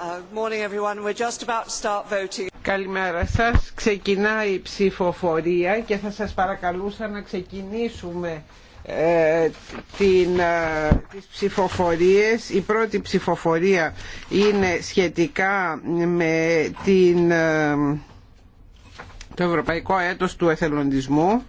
Uh, Καλημέρα σας. Ξεκινάει η ψηφοφορία και θα σας παρακαλούσα να ξεκινήσουμε ε, την, ε, τις ψηφοφορίες. Η πρώτη ψηφοφορία είναι σχετικά με την, ε, το Ευρωπαϊκό Έτος του Εθελοντισμού.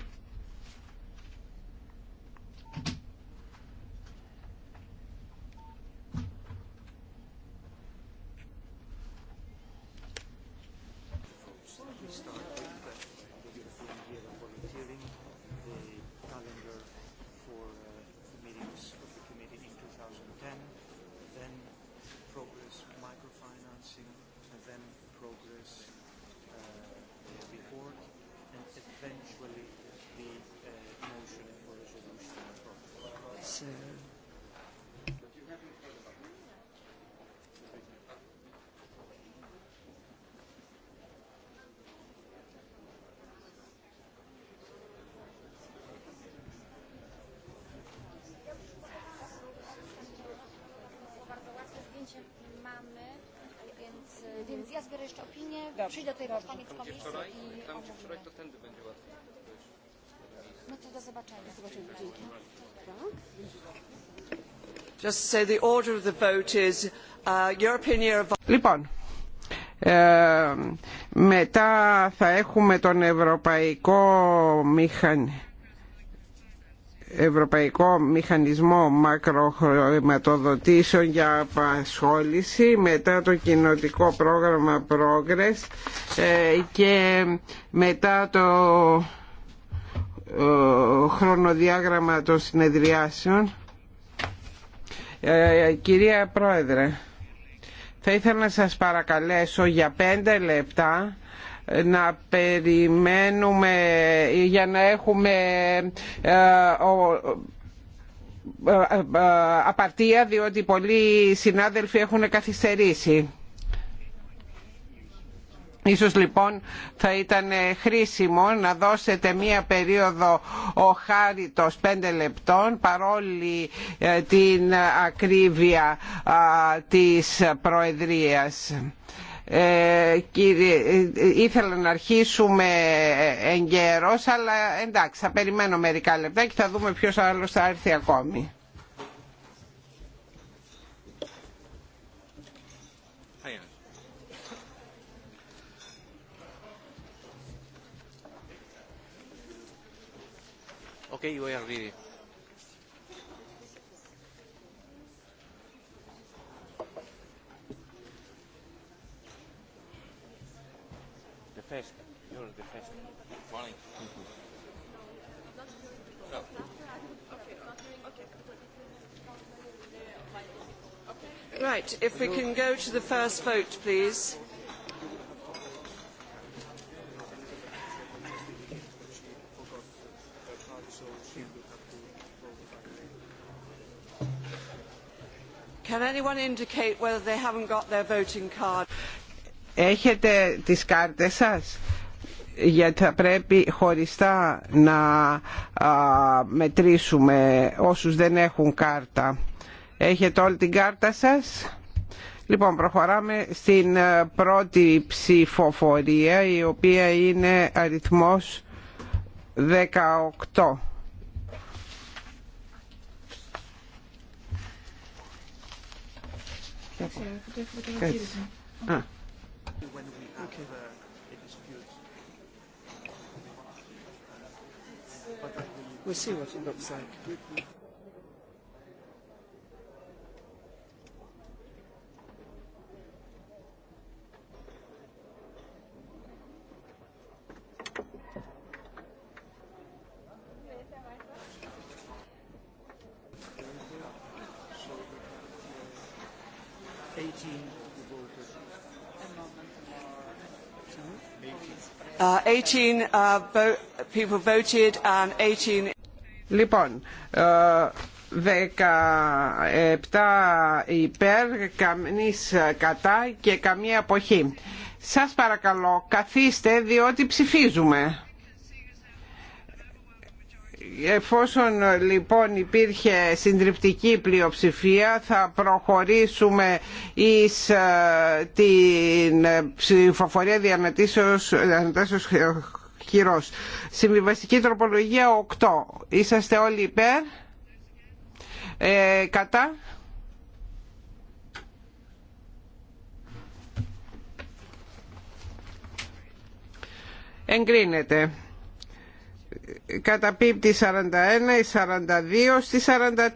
Λοιπόν, μετά θα έχουμε τον Ευρωπαϊκό Μηχανή Ευρωπαϊκό Μηχανισμό Μακροχρηματοδοτήσεων για Απασχόληση μετά το κοινοτικό πρόγραμμα Progress ε, και μετά το ε, χρονοδιάγραμμα των συνεδριάσεων. Ε, κυρία Πρόεδρε, θα ήθελα να σας παρακαλέσω για πέντε λεπτά να περιμένουμε για να έχουμε ε, ε, ε, απαρτία διότι πολλοί συνάδελφοι έχουν καθυστερήσει. Ίσως λοιπόν θα ήταν χρήσιμο να δώσετε μία περίοδο ο χάριτος πέντε λεπτών παρόλη την ακρίβεια της Προεδρίας ε, κύριε, ε, ήθελα να αρχίσουμε ε, εγκαίρως αλλά εντάξει θα περιμένω μερικά λεπτά και θα δούμε ποιος άλλος θα έρθει ακόμη. Okay, you are ready. Right, if we can go to the first vote, please. Can anyone indicate whether they haven't got their voting card? Έχετε τις κάρτες σας γιατί θα πρέπει χωριστά να μετρήσουμε όσους δεν έχουν κάρτα. Έχετε όλη την κάρτα σας. Λοιπόν, προχωράμε στην ε, πρώτη ψηφοφορία, η οποία είναι αριθμός 18. We the, see what it looks like. Eighteen Uh, uh, λοιπόν, 17 uh, υπέρ, καμνής κατά και καμία αποχή. Σας παρακαλώ, καθίστε διότι ψηφίζουμε εφόσον λοιπόν υπήρχε συντριπτική πλειοψηφία θα προχωρήσουμε εις ε, την ψηφοφορία διανατήσεως χειρός. Συμβιβαστική τροπολογία 8. Είσαστε όλοι υπέρ. Ε, κατά. Εγκρίνεται καταπίπτει 41, η 42, στη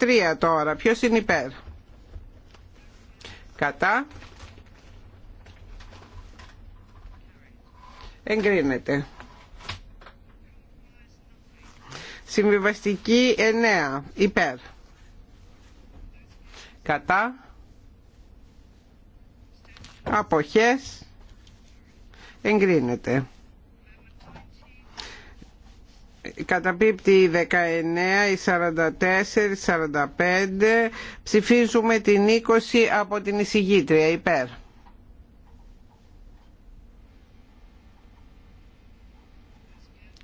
43 τώρα. Ποιος είναι υπέρ. Κατά. Εγκρίνεται. Συμβιβαστική 9. Υπέρ. Κατά. Αποχές. Εγκρίνεται καταπίπτει η 19, η 44, 45. Ψηφίζουμε την 20 από την εισηγήτρια υπέρ.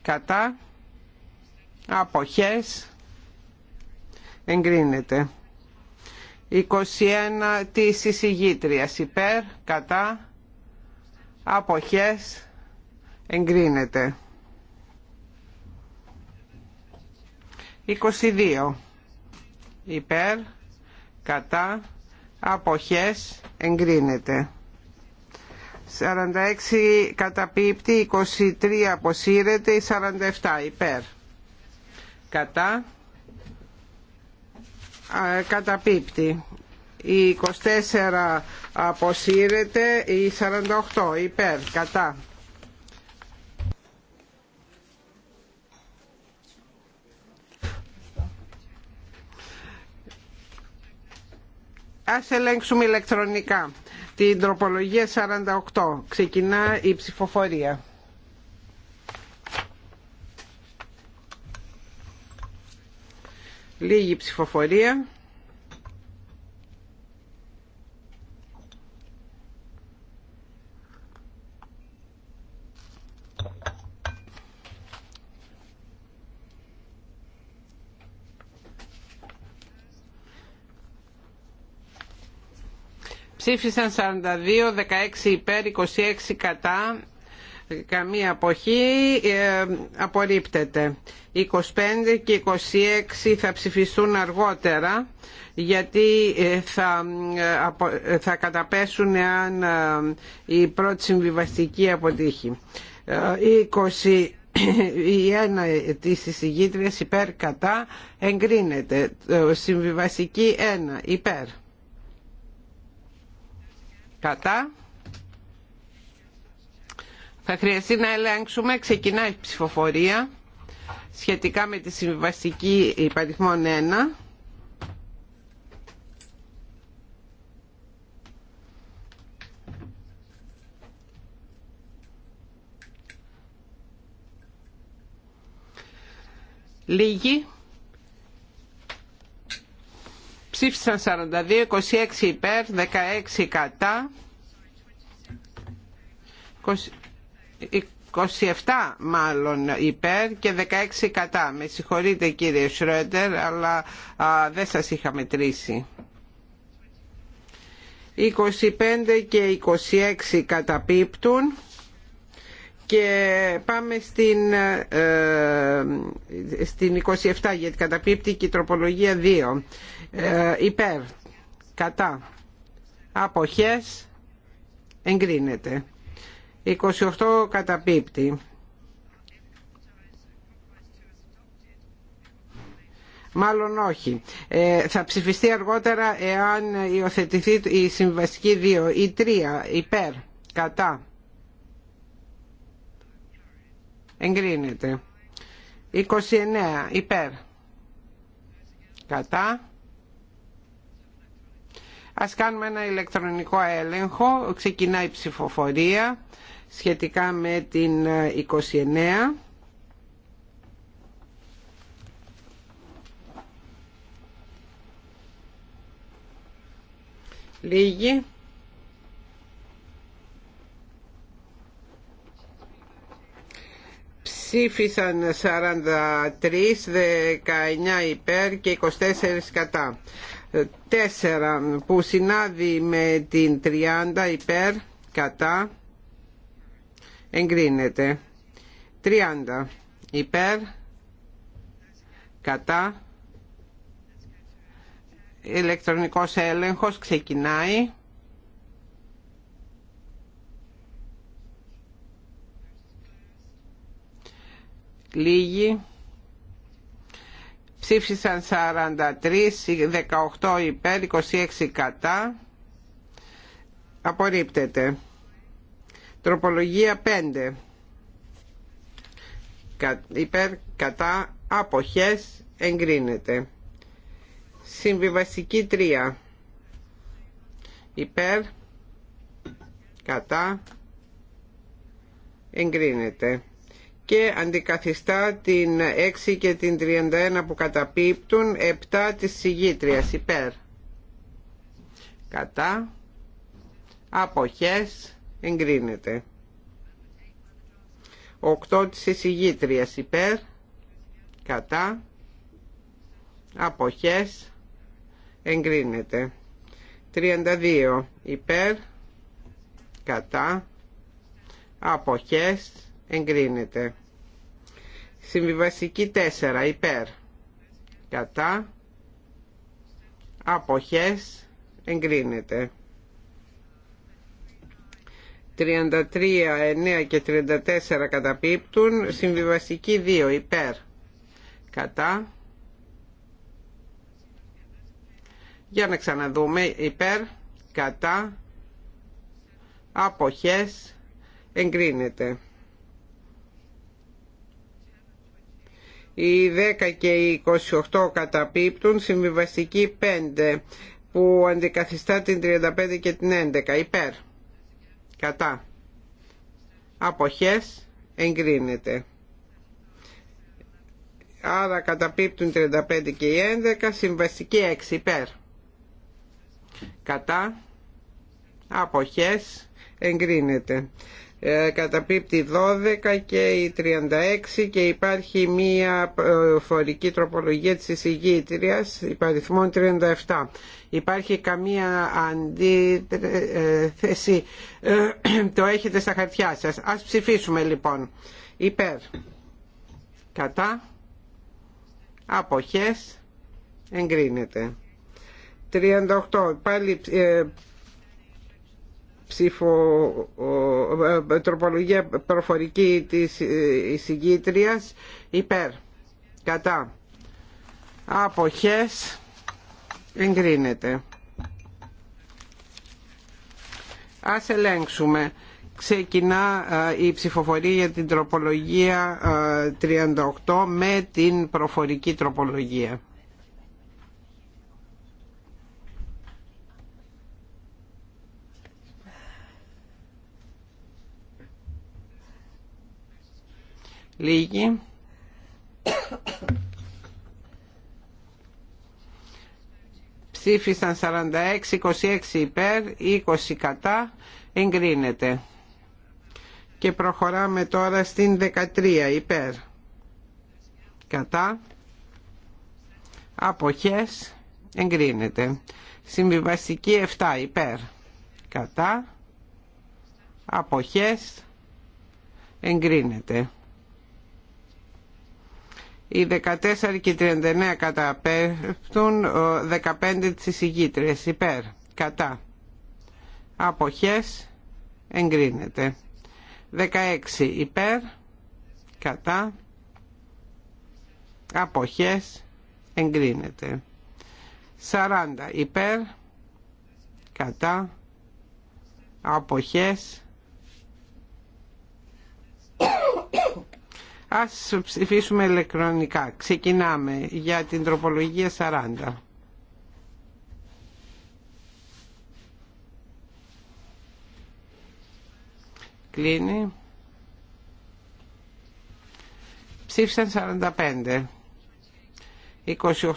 Κατά. Αποχές. Εγκρίνεται. 21 της εισηγήτριας υπέρ. Κατά. Αποχές. Εγκρίνεται. 22 υπέρ κατά αποχές εγκρίνεται 46 καταπίπτει 23 αποσύρεται 47 υπέρ κατά καταπίπτει η 24 αποσύρεται η 48 υπέρ κατά Ας ελέγξουμε ηλεκτρονικά την τροπολογία 48. Ξεκινά η ψηφοφορία. Λίγη ψηφοφορία. Ψήφισαν 42, 16 υπέρ, 26 κατά, καμία αποχή, ε, απορρίπτεται. 25 και 26 θα ψηφιστούν αργότερα γιατί ε, θα, ε, ε, θα καταπέσουν αν η πρώτη συμβιβαστική αποτύχει. 20 η ένα της εισηγήτριας υπέρ κατά εγκρίνεται. Συμβιβαστική 1 υπέρ Κατά. Θα χρειαστεί να ελέγξουμε. Ξεκινάει η ψηφοφορία σχετικά με τη συμβαστική υπαριθμών 1. Λίγοι. ψήφισαν 42, 26 υπέρ, 16 κατά, 27 μάλλον υπέρ και 16 κατά. Με συγχωρείτε κύριε Σρότερ, αλλά δεν σας είχα μετρήσει. 25 και 26 καταπίπτουν και πάμε στην, ε, στην 27 γιατί καταπίπτει και η τροπολογία 2 ε, υπέρ κατά αποχές εγκρίνεται 28 καταπίπτει Μάλλον όχι. Ε, θα ψηφιστεί αργότερα εάν υιοθετηθεί η συμβαστική 2 ή 3 υπέρ κατά εγκρίνεται 29 υπέρ κατά Ας κάνουμε ένα ηλεκτρονικό έλεγχο. Ξεκινάει η ψηφοφορία σχετικά με την 29. Ε, Λίγη. ψήφισαν 43, 19 υπέρ και 24 κατά. 4 που συνάδει με την 30 υπέρ κατά εγκρίνεται. 30 υπέρ κατά ηλεκτρονικός έλεγχος ξεκινάει. Λίγοι. Ψήφισαν 43, 18 υπέρ, 26 κατά. Απορρίπτεται. Τροπολογία 5. Υπέρ, κατά, αποχές, εγκρίνεται. Συμβιβαστική 3. Υπέρ, κατά, εγκρίνεται και αντικαθιστά την 6 και την 31 που καταπίπτουν 7 της συγγήτριας υπέρ κατά αποχές εγκρίνεται 8 της συγγήτριας υπέρ κατά αποχές εγκρίνεται 32 υπέρ κατά αποχές εγκρίνεται. Συμβιβαστική 4 υπέρ κατά αποχές εγκρίνεται. 33, 9 και 34 καταπίπτουν, συμβιβαστική 2 υπέρ κατά. Για να ξαναδούμε υπέρ, κατά, αποχές, εγκρίνεται. οι 10 και οι 28 καταπίπτουν, συμβιβαστική 5 που αντικαθιστά την 35 και την 11 υπέρ κατά αποχές εγκρίνεται άρα καταπίπτουν 35 και η 11 συμβαστική 6 υπέρ κατά αποχές εγκρίνεται ε, καταπίπτει 12 και η 36 και υπάρχει μία ε, φορική τροπολογία της εισηγήτριας υπαριθμών 37. Υπάρχει καμία αντίθεση, ε, το έχετε στα χαρτιά σας. Ας ψηφίσουμε λοιπόν. Υπέρ, κατά, αποχές, εγκρίνεται. 38, πάλι ψήφο τροπολογία προφορική της ε, εισηγήτριας υπέρ κατά αποχές εγκρίνεται ας ελέγξουμε ξεκινά ε, η ψηφοφορία για την τροπολογία 38 ε, με την προφορική τροπολογία Λίγη. Ψήφισαν 46, 26 υπέρ, 20 κατά. Εγκρίνεται. Και προχωράμε τώρα στην 13 υπέρ. Κατά. Αποχές. Εγκρίνεται. Συμβιβαστική 7 υπέρ. Κατά. Αποχές εγκρίνεται οι 14 και 39 καταπέφτουν, 15 της ηγήτρες υπέρ, κατά. Αποχές εγκρίνεται. 16 υπέρ, κατά. Αποχές εγκρίνεται. 40 υπέρ, κατά. Αποχές Ας ψηφίσουμε ηλεκτρονικά. Ξεκινάμε για την τροπολογία 40. Κλείνει. Ψήφισαν 45.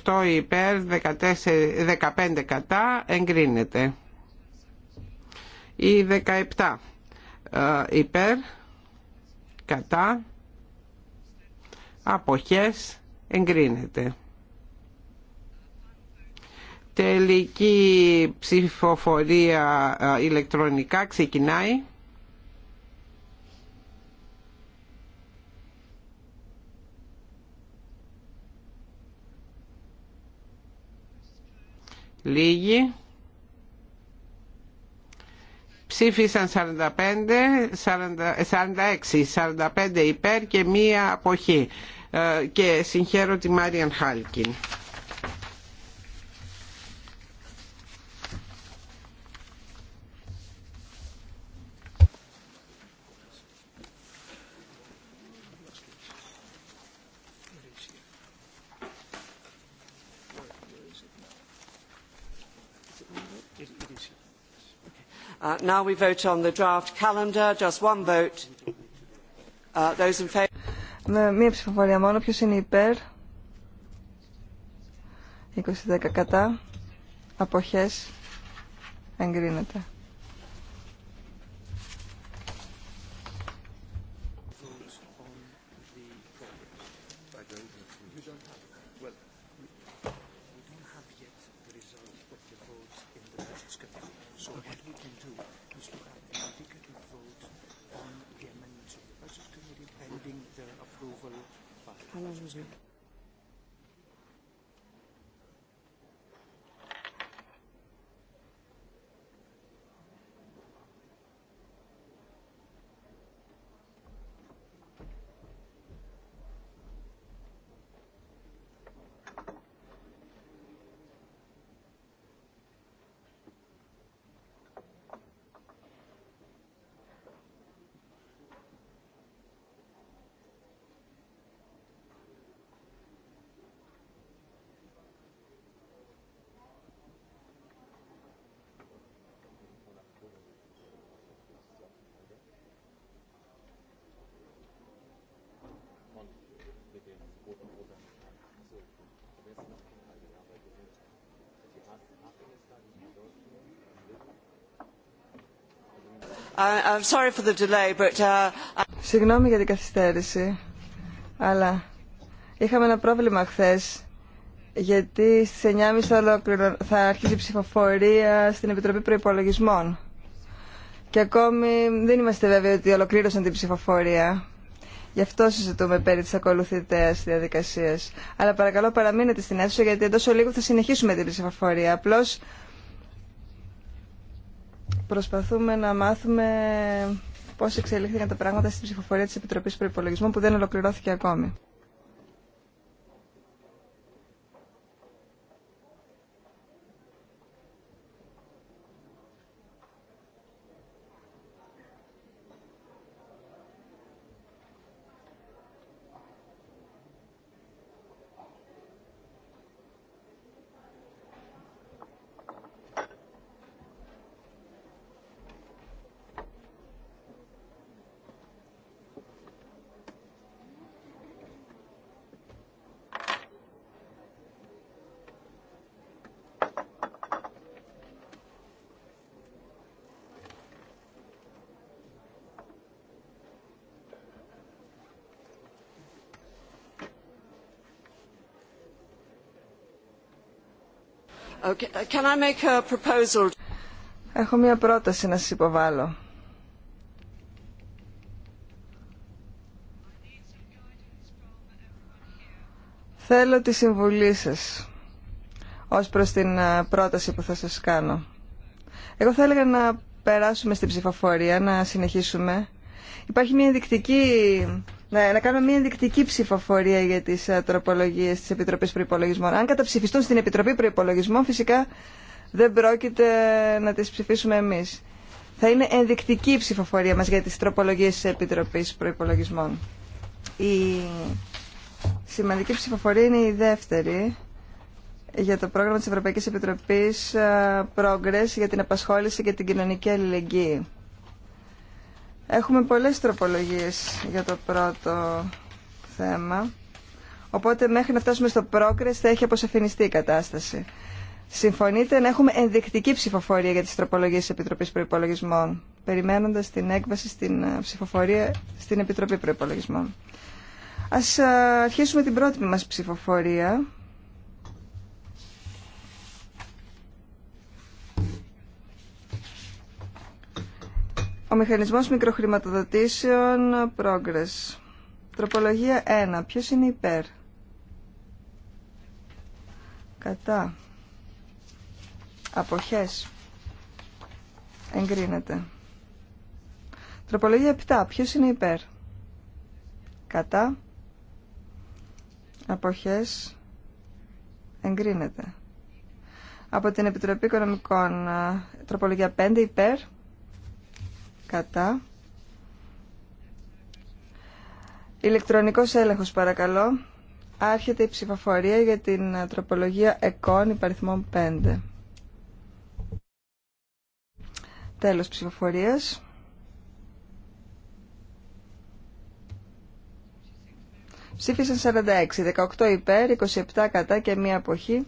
28 υπέρ, 14, 15 κατά, εγκρίνεται. Η 17 ε, υπέρ, κατά, αποχές εγκρίνεται. Τελική ψηφοφορία ηλεκτρονικά ξεκινάει. Λίγη ψήφισαν 45, 46, 45 υπέρ και μία αποχή. Ε, και συγχαίρω τη Μάριαν Χάλκιν. Με μία ψηφοφορία μόνο. Ποιος είναι υπέρ. 20-10 κατά. Αποχές. Εγκρίνεται. Uh, Συγγνώμη για την καθυστέρηση, αλλά είχαμε ένα πρόβλημα χθε. Γιατί στι 9.30 θα αρχίσει η ψηφοφορία στην Επιτροπή Προπολογισμών. Και ακόμη δεν είμαστε βέβαιοι ότι ολοκλήρωσαν την ψηφοφορία. Γι' αυτό συζητούμε περί τη ακολουθητέα διαδικασία. Αλλά παρακαλώ παραμείνετε στην αίθουσα γιατί εντό ολίγου θα συνεχίσουμε την ψηφοφορία. Απλώ προσπαθούμε να μάθουμε πώς εξελίχθηκαν τα πράγματα στην ψηφοφορία της Επιτροπής Προϋπολογισμών που δεν ολοκληρώθηκε ακόμη. Uh, Έχω μία πρόταση να σας υποβάλω. Θέλω τη συμβουλή σας ως προς την πρόταση που θα σας κάνω. Εγώ θα έλεγα να περάσουμε στην ψηφοφορία, να συνεχίσουμε. Υπάρχει μια ενδεικτική να κάνουμε μια ενδεικτική ψηφοφορία για τι ε, τροπολογίε τη Επιτροπή Προπολογισμών. Αν καταψηφιστούν στην Επιτροπή Προπολογισμών, φυσικά δεν πρόκειται να τι ψηφίσουμε εμεί. Θα είναι ενδεικτική η ψηφοφορία μα για τι τροπολογίε τη Επιτροπή Προπολογισμών. Η σημαντική ψηφοφορία είναι η δεύτερη για το πρόγραμμα της Ευρωπαϊκής Επιτροπής ε, Progress για την απασχόληση και την κοινωνική αλληλεγγύη. Έχουμε πολλές τροπολογίες για το πρώτο θέμα. Οπότε μέχρι να φτάσουμε στο πρόκρες θα έχει αποσαφινιστεί η κατάσταση. Συμφωνείτε να έχουμε ενδεικτική ψηφοφορία για τις τροπολογίες της Επιτροπής Προϋπολογισμών, περιμένοντας την έκβαση στην ε, ψηφοφορία στην Επιτροπή Προϋπολογισμών. Ας ε, αρχίσουμε την πρώτη μας ψηφοφορία. Ο μηχανισμός μικροχρηματοδοτήσεων Progress. Τροπολογία 1. Ποιος είναι υπέρ. Κατά. Αποχές. Εγκρίνεται. Τροπολογία 7. Ποιος είναι υπέρ. Κατά. Αποχές. Εγκρίνεται. Από την Επιτροπή Οικονομικών. Ε, τροπολογία 5. Υπέρ κατά. Ηλεκτρονικός έλεγχος παρακαλώ. Άρχεται η ψηφοφορία για την ε, τροπολογία εκών υπαριθμών 5. Τέλος ψηφοφορίας. 46, 18 υπέρ, 27 κατά και μία αποχή.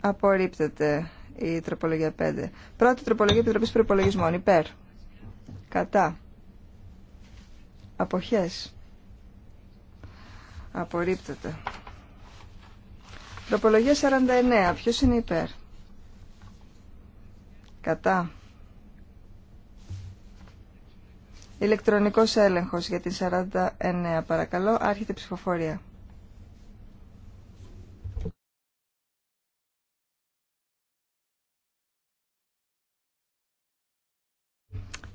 Απορρίπτεται η τροπολογία 5. Πρώτη τροπολογία Επιτροπής Προπολογισμών. Υπέρ κατά αποχές απορρίπτεται τροπολογία 49 ποιος είναι υπέρ κατά ηλεκτρονικός έλεγχος για την 49 παρακαλώ άρχεται ψηφοφορία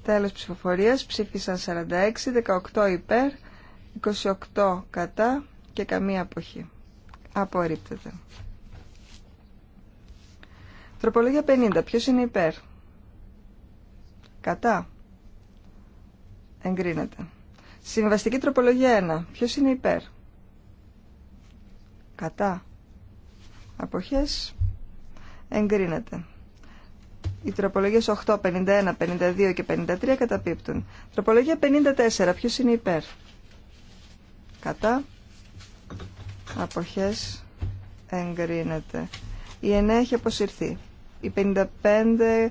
Τέλος ψηφοφορίας. Ψήφισαν 46, 18 υπέρ, 28 κατά και καμία αποχή. Απορρίπτεται. Τροπολογία 50. Ποιος είναι υπέρ. Κατά. Εγκρίνεται. Συμβαστική τροπολογία 1. Ποιος είναι υπέρ. Κατά. Αποχές. Εγκρίνεται. Οι τροπολογίες 8, 51, 52 και 53 καταπίπτουν. Τροπολογία 54. Ποιος είναι υπέρ. Κατά. Αποχές. Εγκρίνεται. Η 9 έχει αποσυρθεί. Η 55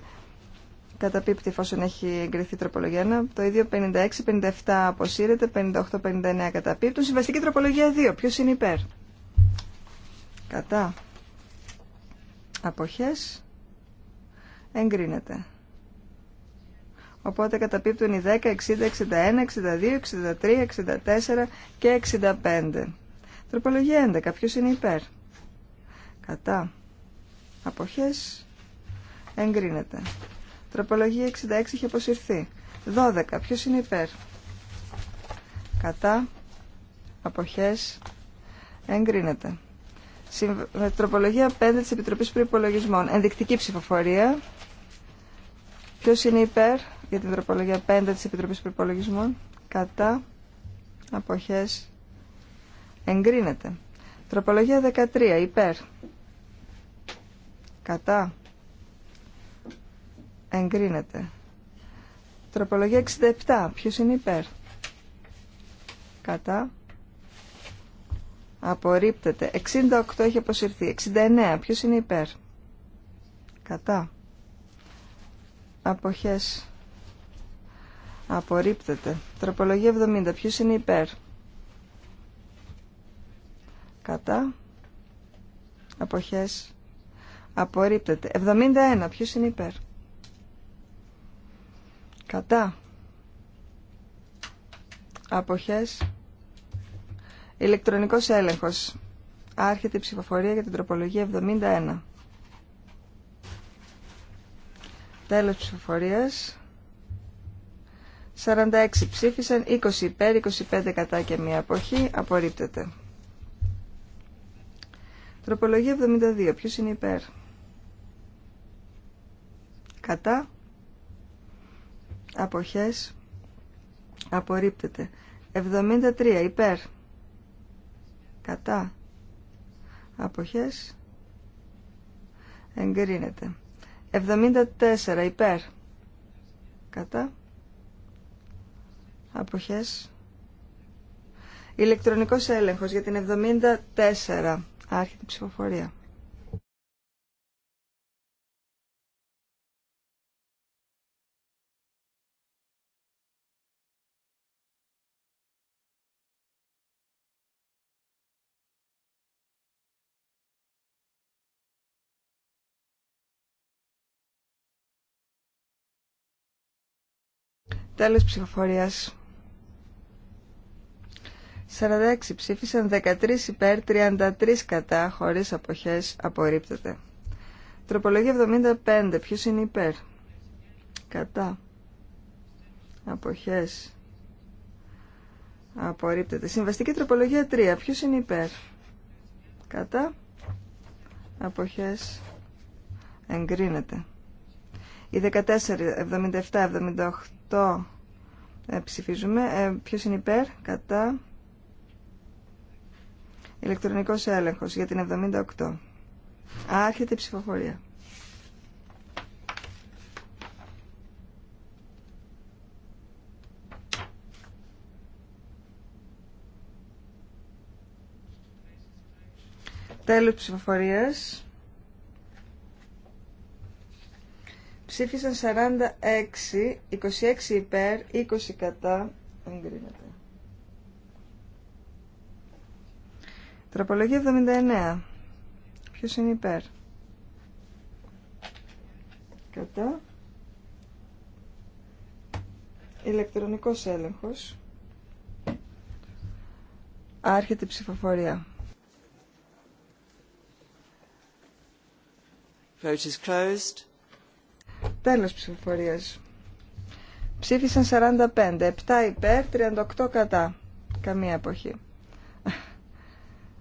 καταπίπτει εφόσον έχει εγκριθεί τροπολογία 1. Το ίδιο 56, 57 αποσύρεται, 58, 59 καταπίπτουν. Συμβαστική τροπολογία 2. Ποιος είναι υπέρ. Κατά. Αποχές εγκρίνεται. Οπότε καταπίπτουν οι 10, 60, 61, 62, 63, 64 και 65. Τροπολογία 11. Ποιος είναι υπέρ. Κατά. Αποχές. Εγκρίνεται. Τροπολογία 66 έχει αποσυρθεί. 12. Ποιος είναι υπέρ. Κατά. Αποχές. Εγκρίνεται. Τροπολογία 5 της Επιτροπής Προϋπολογισμών. Ενδεικτική ψηφοφορία. Ποιο είναι υπέρ για την τροπολογία 5 της Επιτροπής Προπολογισμών. Κατά. Αποχές. Εγκρίνεται. Τροπολογία 13. Υπέρ. Κατά. Εγκρίνεται. Τροπολογία 67. Ποιος είναι υπέρ. Κατά. Απορρίπτεται. 68 έχει αποσυρθεί. 69. Ποιος είναι υπέρ. Κατά αποχές απορρίπτεται τροπολογία 70 ποιος είναι υπέρ κατά αποχές απορρίπτεται 71 ποιος είναι υπέρ κατά αποχές ηλεκτρονικός έλεγχος άρχεται η ψηφοφορία για την τροπολογία 71 Τέλος ψηφοφορίας. 46 ψήφισαν, 20 υπέρ, 25 κατά και μία αποχή. Απορρίπτεται. Τροπολογία 72. Ποιος είναι υπέρ. Κατά. Αποχές. Απορρίπτεται. 73. Υπέρ. Κατά. Αποχές. Εγκρίνεται. 74 υπέρ. Κατά. Αποχές. Ηλεκτρονικός έλεγχος για την 74. Άρχεται η ψηφοφορία. Τέλος ψηφοφορίας. 46 ψήφισαν, 13 υπέρ, 33 κατά, χωρίς αποχές, απορρίπτεται. Τροπολογία 75, ποιος είναι υπέρ. Κατά. Αποχές. Απορρίπτεται. Συμβαστική τροπολογία 3, ποιος είναι υπέρ. Κατά. Αποχές. Εγκρίνεται. Οι 14, 77, 78 ψηφίζουμε. Ε, ποιος είναι υπέρ, κατά. Ηλεκτρονικός έλεγχος για την 78. Άρχεται η ψηφοφορία. Τέλος ψηφοφορίας. Ψήφισαν 46, 26 υπέρ, 20 κατά. Εγκρίνεται. Τροπολογία 79. Ποιος είναι υπέρ. Κατά. Ηλεκτρονικός έλεγχος. Άρχεται η ψηφοφορία. Vote is closed. Τέλος ψηφοφορίας. Ψήφισαν 45, 7 υπέρ, 38 κατά. Καμία εποχή.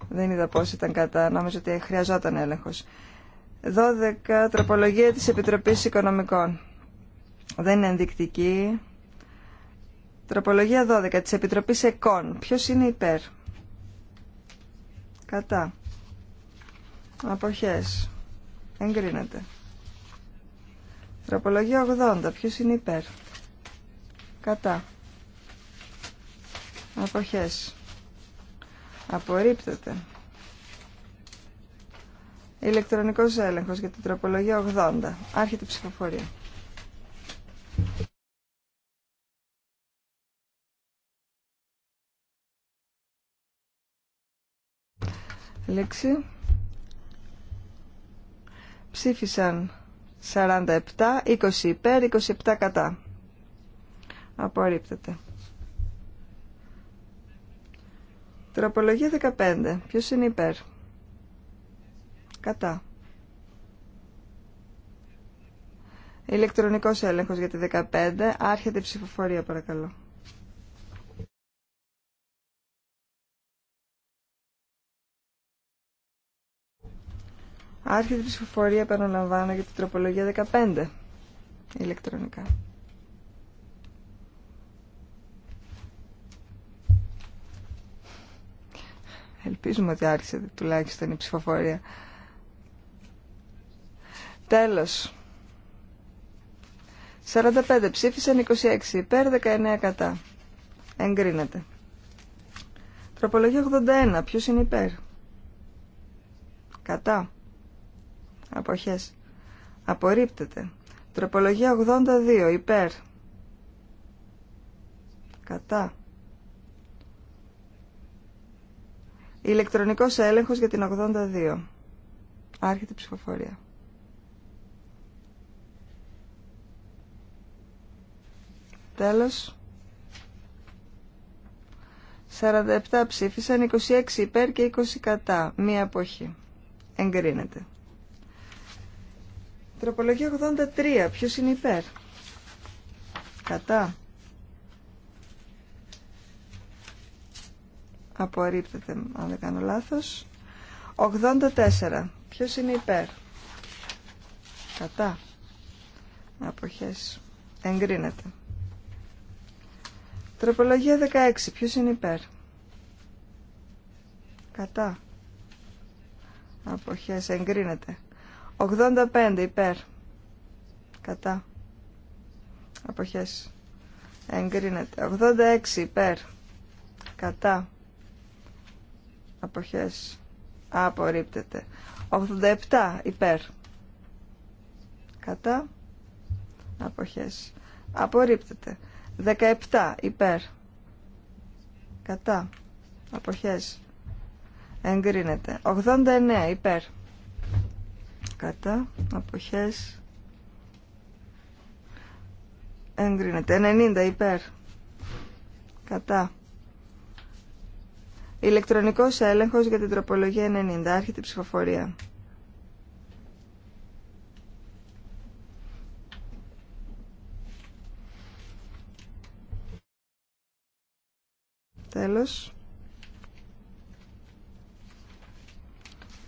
Δεν είδα πώς ήταν κατά, νόμιζα ότι χρειαζόταν έλεγχος. 12 τροπολογία της Επιτροπής Οικονομικών. Δεν είναι ενδεικτική. Τροπολογία 12 της Επιτροπής ΕΚΟΝ. Ποιος είναι υπέρ. Κατά. Αποχές. Εγκρίνεται. Τροπολογία 80. Ποιος είναι υπέρ. Κατά. Αποχές. Απορρίπτεται. Ηλεκτρονικός έλεγχος για την τροπολογία 80. Άρχεται η ψηφοφορία. Λέξη. Ψήφισαν 47, 20 υπέρ, 27 κατά. Απορρίπτεται. Τροπολογία 15. Ποιος είναι υπέρ. Κατά. Ηλεκτρονικός έλεγχος για τη 15. Άρχεται η ψηφοφορία παρακαλώ. Άρχεται η ψηφοφορία, επαναλαμβάνω, για την τροπολογία 15 ηλεκτρονικά. Ελπίζουμε ότι άρχισε τουλάχιστον η ψηφοφορία. Τέλος. 45 ψήφισαν, 26 υπέρ, 19 κατά. Εγκρίνεται. Τροπολογία 81. Ποιος είναι υπέρ. Κατά. Αποχές. Απορρίπτεται. Τροπολογία 82. Υπέρ. Κατά. Ηλεκτρονικός έλεγχος για την 82. Άρχεται η ψηφοφορία. Τέλος. 47 ψήφισαν, 26 υπέρ και 20 κατά. Μία αποχή. Εγκρίνεται. Τροπολογία 83. Ποιος είναι υπέρ. Κατά. Απορρίπτεται, αν δεν κάνω λάθος. 84. Ποιος είναι υπέρ. Κατά. Αποχές. Εγκρίνεται. Τροπολογία 16. Ποιος είναι υπέρ. Κατά. Αποχές. Εγκρίνεται. 85 υπέρ. Κατά. Αποχές. Εγκρίνεται. 86 υπέρ. Κατά. Αποχές. Απορρίπτεται. 87 υπέρ. Κατά. Αποχές. Απορρίπτεται. 17 υπέρ. Κατά. Αποχές. Εγκρίνεται. 89 υπέρ κατά αποχές εγκρίνεται 90 υπέρ κατά ηλεκτρονικός έλεγχος για την τροπολογία 90 άρχεται η ψηφοφορία τέλος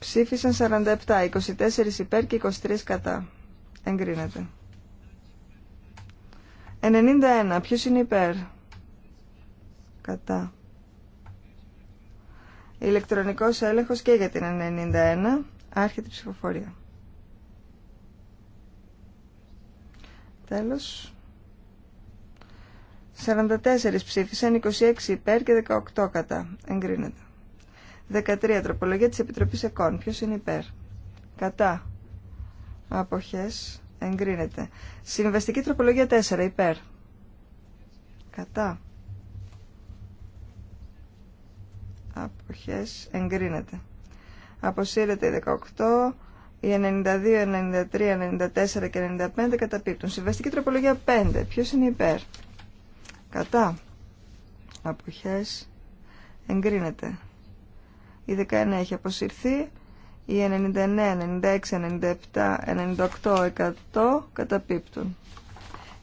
Ψήφισαν 47, 24 υπέρ και 23 κατά. Εγκρίνεται. 91. Ποιος είναι υπέρ. Κατά. Ηλεκτρονικός έλεγχος και για την 91. Άρχεται η ψηφοφορία. Τέλος. 44 ψήφισαν, 26 υπέρ και 18 κατά. Εγκρίνεται. 13. Τροπολογία της Επιτροπής ΕΚΟΝ. Ποιο είναι υπέρ. Κατά. Αποχέ. Εγκρίνεται. Συμβαστική τροπολογία 4. Υπέρ. Κατά. Αποχέ. Εγκρίνεται. Αποσύρεται η 18. η 92, 93, 94 και 95 καταπίπτουν. Συμβαστική τροπολογία 5. Ποιος είναι υπέρ. Κατά. Αποχές. Εγκρίνεται. Η 19 έχει αποσυρθεί. Η 99, 96, 97, 98, 100 καταπίπτουν.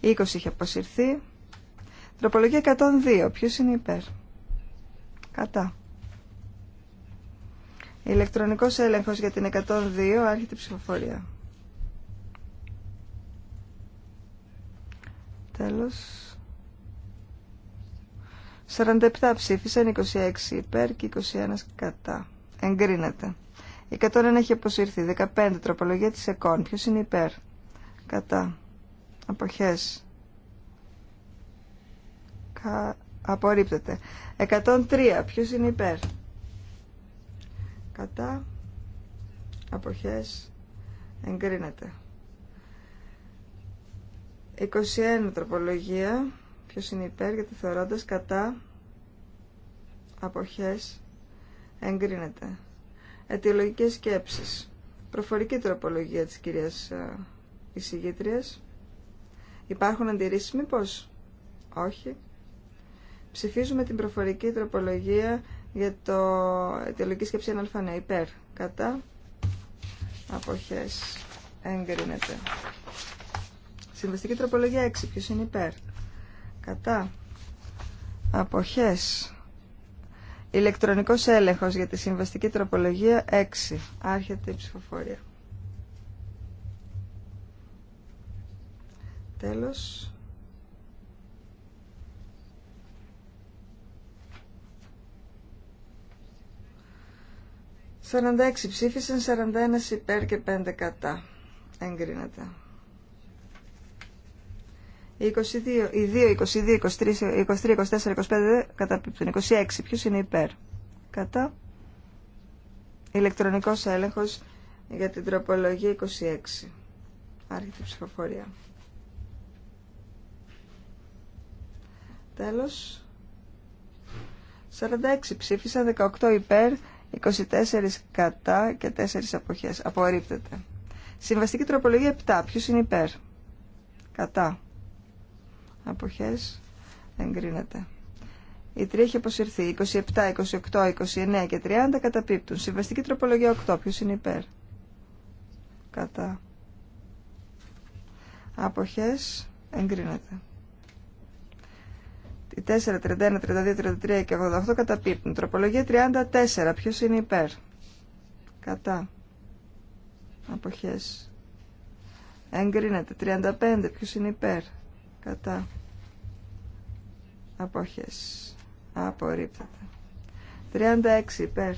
Η 20 έχει αποσυρθεί. Τροπολογία 102. Ποιος είναι υπέρ. Κατά. Ηλεκτρονικός έλεγχος για την 102. Άρχεται ψηφοφορία. Τέλος. 47 ψήφισαν, 26 υπέρ και 21 κατά. Εγκρίνεται. Η 101 έχει αποσύρθει. 15 τροπολογία της ΕΚΟΝ. Ποιος είναι υπέρ. Κατά. Αποχές. Κα... Απορρίπτεται. 103. Ποιος είναι υπέρ. Κατά. Αποχές. Εγκρίνεται. 21 τροπολογία Ποιο είναι υπέρ για το θεωρώντας κατά αποχές εγκρίνεται. Αιτιολογικές σκέψεις. Προφορική τροπολογία της κυρίας ε, εισηγήτριας. Υπάρχουν αντιρρήσεις μήπως? Όχι. Ψηφίζουμε την προφορική τροπολογία για το αιτιολογική σκέψη αναλφανέ. Ναι, υπέρ. Κατά. Αποχές. Εγκρίνεται. Συμβαστική τροπολογία 6. Ποιος είναι υπέρ κατά αποχές ηλεκτρονικός έλεγχος για τη συμβαστική τροπολογία 6 άρχεται η ψηφοφορία τέλος 46 ψήφισαν, 41 υπέρ και 5 κατά. Εγκρίνεται. 22, οι 2, 22, 23, 23 24, 25 καταπίπτουν. 26. Ποιος είναι υπέρ. Κατά. Ηλεκτρονικός έλεγχος για την τροπολογία 26. Άρχεται η ψηφοφορία. Τέλος. 46 ψήφισαν, 18 υπέρ, 24 κατά και 4 αποχές. Απορρίπτεται. Συμβαστική τροπολογία 7. Ποιος είναι υπέρ. Κατά αποχές εγκρίνεται. Η 3 έχει αποσυρθεί. 27, 28, 29 και 30 καταπίπτουν. Συμβαστική τροπολογία 8. Ποιος είναι υπέρ. Κατά. Αποχές εγκρίνεται. Η 4, 31, 32, 33 και 88 καταπίπτουν. Τροπολογία 34. Ποιος είναι υπέρ. Κατά. Αποχές. Εγκρίνεται. 35. Ποιος είναι υπέρ. Κατά αποχές απορρίπτεται 36 υπέρ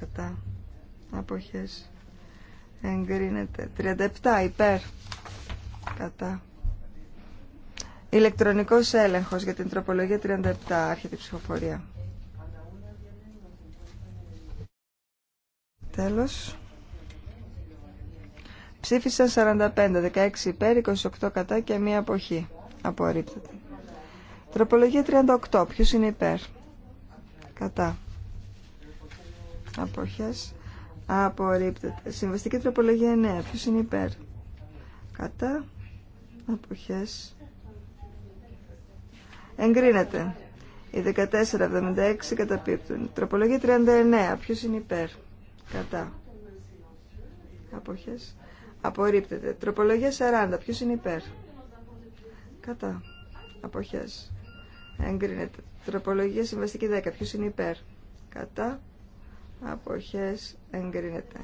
κατά αποχές εγκρίνεται 37 υπέρ κατά ηλεκτρονικός έλεγχος για την τροπολογία 37 άρχεται η ψηφοφορία τέλος ψήφισαν 45 16 υπέρ 28 κατά και μία αποχή απορρίπτεται Τροπολογία 38. Ποιο είναι υπέρ. Κατά. Αποχέ. Απορρίπτεται. Συμβαστική τροπολογία 9. Ποιο είναι υπέρ. Κατά. Αποχέ. Εγκρίνεται. Οι 1476 καταπίπτουν. Τροπολογία 39. ποιο είναι υπέρ. Κατά. Αποχέ. Απορρίπτεται. Τροπολογία 40. Ποιο είναι υπέρ. Κατά. Αποχές εγκρίνεται. Τροπολογία συμβαστική 10. Ποιο είναι υπέρ. Κατά. Αποχές εγκρίνεται.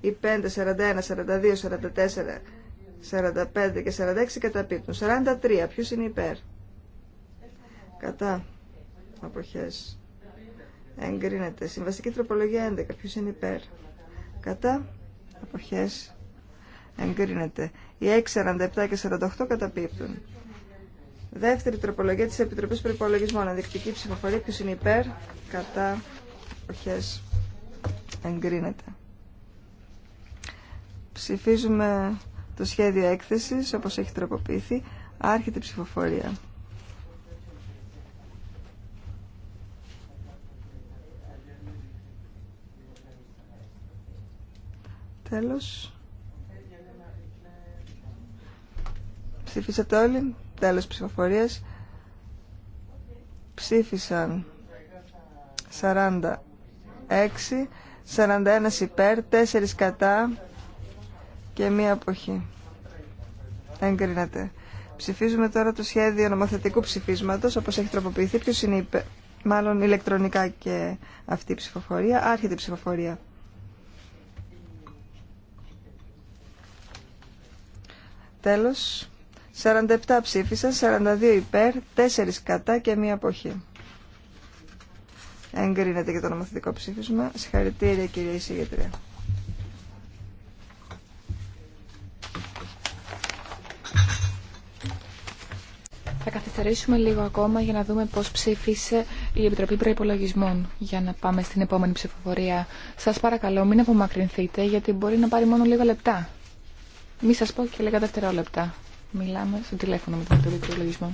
Οι 5, 41, 42, 44, 45 και 46 καταπίπτουν. 43. Ποιο είναι υπέρ. Κατά. απόχέ. Εγκρίνεται. Συμβαστική τροπολογία 11. Ποιο είναι υπέρ. Κατά. Αποχές. Εγκρίνεται. Οι 6, 47 και 48 καταπίπτουν. Δεύτερη τροπολογία της Επιτροπής Προϋπολογισμών. Αναδεικτική ψηφοφορία. Ποιος είναι υπέρ, κατά, οχές, εγκρίνεται. Ψηφίζουμε το σχέδιο έκθεσης, όπως έχει τροποποιηθεί. Άρχεται ψηφοφορία. Τέλος. Ψηφίσατε όλοι. Τέλος ψηφοφορίας. Ψήφισαν 46, 41 υπέρ, 4 κατά και μία αποχή. Εγκρίνεται. Ψηφίζουμε τώρα το σχέδιο νομοθετικού ψηφίσματος, όπως έχει τροποποιηθεί. Ποιος είναι μάλλον ηλεκτρονικά και αυτή η ψηφοφορία. Άρχεται η ψηφοφορία. Τέλος. 47 ψήφισαν, 42 υπέρ, 4 κατά και μία αποχή. Εγκρίνεται και το νομοθετικό ψήφισμα. Συγχαρητήρια κυρία Ισηγητρία. Θα καθυστερήσουμε λίγο ακόμα για να δούμε πώς ψήφισε η Επιτροπή Προϋπολογισμών για να πάμε στην επόμενη ψηφοφορία. Σας παρακαλώ μην απομακρυνθείτε γιατί μπορεί να πάρει μόνο λίγα λεπτά. Μη σας πω και λίγα δευτερόλεπτα. Μιλάμε στο τηλέφωνο με τον τελικό λογισμό.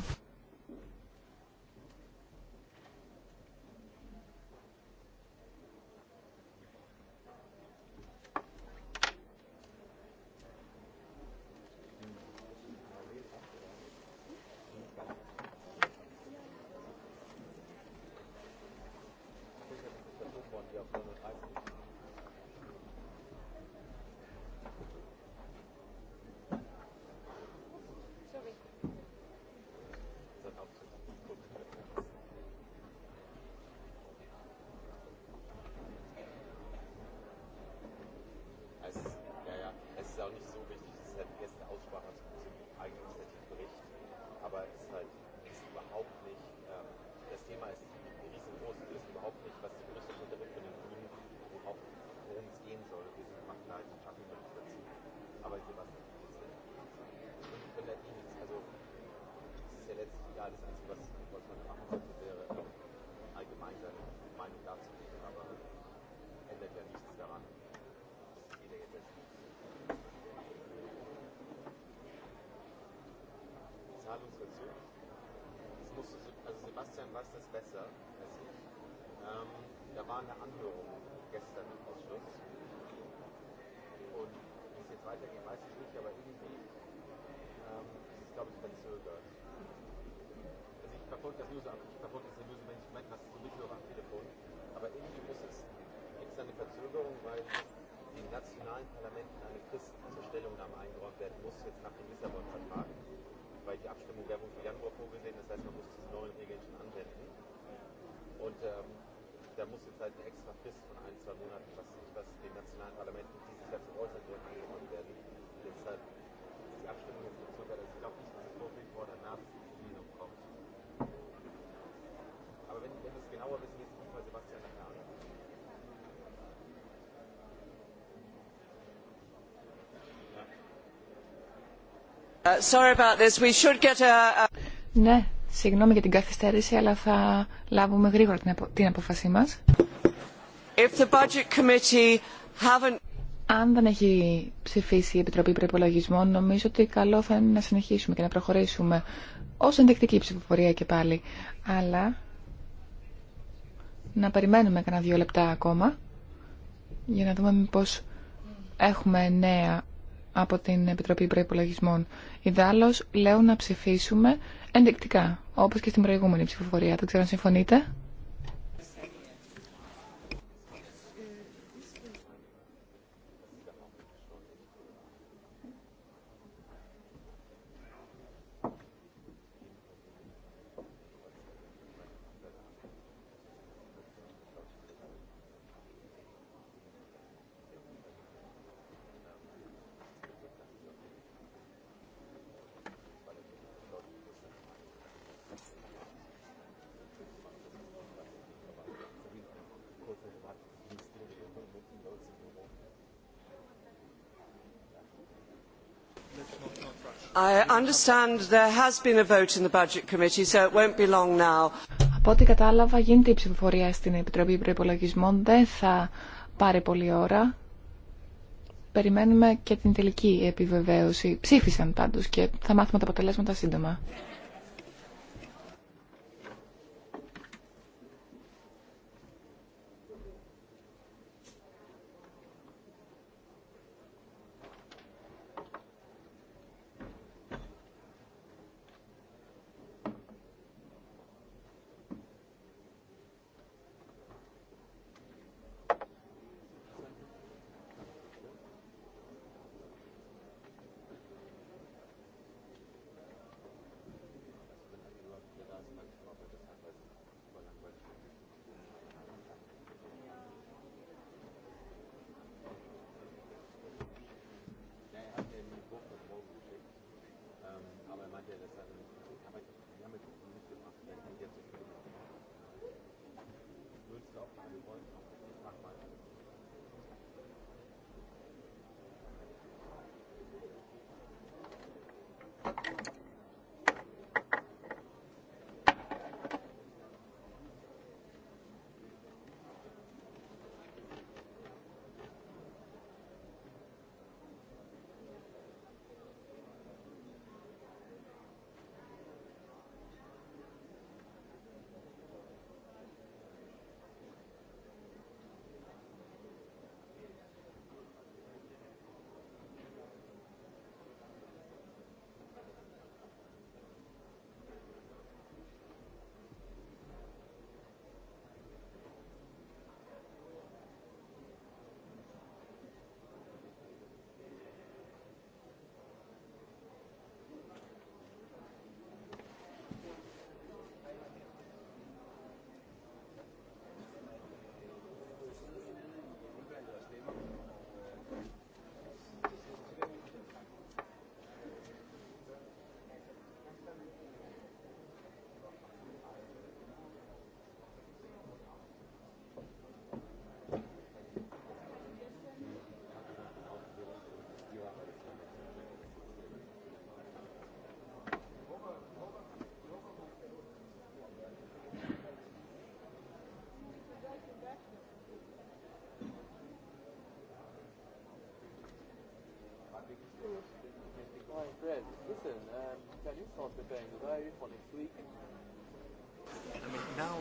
uns dazu. Das also Sebastian weiß das besser als ich. Ähm, da war eine Anhörung gestern im Ausschuss. Und wie es jetzt weitergeht, weiß ich nicht, aber irgendwie ähm, ist es, glaube ich, verzögert. Also ich verfolge das News, ich verfolge das News, wenn ich meine, was ist nicht nur am Telefon. Aber irgendwie muss es, gibt es eine Verzögerung, weil den nationalen Parlamenten eine Frist zur Stellungnahme eingeräumt werden muss, jetzt nach dem Lissabon-Vertrag weil die Abstimmung wäre wohl für Januar vorgesehen, das heißt, man muss diese neuen Regeln schon anwenden. Und ähm, da muss jetzt halt eine extra Frist von ein, zwei Monaten, was, was den nationalen Parlamenten dieses Jahr zu äußern wird, angenommen werden. Deshalb ist die Abstimmung jetzt gezögert. Also ich glaube nicht, dass vor vorgelegt nach Uh, ναι, συγγνώμη για την καθυστέρηση, αλλά θα λάβουμε γρήγορα την, αποφασή μας. Αν δεν έχει ψηφίσει η Επιτροπή Προπολογισμών, νομίζω ότι καλό θα είναι να συνεχίσουμε και να προχωρήσουμε ως ενδεικτική ψηφοφορία και πάλι. Αλλά να περιμένουμε κανένα δύο λεπτά ακόμα για να δούμε μήπως έχουμε νέα από την Επιτροπή προπολογισμών. Ιδάλω λέω να ψηφίσουμε ενδεικτικά, όπως και στην προηγούμενη ψηφοφορία. Δεν ξέρω αν συμφωνείτε. Από ό,τι κατάλαβα γίνεται η ψηφοφορία στην Επιτροπή Προϋπολογισμών. Δεν θα πάρει πολλή ώρα. Περιμένουμε και την τελική επιβεβαίωση. Ψήφισαν πάντως και θα μάθουμε τα αποτελέσματα σύντομα.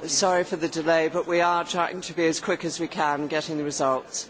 Sorry for the delay, but we are trying to be as quick as we can getting the results.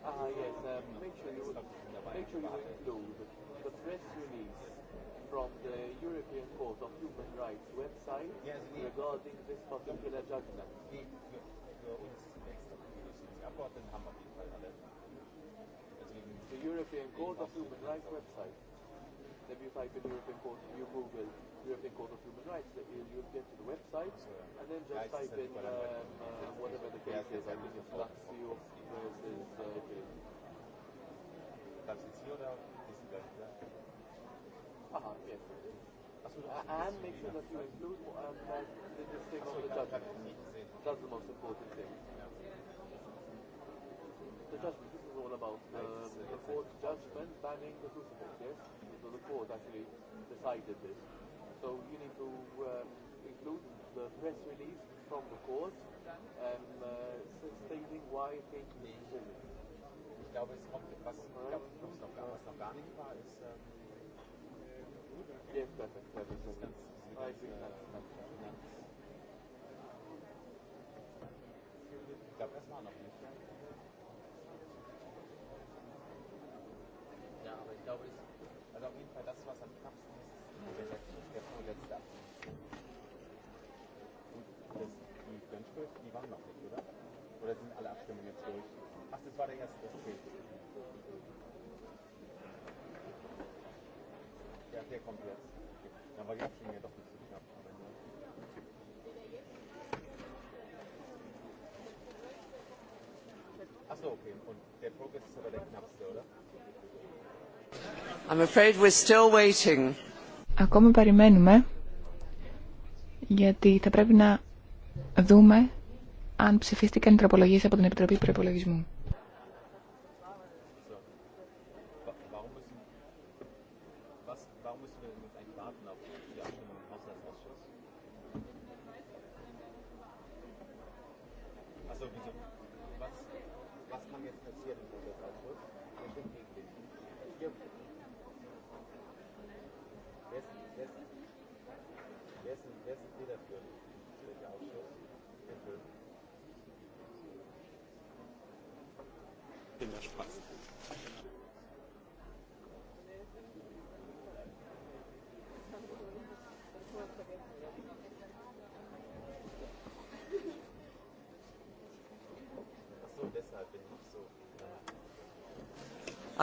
Ah, yes. Make sure you make sure you include the press release from the European Court of Human Rights website regarding this particular judgment. The European Court of Human Rights website you the in European Court, you Google European Court of Human Rights, you get to the website, and then just type in whatever the case is. I think it's Lazio versus Lazio now is Aha, yes. And make sure that you include um, the thing of the judgment. That's the most important thing. The judgment about the court judgment banning the crucifix, yes? So the court actually decided this. So you need to include the press release from the court and uh, stating why it came glaube, ich, also auf jeden Fall das, was am knappsten ist, ist der, der vorletzte Abschnitt. Und das, die Benchbirds, die waren noch nicht, oder? Oder sind alle Abstimmungen jetzt durch? Ach, das war der erste, okay. Ja, der kommt jetzt. Dann war die Abstimmung ja doch nicht so knapp. Aber Ach so, okay. Und der Progress ist aber der knappste, oder? Ακόμα περιμένουμε γιατί θα πρέπει να δούμε αν ψηφίστηκαν οι τροπολογίες από την Επιτροπή Προπολογισμού.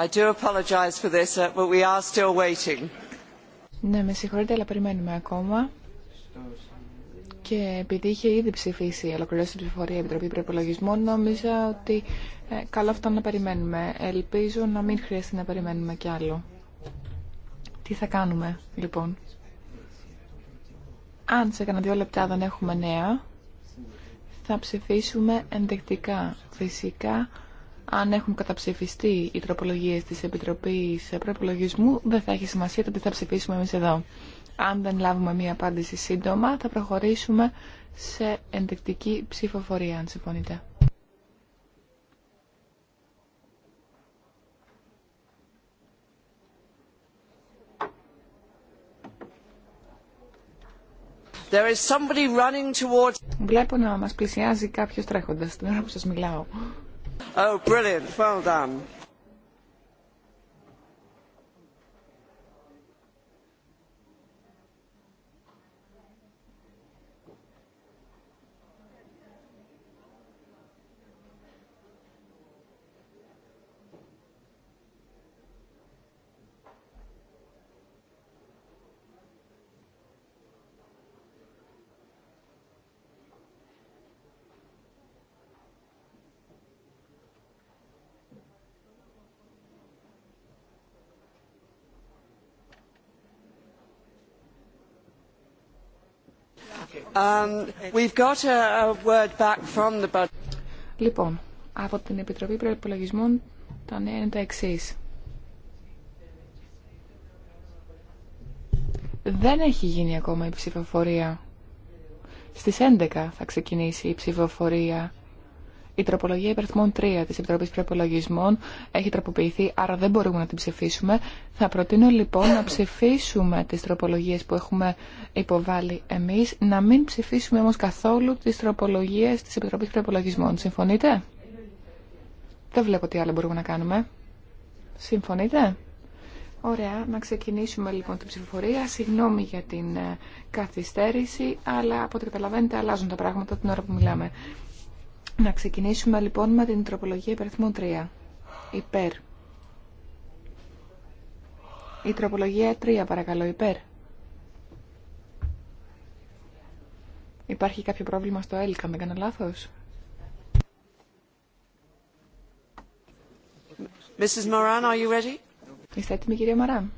I do apologize for this, uh, but we are still waiting. Ναι, με συγχωρείτε, αλλά περιμένουμε ακόμα. Και επειδή είχε ήδη ψηφίσει η ολοκληρώση τη ψηφοφορία η Επιτροπή Προπολογισμών, νόμιζα ότι ε, καλό αυτό να περιμένουμε. Ελπίζω να μην χρειαστεί να περιμένουμε κι άλλο. Τι θα κάνουμε, λοιπόν. Αν σε κανένα δύο λεπτά δεν έχουμε νέα, θα ψηφίσουμε ενδεικτικά. Φυσικά, αν έχουν καταψηφιστεί οι τροπολογίες της Επιτροπής Προπολογισμού, δεν θα έχει σημασία το τι θα ψηφίσουμε εμείς εδώ. Αν δεν λάβουμε μία απάντηση σύντομα, θα προχωρήσουμε σε ενδεικτική ψηφοφορία, αν συμφωνείτε. There is somebody running towards... Βλέπω να μας πλησιάζει κάποιος τρέχοντας την ώρα που σας μιλάω. Oh, brilliant. Well done. Λοιπόν, από την Επιτροπή Προπολογισμών τα νέα είναι τα εξή. Δεν έχει γίνει ακόμα η ψηφοφορία. Στις 11 θα ξεκινήσει η ψηφοφορία η τροπολογία υπερθμών 3 της Επιτροπής Προπολογισμών έχει τροποποιηθεί, άρα δεν μπορούμε να την ψηφίσουμε. Θα προτείνω λοιπόν να ψηφίσουμε τις τροπολογίες που έχουμε υποβάλει εμείς, να μην ψηφίσουμε όμως καθόλου τις τροπολογίες της Επιτροπής Προπολογισμών. Συμφωνείτε? Δεν βλέπω τι άλλο μπορούμε να κάνουμε. Συμφωνείτε? Ωραία, να ξεκινήσουμε λοιπόν την ψηφοφορία. Συγγνώμη για την ε, καθυστέρηση, αλλά από ό,τι καταλαβαίνετε αλλάζουν τα πράγματα την ώρα που μιλάμε. Να ξεκινήσουμε λοιπόν με την τροπολογία υπεριθμών 3. Υπέρ. Η τροπολογία 3 παρακαλώ υπέρ. Υπάρχει κάποιο πρόβλημα στο έλικα, δεν κάνω λάθος. Mrs. Moran, are you ready? Είστε έτοιμη κυρία Μαράν.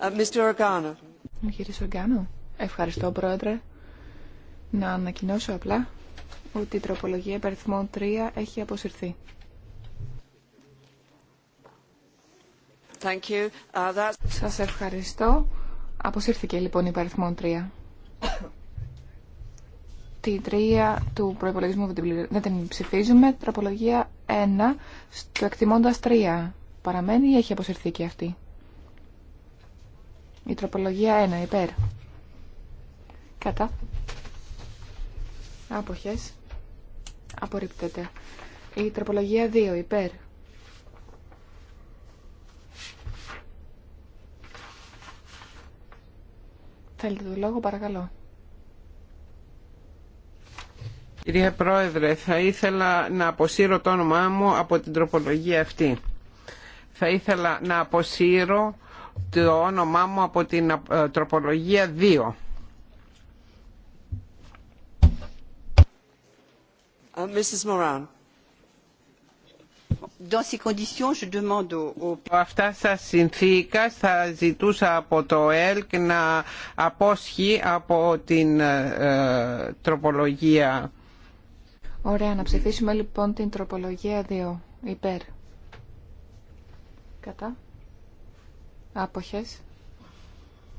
Uh, Mr. Organo. Κύριε Σοργκάνο, ευχαριστώ πρόεδρε. Να ανακοινώσω απλά ότι η τροπολογία υπαριθμών 3 έχει αποσυρθεί. Thank you. Uh, Σας ευχαριστώ. Αποσύρθηκε λοιπόν η παριθμόν 3. Τη 3 του προϋπολογισμού δεν την ψηφίζουμε. Τροπολογία 1 στο εκτιμώντας 3. Παραμένει ή έχει αποσυρθεί και αυτή. Η τροπολογία 1 υπέρ. Κατά. Αποχές. Απορρίπτεται. Η τροπολογία 2 υπέρ. Θέλετε το λόγο παρακαλώ. Κύριε Πρόεδρε, θα ήθελα να αποσύρω το όνομά μου από την τροπολογία αυτή. Θα ήθελα να αποσύρω το όνομά μου από την ε, τροπολογία 2. Αυτά στα συνθήκα θα ζητούσα από το ΕΛΚ να απόσχει από την ε, τροπολογία. Ωραία, να ψηφίσουμε λοιπόν την τροπολογία 2 υπέρ. Κατά. Άποχες.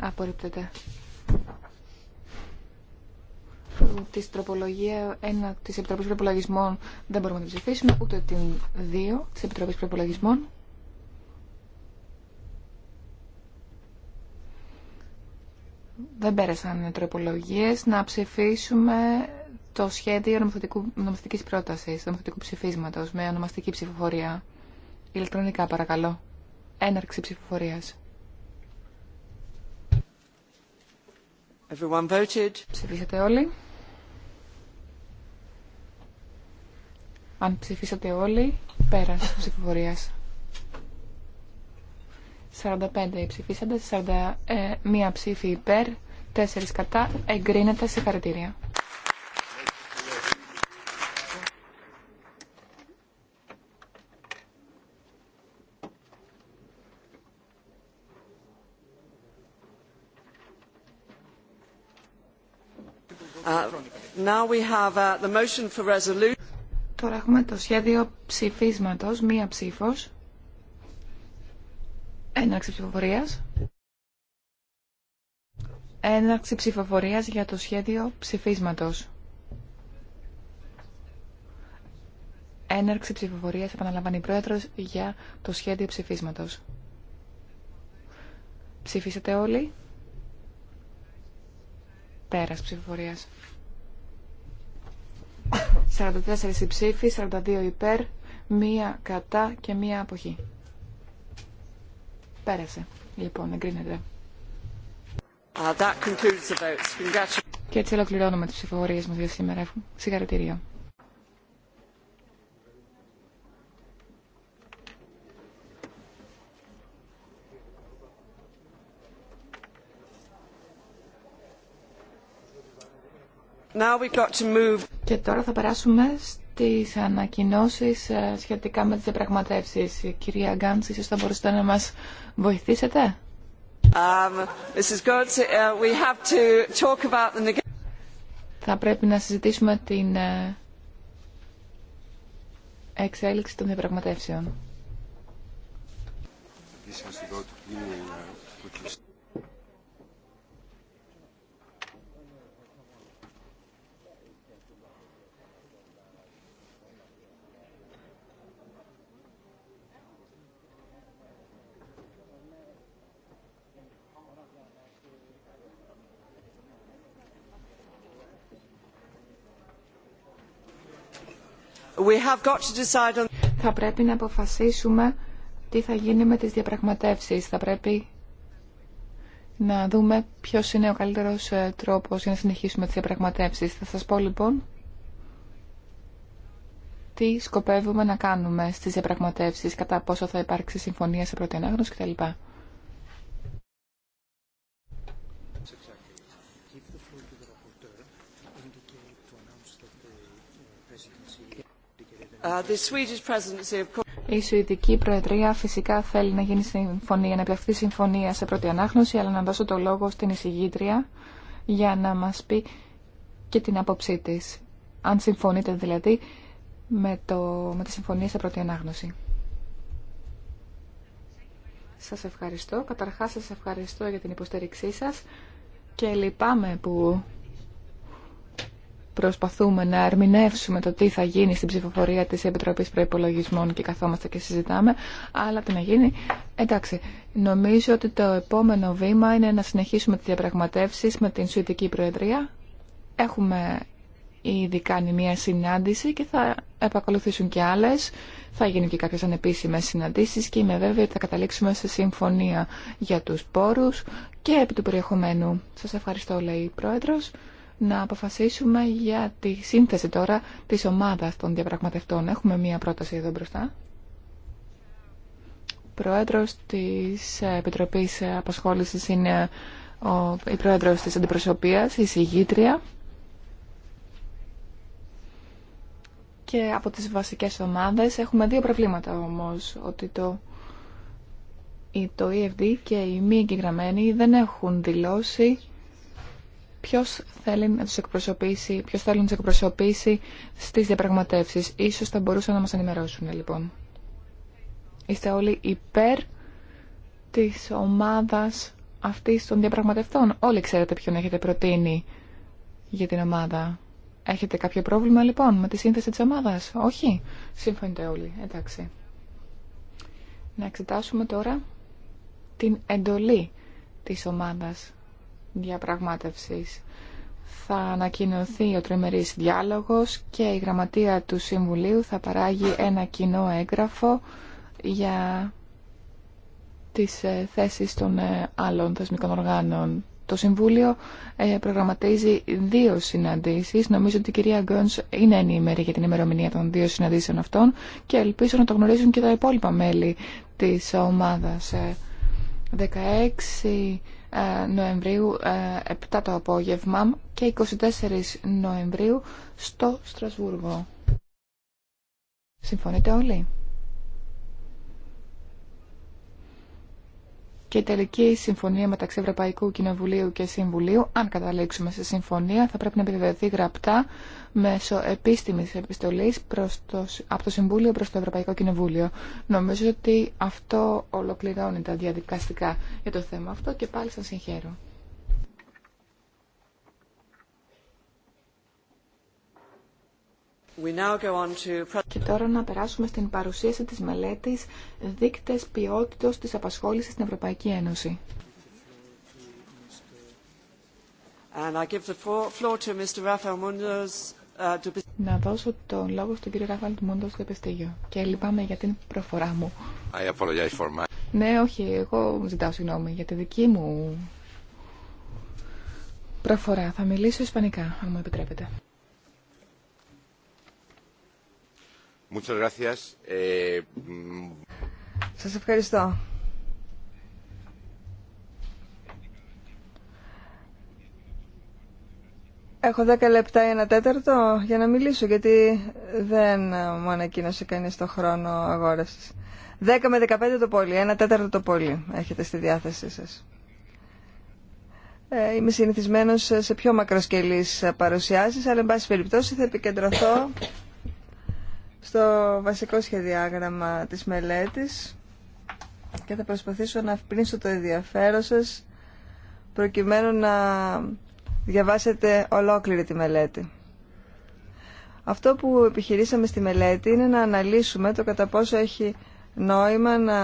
Απορρίπτεται. Τη τροπολογία 1 τη Επιτροπή Προπολογισμών δεν μπορούμε να την ψηφίσουμε, ούτε την 2 τη επιτροπή Προπολογισμών. Δεν πέρασαν τροπολογίε να ψηφίσουμε το σχέδιο νομοθετική πρόταση πρότασης, νομοθετικού ψηφίσματος με ονομαστική ψηφοφορία. Ηλεκτρονικά παρακαλώ. Έναρξη ψηφοφορία. Everyone voted. Ψηφίσατε όλοι. Αν ψηφίσατε όλοι, τη ψηφοφορία. 45 ψηφίσατε 41 ε, ψηφί υπέρ, 4 κατά, εγκρίνεται συγχαρητήρια. Uh, now we have uh, the motion for resolution. Τώρα έχουμε το σχέδιο ψηφίσματος, μία ψήφος. Έναρξη ψηφοφορίας. Έναρξη ψηφοφορίας για το σχέδιο ψηφίσματος. Έναρξη ψηφοφορίας, επαναλαμβάνει η Πρόεδρος, για το σχέδιο ψηφίσματος. Ψηφίσατε όλοι. Πέρας ψηφοφορίας. 44 ψήφοι, 42 υπέρ, μία κατά και μία αποχή. Πέρασε. Λοιπόν, εγκρίνεται. Uh, that the votes. Και έτσι ολοκληρώνουμε τις ψηφοφορίες μας για σήμερα. Συγχαρητήρια. Και τώρα θα περάσουμε στις ανακοινώσεις ε, σχετικά με τις διαπραγματεύσεις. Κυρία Γκάντς, ίσως θα μπορούσατε να μας βοηθήσετε. Θα πρέπει να συζητήσουμε την ε, εξέλιξη των διαπραγματεύσεων. Θα πρέπει να αποφασίσουμε τι θα γίνει με τις διαπραγματεύσεις. Θα πρέπει να δούμε ποιος είναι ο καλύτερος ε, τρόπος για να συνεχίσουμε τις διαπραγματεύσεις. Θα σας πω λοιπόν τι σκοπεύουμε να κάνουμε στις διαπραγματεύσεις, κατά πόσο θα υπάρξει συμφωνία σε πρώτη ανάγνωση κτλ. Η Σουηδική Προεδρία φυσικά θέλει να γίνει συμφωνία, να επιτευχθεί συμφωνία σε πρώτη ανάγνωση, αλλά να δώσω το λόγο στην εισηγήτρια για να μας πει και την άποψή της. Αν συμφωνείτε δηλαδή με, το, με τη συμφωνία σε πρώτη ανάγνωση. Σας ευχαριστώ. Καταρχάς σας ευχαριστώ για την υποστήριξή σας και λυπάμαι που προσπαθούμε να ερμηνεύσουμε το τι θα γίνει στην ψηφοφορία της Επιτροπής Προϋπολογισμών και καθόμαστε και συζητάμε, αλλά τι να γίνει. Εντάξει, νομίζω ότι το επόμενο βήμα είναι να συνεχίσουμε τις διαπραγματεύσεις με την Σουητική Προεδρία. Έχουμε ήδη κάνει μία συνάντηση και θα επακολουθήσουν και άλλες. Θα γίνουν και κάποιες ανεπίσημες συναντήσεις και είμαι βέβαιη ότι θα καταλήξουμε σε συμφωνία για τους πόρους και επί του περιεχομένου. Σας ευχαριστώ, λέει η Πρόεδρος να αποφασίσουμε για τη σύνθεση τώρα της ομάδας των διαπραγματευτών. Έχουμε μία πρόταση εδώ μπροστά. Πρόεδρος της Επιτροπής Απασχόλησης είναι ο, η πρόεδρος της Αντιπροσωπείας, η συγγήτρια. Και από τις βασικές ομάδες έχουμε δύο προβλήματα όμως, ότι το, το EFD και οι μη εγγεγραμμένοι δεν έχουν δηλώσει Ποιο θέλει να τους εκπροσωπήσει, ποιο θέλει να τους εκπροσωπήσει στις διαπραγματεύσεις. Ίσως θα μπορούσαν να μας ενημερώσουν λοιπόν. Είστε όλοι υπέρ τη ομάδα αυτή των διαπραγματευτών. Όλοι ξέρετε ποιον έχετε προτείνει για την ομάδα. Έχετε κάποιο πρόβλημα λοιπόν με τη σύνθεση τη ομάδας. Όχι. Σύμφωνείτε όλοι. Εντάξει. Να εξετάσουμε τώρα την εντολή της ομάδας διαπραγμάτευσης. Θα ανακοινωθεί ο τριμερής διάλογος και η γραμματεία του Συμβουλίου θα παράγει ένα κοινό έγγραφο για τις ε, θέσεις των ε, άλλων θεσμικών οργάνων. Το Συμβούλιο ε, προγραμματίζει δύο συναντήσεις. Νομίζω ότι η κυρία Γκόνς είναι ενήμερη για την ημερομηνία των δύο συναντήσεων αυτών και ελπίζω να το γνωρίζουν και τα υπόλοιπα μέλη της ομάδας. 16 Νοεμβρίου 7 ε, το απόγευμα και 24 Νοεμβρίου στο Στρασβούργο. Συμφωνείτε όλοι. Και η τελική συμφωνία μεταξύ Ευρωπαϊκού Κοινοβουλίου και Συμβουλίου, αν καταλήξουμε σε συμφωνία, θα πρέπει να επιβεβαιωθεί γραπτά μέσω επίσημη επιστολής από το Συμβούλιο προς το Ευρωπαϊκό Κοινοβούλιο. Νομίζω ότι αυτό ολοκληρώνει τα διαδικαστικά για το θέμα αυτό και πάλι σας συγχαίρω. We Και τώρα να περάσουμε στην παρουσίαση της μελέτης «Δείκτες ποιότητος της απασχόλησης στην Ευρωπαϊκή Ένωση». And I give the floor to Mr. Rafael Munoz, να δώσω τον λόγο στον κύριο Ραφάλ του Μόντο στο Επιστήγιο. Και λυπάμαι για την προφορά μου. ναι, όχι, εγώ ζητάω συγγνώμη για τη δική μου προφορά. Θα μιλήσω ισπανικά, αν μου επιτρέπετε. Muchas ε, Σας ευχαριστώ. Έχω 10 λεπτά ή ένα τέταρτο για να μιλήσω, γιατί δεν ε, μου ανακοίνωσε κανεί το χρόνο αγόρευση. 10 με 15 το πολύ, ένα τέταρτο το πολύ έχετε στη διάθεσή σα. Ε, είμαι συνηθισμένο σε πιο μακροσκελεί παρουσιάσει, αλλά εν πάση περιπτώσει θα επικεντρωθώ στο βασικό σχεδιάγραμμα της μελέτης και θα προσπαθήσω να αυπνίσω το ενδιαφέρον σα προκειμένου να διαβάσετε ολόκληρη τη μελέτη. Αυτό που επιχειρήσαμε στη μελέτη είναι να αναλύσουμε το κατά πόσο έχει νόημα να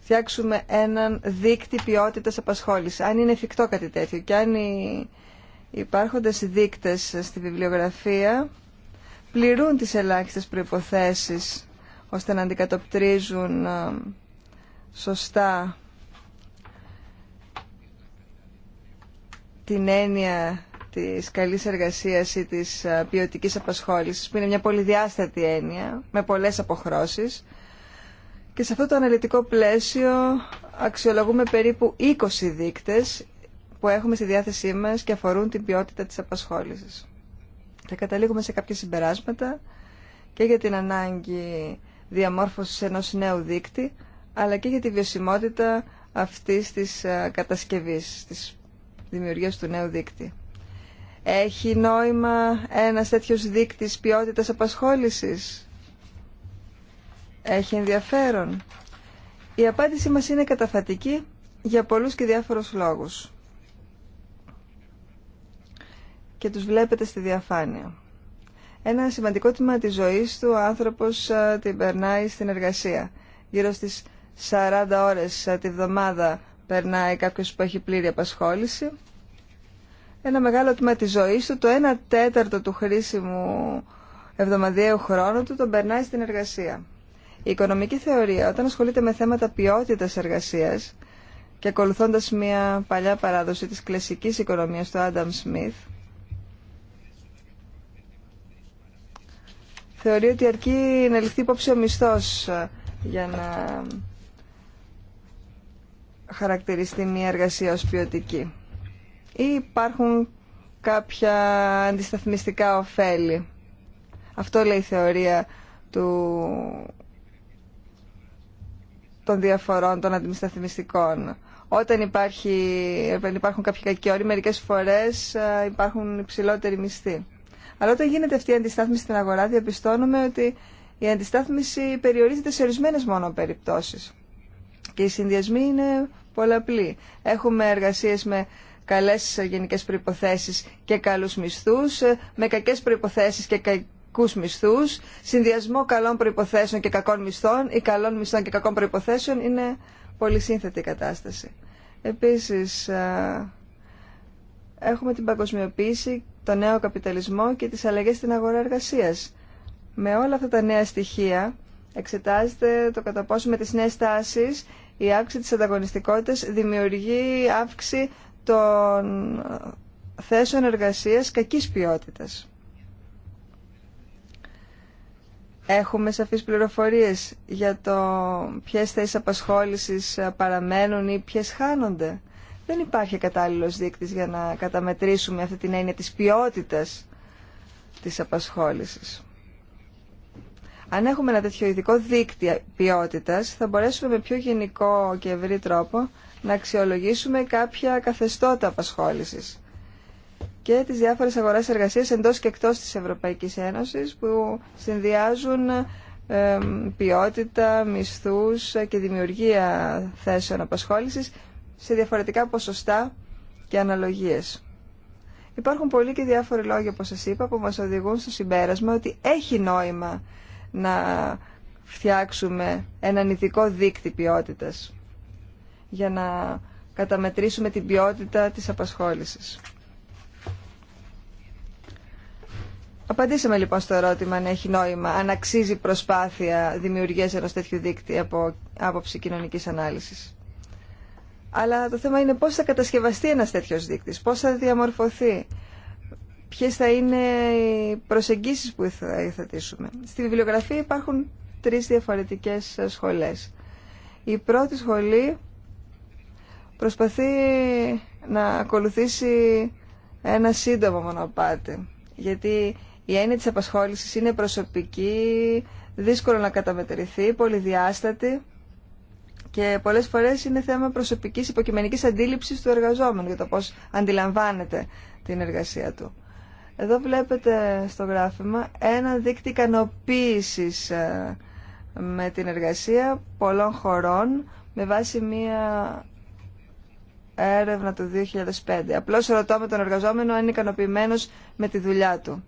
φτιάξουμε έναν δίκτυ ποιότητας απασχόλησης. Αν είναι εφικτό κάτι τέτοιο και αν οι υπάρχοντες δείκτες στη βιβλιογραφία πληρούν τις ελάχιστες προϋποθέσεις ώστε να αντικατοπτρίζουν ε, σωστά την έννοια της καλής εργασίας ή της ποιοτικής απασχόλησης, που είναι μια πολυδιάστατη έννοια, με πολλές αποχρώσεις. Και σε αυτό το αναλυτικό πλαίσιο αξιολογούμε περίπου 20 δείκτες που έχουμε στη διάθεσή μας και αφορούν την ποιότητα της απασχόλησης. Θα καταλήγουμε σε κάποια συμπεράσματα και για την ανάγκη διαμόρφωσης ενός νέου δείκτη, αλλά και για τη βιωσιμότητα αυτής της κατασκευής, της δημιουργίας του νέου δίκτυ. Έχει νόημα ένας τέτοιος δίκτυς ποιότητας απασχόλησης. Έχει ενδιαφέρον. Η απάντησή μας είναι καταφατική για πολλούς και διάφορους λόγους. Και τους βλέπετε στη διαφάνεια. Ένα σημαντικό τμήμα της ζωής του ο άνθρωπος την περνάει στην εργασία. Γύρω στις 40 ώρες τη βδομάδα περνάει κάποιος που έχει πλήρη απασχόληση. Ένα μεγάλο τμήμα της ζωής του, το 1 τέταρτο του χρήσιμου εβδομαδιαίου χρόνου του τον περνάει στην εργασία. Η οικονομική θεωρία όταν ασχολείται με θέματα ποιότητας εργασίας και ακολουθώντας μια παλιά παράδοση της κλασικής οικονομίας του Άνταμ Σμιθ θεωρεί ότι αρκεί να ληφθεί υπόψη ο μισθός ε, για να χαρακτηριστεί μια εργασία ως ποιοτική. Ή υπάρχουν κάποια αντισταθμιστικά ωφέλη. Αυτό λέει η θεωρία του... των διαφορών των αντισταθμιστικών. Όταν, υπάρχει, υπάρχουν κάποιοι κακοί όροι, μερικές φορές υπάρχουν υψηλότεροι μισθοί. Αλλά όταν γίνεται αυτή η αντιστάθμιση στην αγορά, διαπιστώνουμε ότι η αντιστάθμιση περιορίζεται σε ορισμένες μόνο περιπτώσεις. Και οι συνδυασμοί είναι πολλαπλή. Έχουμε εργασίες με καλές γενικές προϋποθέσεις και καλούς μισθούς, με κακές προϋποθέσεις και κακούς μισθούς. Συνδυασμό καλών προϋποθέσεων και κακών μισθών ή καλών μισθών και κακών προϋποθέσεων είναι πολύ σύνθετη η κατάσταση. Επίσης, έχουμε την παγκοσμιοποίηση, τον νέο καπιταλισμό και τις αλλαγές στην αγορά εργασίας. Με όλα αυτά τα νέα στοιχεία εξετάζεται το κατά πόσο με τις νέες τάσεις η αύξηση της ανταγωνιστικότητας δημιουργεί αύξηση των θέσεων εργασίας κακής ποιότητας. Έχουμε σαφείς πληροφορίες για το ποιες θέσεις απασχόλησης παραμένουν ή ποιες χάνονται. Δεν υπάρχει κατάλληλος δείκτης για να καταμετρήσουμε αυτή την έννοια της ποιότητας της απασχόλησης. Αν έχουμε ένα τέτοιο ειδικό δίκτυο ποιότητα, θα μπορέσουμε με πιο γενικό και ευρύ τρόπο να αξιολογήσουμε κάποια καθεστώτα απασχόλησης και τις διάφορες αγοράς εργασίας εντός και εκτός της Ευρωπαϊκής Ένωσης που συνδυάζουν ποιότητα, μισθούς και δημιουργία θέσεων απασχόλησης σε διαφορετικά ποσοστά και αναλογίες. Υπάρχουν πολλοί και διάφοροι λόγοι, όπως σας είπα, που μας οδηγούν στο συμπέρασμα ότι έχει νόημα να φτιάξουμε έναν ειδικό δίκτυ ποιότητας για να καταμετρήσουμε την ποιότητα της απασχόλησης. Απαντήσαμε λοιπόν στο ερώτημα αν έχει νόημα, αν αξίζει προσπάθεια δημιουργίας ενός τέτοιου δίκτυ από άποψη κοινωνικής ανάλυσης. Αλλά το θέμα είναι πώς θα κατασκευαστεί ένας τέτοιος δείκτης, πώς θα διαμορφωθεί, ποιες θα είναι οι προσεγγίσεις που θα υιοθετήσουμε. Στη βιβλιογραφία υπάρχουν τρεις διαφορετικές σχολές. Η πρώτη σχολή προσπαθεί να ακολουθήσει ένα σύντομο μονοπάτι, γιατί η έννοια της απασχόλησης είναι προσωπική, δύσκολο να καταμετρηθεί, πολυδιάστατη και πολλές φορές είναι θέμα προσωπικής υποκειμενικής αντίληψης του εργαζόμενου για το πώς αντιλαμβάνεται την εργασία του. Εδώ βλέπετε στο γράφημα ένα δίκτυο ικανοποίηση ε, με την εργασία πολλών χωρών με βάση μία έρευνα του 2005. Απλώς ρωτώ με τον εργαζόμενο αν είναι ικανοποιημένος με τη δουλειά του.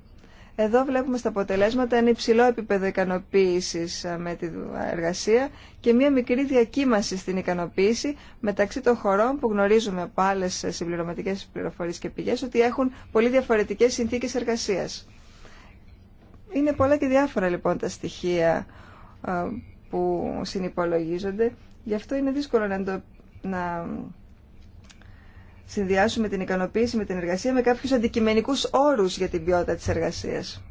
Εδώ βλέπουμε στα αποτελέσματα ένα υψηλό επίπεδο ικανοποίηση ε, με τη εργασία και μια μικρή διακύμαση στην ικανοποίηση μεταξύ των χωρών που γνωρίζουμε από άλλε συμπληρωματικέ πληροφορίες και πηγέ ότι έχουν πολύ διαφορετικέ συνθήκε εργασία. Είναι πολλά και διάφορα λοιπόν τα στοιχεία ε, που συνυπολογίζονται. Γι' αυτό είναι δύσκολο να συνδυάσουμε την ικανοποίηση με την εργασία με κάποιους αντικειμενικούς όρους για την ποιότητα της εργασίας.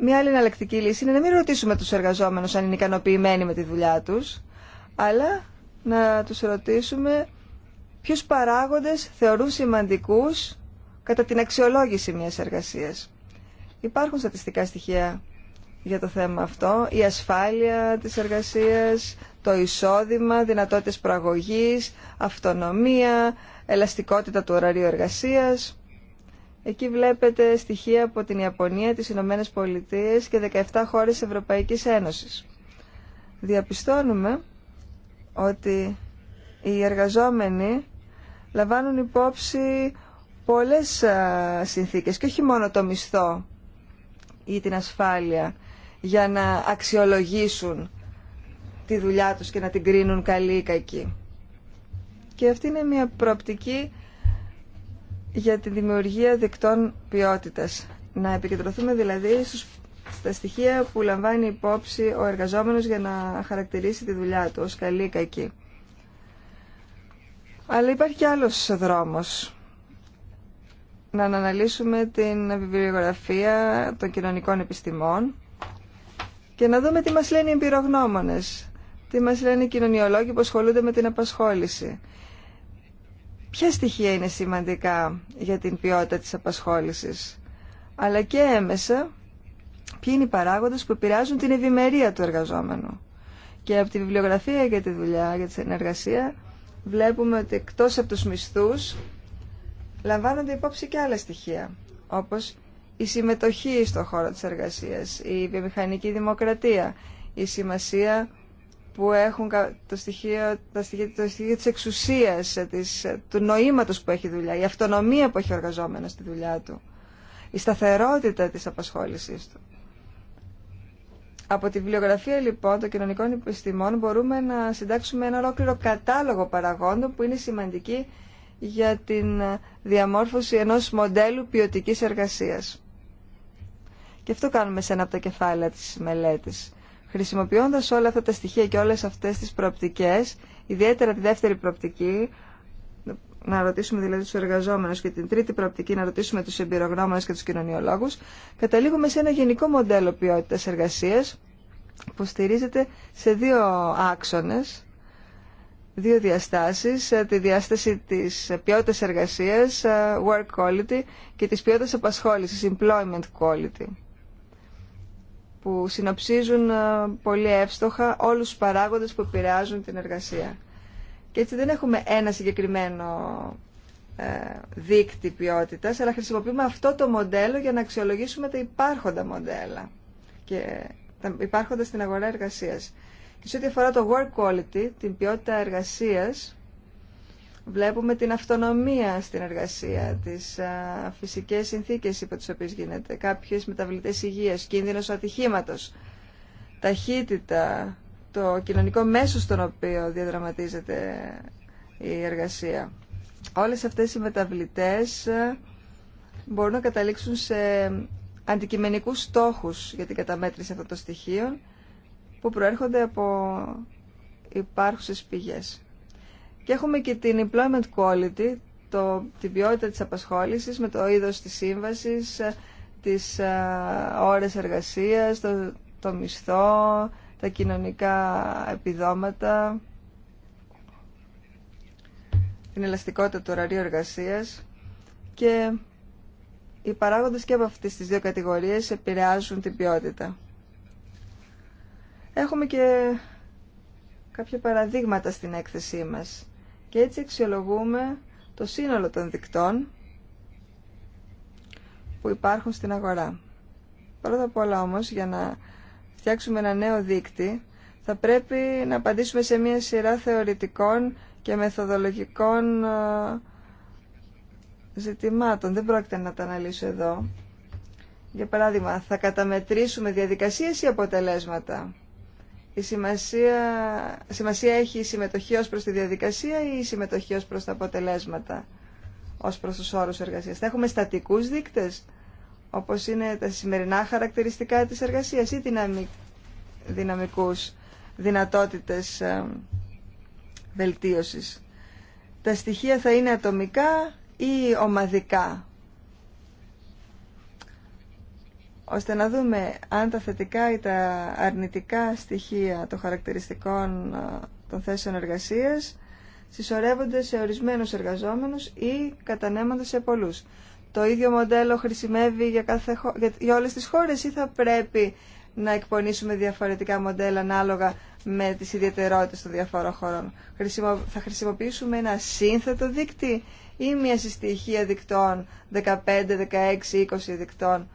Μια άλλη εναλλακτική λύση είναι να μην ρωτήσουμε τους εργαζόμενους αν είναι ικανοποιημένοι με τη δουλειά τους, αλλά να τους ρωτήσουμε ποιους παράγοντες θεωρούν σημαντικούς κατά την αξιολόγηση μιας εργασίας. Υπάρχουν στατιστικά στοιχεία για το θέμα αυτό, η ασφάλεια της εργασίας, το εισόδημα, δυνατότητες προαγωγής, αυτονομία, ελαστικότητα του ωραρίου εργασίας. Εκεί βλέπετε στοιχεία από την Ιαπωνία, τις Ηνωμένε Πολιτείε και 17 χώρες Ευρωπαϊκής Ένωσης. Διαπιστώνουμε ότι οι εργαζόμενοι λαμβάνουν υπόψη πολλές συνθήκες και όχι μόνο το μισθό ή την ασφάλεια για να αξιολογήσουν τη δουλειά τους και να την κρίνουν καλή ή κακή. Και αυτή είναι μια προοπτική για τη δημιουργία δεκτών ποιότητας. Να επικεντρωθούμε δηλαδή στα στοιχεία που λαμβάνει υπόψη ο εργαζόμενος για να χαρακτηρίσει τη δουλειά του ως καλή ή κακή. Αλλά υπάρχει και άλλος δρόμος. Να αναλύσουμε την βιβλιογραφία των κοινωνικών επιστημών και να δούμε τι μας λένε οι εμπειρογνώμονες τι μας λένε οι κοινωνιολόγοι που ασχολούνται με την απασχόληση. Ποια στοιχεία είναι σημαντικά για την ποιότητα της απασχόλησης, αλλά και έμεσα ποιοι είναι οι παράγοντες που επηρεάζουν την ευημερία του εργαζόμενου. Και από τη βιβλιογραφία για τη δουλειά, για την συνεργασία, βλέπουμε ότι εκτός από τους μισθούς λαμβάνονται υπόψη και άλλα στοιχεία, όπως η συμμετοχή στον χώρο της εργασίας, η βιομηχανική δημοκρατία, η σημασία που έχουν το στοιχείο, το στοιχείο, το της εξουσίας, ε, της, ε, του νοήματος που έχει δουλειά, η αυτονομία που έχει ο στη δουλειά του, η σταθερότητα της απασχόλησής του. Από τη βιβλιογραφία λοιπόν των κοινωνικών επιστημών μπορούμε να συντάξουμε ένα ολόκληρο κατάλογο παραγόντων που είναι σημαντική για την ε, διαμόρφωση ενός μοντέλου ποιοτικής εργασίας. Και αυτό κάνουμε σε ένα από τα κεφάλαια της μελέτης. Χρησιμοποιώντας όλα αυτά τα στοιχεία και όλες αυτές τις προοπτικέ, ιδιαίτερα τη δεύτερη προοπτική, να ρωτήσουμε δηλαδή του εργαζόμενους και την τρίτη προοπτική να ρωτήσουμε τους εμπειρογνώμονε και τους κοινωνιολόγους, καταλήγουμε σε ένα γενικό μοντέλο ποιότητα εργασία που στηρίζεται σε δύο άξονες, δύο διαστάσεις, ε, τη διάσταση της ποιότητας εργασίας, ε, work quality, και της ποιότητας απασχόλησης, employment quality που συνοψίζουν ε, πολύ εύστοχα όλους τους παράγοντες που επηρεάζουν την εργασία. Και έτσι δεν έχουμε ένα συγκεκριμένο ε, δίκτυ ποιότητας, αλλά χρησιμοποιούμε αυτό το μοντέλο για να αξιολογήσουμε τα υπάρχοντα μοντέλα και τα υπάρχοντα στην αγορά εργασίας. Και σε ό,τι αφορά το work quality, την ποιότητα εργασίας, Βλέπουμε την αυτονομία στην εργασία, τις φυσικέ φυσικές συνθήκες υπό τις οποίες γίνεται, κάποιες μεταβλητές υγείας, κίνδυνος ατυχήματος, ταχύτητα, το κοινωνικό μέσο στον οποίο διαδραματίζεται η εργασία. Όλες αυτές οι μεταβλητές μπορούν να καταλήξουν σε αντικειμενικούς στόχους για την καταμέτρηση αυτών των στοιχείων που προέρχονται από υπάρχουσες πηγές. Και έχουμε και την employment quality, το, την ποιότητα της απασχόλησης με το είδος της σύμβασης, ε, τις α, ε, ώρες εργασίας, το, το μισθό, τα κοινωνικά επιδόματα, την ελαστικότητα του ωραρίου εργασίας και οι παράγοντες και από αυτές τις δύο κατηγορίες επηρεάζουν την ποιότητα. Έχουμε και κάποια παραδείγματα στην έκθεσή μας. Και έτσι αξιολογούμε το σύνολο των δικτών που υπάρχουν στην αγορά. Πρώτα απ' όλα όμως για να φτιάξουμε ένα νέο δίκτυ θα πρέπει να απαντήσουμε σε μια σειρά θεωρητικών και μεθοδολογικών ε, ζητημάτων. Δεν πρόκειται να τα αναλύσω εδώ. Για παράδειγμα, θα καταμετρήσουμε διαδικασίες ή αποτελέσματα. Η σημασία, σημασία έχει η συμμετοχή ως προς τη διαδικασία ή η συμμετοχή ως προς τα αποτελέσματα, ως προς τους όρους εργασίας. Θα έχουμε στατικούς δείκτες, όπως είναι τα σημερινά χαρακτηριστικά της εργασίας ή δυναμικ, δυναμικούς δυνατότητες ε, βελτίωσης. Τα στοιχεία θα είναι ατομικά ή ομαδικά ώστε να δούμε αν τα θετικά ή τα αρνητικά στοιχεία των χαρακτηριστικών των θέσεων εργασίας συσσωρεύονται σε ορισμένους εργαζόμενους ή κατανέμονται σε πολλούς. Το ίδιο μοντέλο χρησιμεύει για, κάθε, για όλες τις χώρες ή θα πρέπει να εκπονήσουμε διαφορετικά μοντέλα ανάλογα με τις ιδιαιτερότητες των διαφόρων χωρών. Θα χρησιμοποιήσουμε ένα σύνθετο δίκτυ ή μια συστοιχεία δικτών 15, 16, 20 δικτών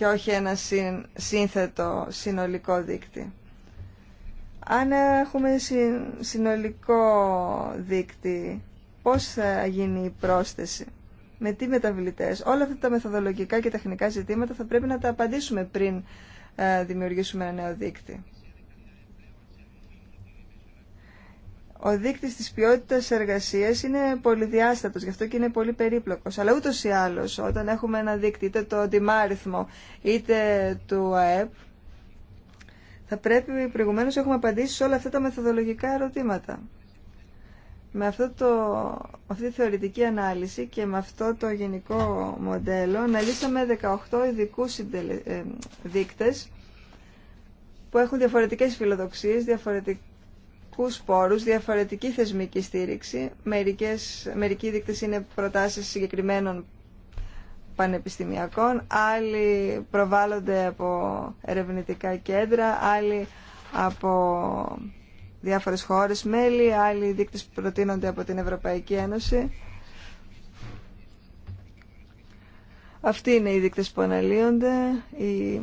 και όχι ένα σύνθετο συνολικό δίκτυ. Αν έχουμε συνολικό δίκτυ, πώς θα γίνει η πρόσθεση, με τι μεταβλητές, όλα αυτά τα μεθοδολογικά και τεχνικά ζητήματα θα πρέπει να τα απαντήσουμε πριν ε, δημιουργήσουμε ένα νέο δίκτυ. ο δείκτης της ποιότητας εργασίας είναι πολυδιάστατος, γι' αυτό και είναι πολύ περίπλοκος. Αλλά ούτως ή άλλως, όταν έχουμε ένα δείκτη, είτε το αντιμάριθμο, είτε του ΑΕΠ, θα πρέπει προηγουμένως έχουμε απαντήσει σε όλα αυτά τα μεθοδολογικά ερωτήματα. Με αυτό το, αυτή τη θεωρητική ανάλυση και με αυτό το γενικό μοντέλο αναλύσαμε 18 ειδικού ε, δείκτες που έχουν διαφορετικές φιλοδοξίες, διαφορετικές πόρους, διαφορετική θεσμική στήριξη. Μερικές, μερικοί δείκτες είναι προτάσεις συγκεκριμένων πανεπιστημιακών, άλλοι προβάλλονται από ερευνητικά κέντρα, άλλοι από διάφορες χώρες μέλη, άλλοι δείκτες προτείνονται από την Ευρωπαϊκή Ένωση. Αυτοί είναι οι δείκτες που αναλύονται, η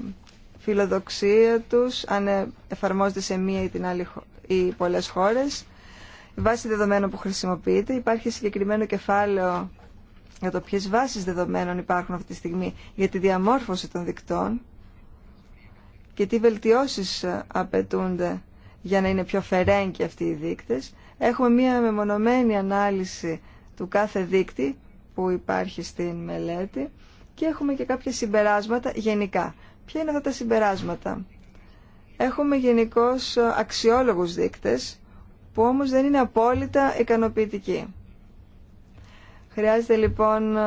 φιλοδοξία τους, αν εφαρμόζεται σε μία ή την άλλη η πολλές χώρες. Βάσει δεδομένων που χρησιμοποιείται υπάρχει συγκεκριμένο κεφάλαιο για το ποιες βάσεις δεδομένων υπάρχουν αυτή τη στιγμή για τη διαμόρφωση των δικτών και τι βελτιώσεις απαιτούνται για να είναι πιο και αυτοί οι δείκτες. Έχουμε μία μεμονωμένη ανάλυση του κάθε δείκτη που υπάρχει στην μελέτη και έχουμε και κάποια συμπεράσματα γενικά. Ποια είναι αυτά τα συμπεράσματα. Έχουμε γενικώ αξιόλογους δείκτες που όμως δεν είναι απόλυτα ικανοποιητικοί. Χρειάζεται λοιπόν ε,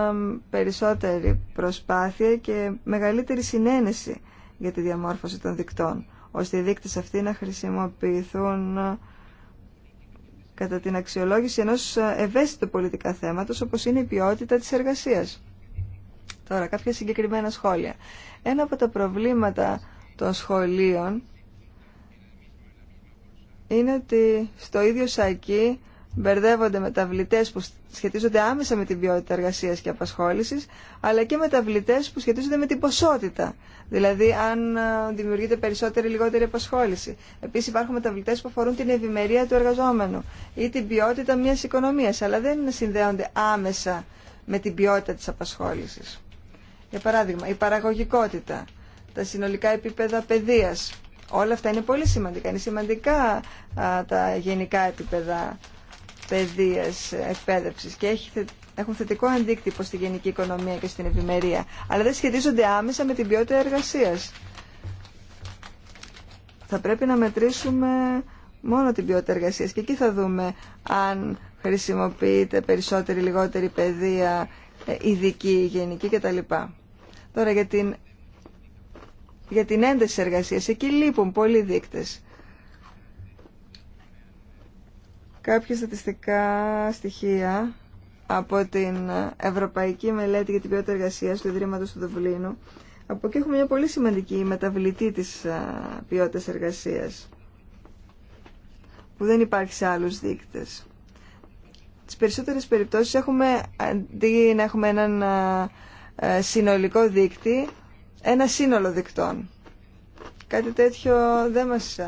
περισσότερη προσπάθεια και μεγαλύτερη συνένεση για τη διαμόρφωση των δικτών, ώστε οι δείκτες αυτοί να χρησιμοποιηθούν ε, κατά την αξιολόγηση ενός ευαίσθητου πολιτικά θέματος, όπως είναι η ποιότητα της εργασίας. Τώρα, κάποια συγκεκριμένα σχόλια. Ένα από τα προβλήματα των σχολείων είναι ότι στο ίδιο σακί μπερδεύονται μεταβλητές που σχετίζονται άμεσα με την ποιότητα εργασίας και απασχόλησης, αλλά και μεταβλητές που σχετίζονται με την ποσότητα, δηλαδή αν ε, δημιουργείται περισσότερη ή λιγότερη απασχόληση. Επίσης υπάρχουν μεταβλητέ που αφορούν την ευημερία του εργαζόμενου ή την ποιότητα μια οικονομία, αλλά δεν συνδέονται άμεσα με την ποιότητα τη απασχόληση. Για παράδειγμα, η παραγωγικότητα, τα συνολικά επίπεδα παιδεία Όλα αυτά είναι πολύ σημαντικά. Είναι σημαντικά τα γενικά επίπεδα παιδείας, εκπαίδευσης και έχουν θετικό αντίκτυπο στη γενική οικονομία και στην ευημερία, αλλά δεν σχετίζονται άμεσα με την ποιότητα εργασίας. Θα πρέπει να μετρήσουμε μόνο την ποιότητα εργασίας και εκεί θα δούμε αν χρησιμοποιείται περισσότερη, λιγότερη παιδεία, ε, ειδική, γενική κτλ. Τώρα για την για την ένταση εργασίας. Εκεί λείπουν πολλοί δείκτες. Κάποια στατιστικά στοιχεία από την Ευρωπαϊκή Μελέτη για την Ποιότητα Εργασίας του Ιδρύματος του Δουβλίνου. Από εκεί έχουμε μια πολύ σημαντική μεταβλητή της ποιότητας εργασίας που δεν υπάρχει σε άλλους δείκτες. Τις περισσότερες περιπτώσεις έχουμε, αντί να έχουμε έναν συνολικό δείκτη, ένα σύνολο δικτών. Κάτι τέτοιο δεν μας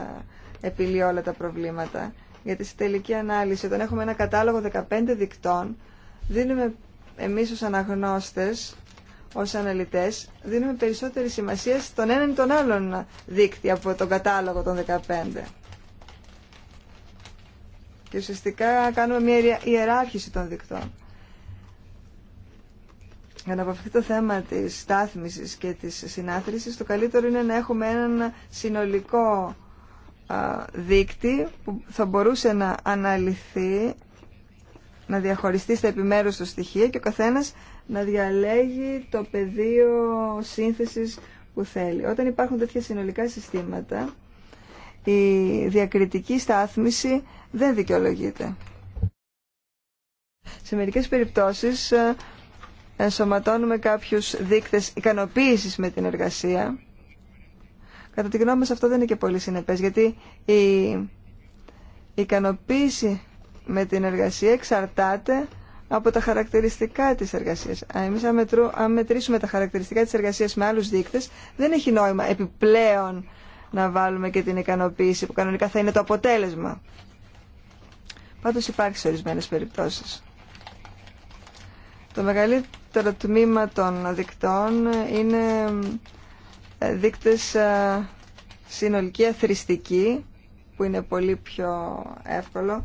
επιλύει όλα τα προβλήματα. Γιατί στη τελική ανάλυση, όταν έχουμε ένα κατάλογο 15 δικτών, δίνουμε εμείς ως αναγνώστες, ως αναλυτές, δίνουμε περισσότερη σημασία στον έναν ή τον άλλον δίκτυα από τον κατάλογο των 15. Και ουσιαστικά κάνουμε μια ιεράρχηση των δικτών για να βαφθεί το θέμα της στάθμισης και της συνάθρησης, το καλύτερο είναι να έχουμε έναν συνολικό δίκτυ που θα μπορούσε να αναλυθεί, να διαχωριστεί στα επιμέρους του στοιχεία και ο καθένας να διαλέγει το πεδίο σύνθεσης που θέλει. Όταν υπάρχουν τέτοια συνολικά συστήματα, η διακριτική στάθμιση δεν δικαιολογείται. Σε μερικές περιπτώσεις ενσωματώνουμε κάποιους δείκτες ικανοποίησης με την εργασία. Κατά τη γνώμη μας αυτό δεν είναι και πολύ συνεπές, γιατί η ικανοποίηση με την εργασία εξαρτάται από τα χαρακτηριστικά της εργασίας. Αν εμείς αν μετρήσουμε τα χαρακτηριστικά της εργασίας με άλλους δείκτες, δεν έχει νόημα επιπλέον να βάλουμε και την ικανοποίηση που κανονικά θα είναι το αποτέλεσμα. Πάντως υπάρχει σε ορισμένες περιπτώσεις. Το μεγαλύτερο το τμήμα των δικτών είναι ε, δείκτες ε, συνολική αθρηστική, που είναι πολύ πιο εύκολο.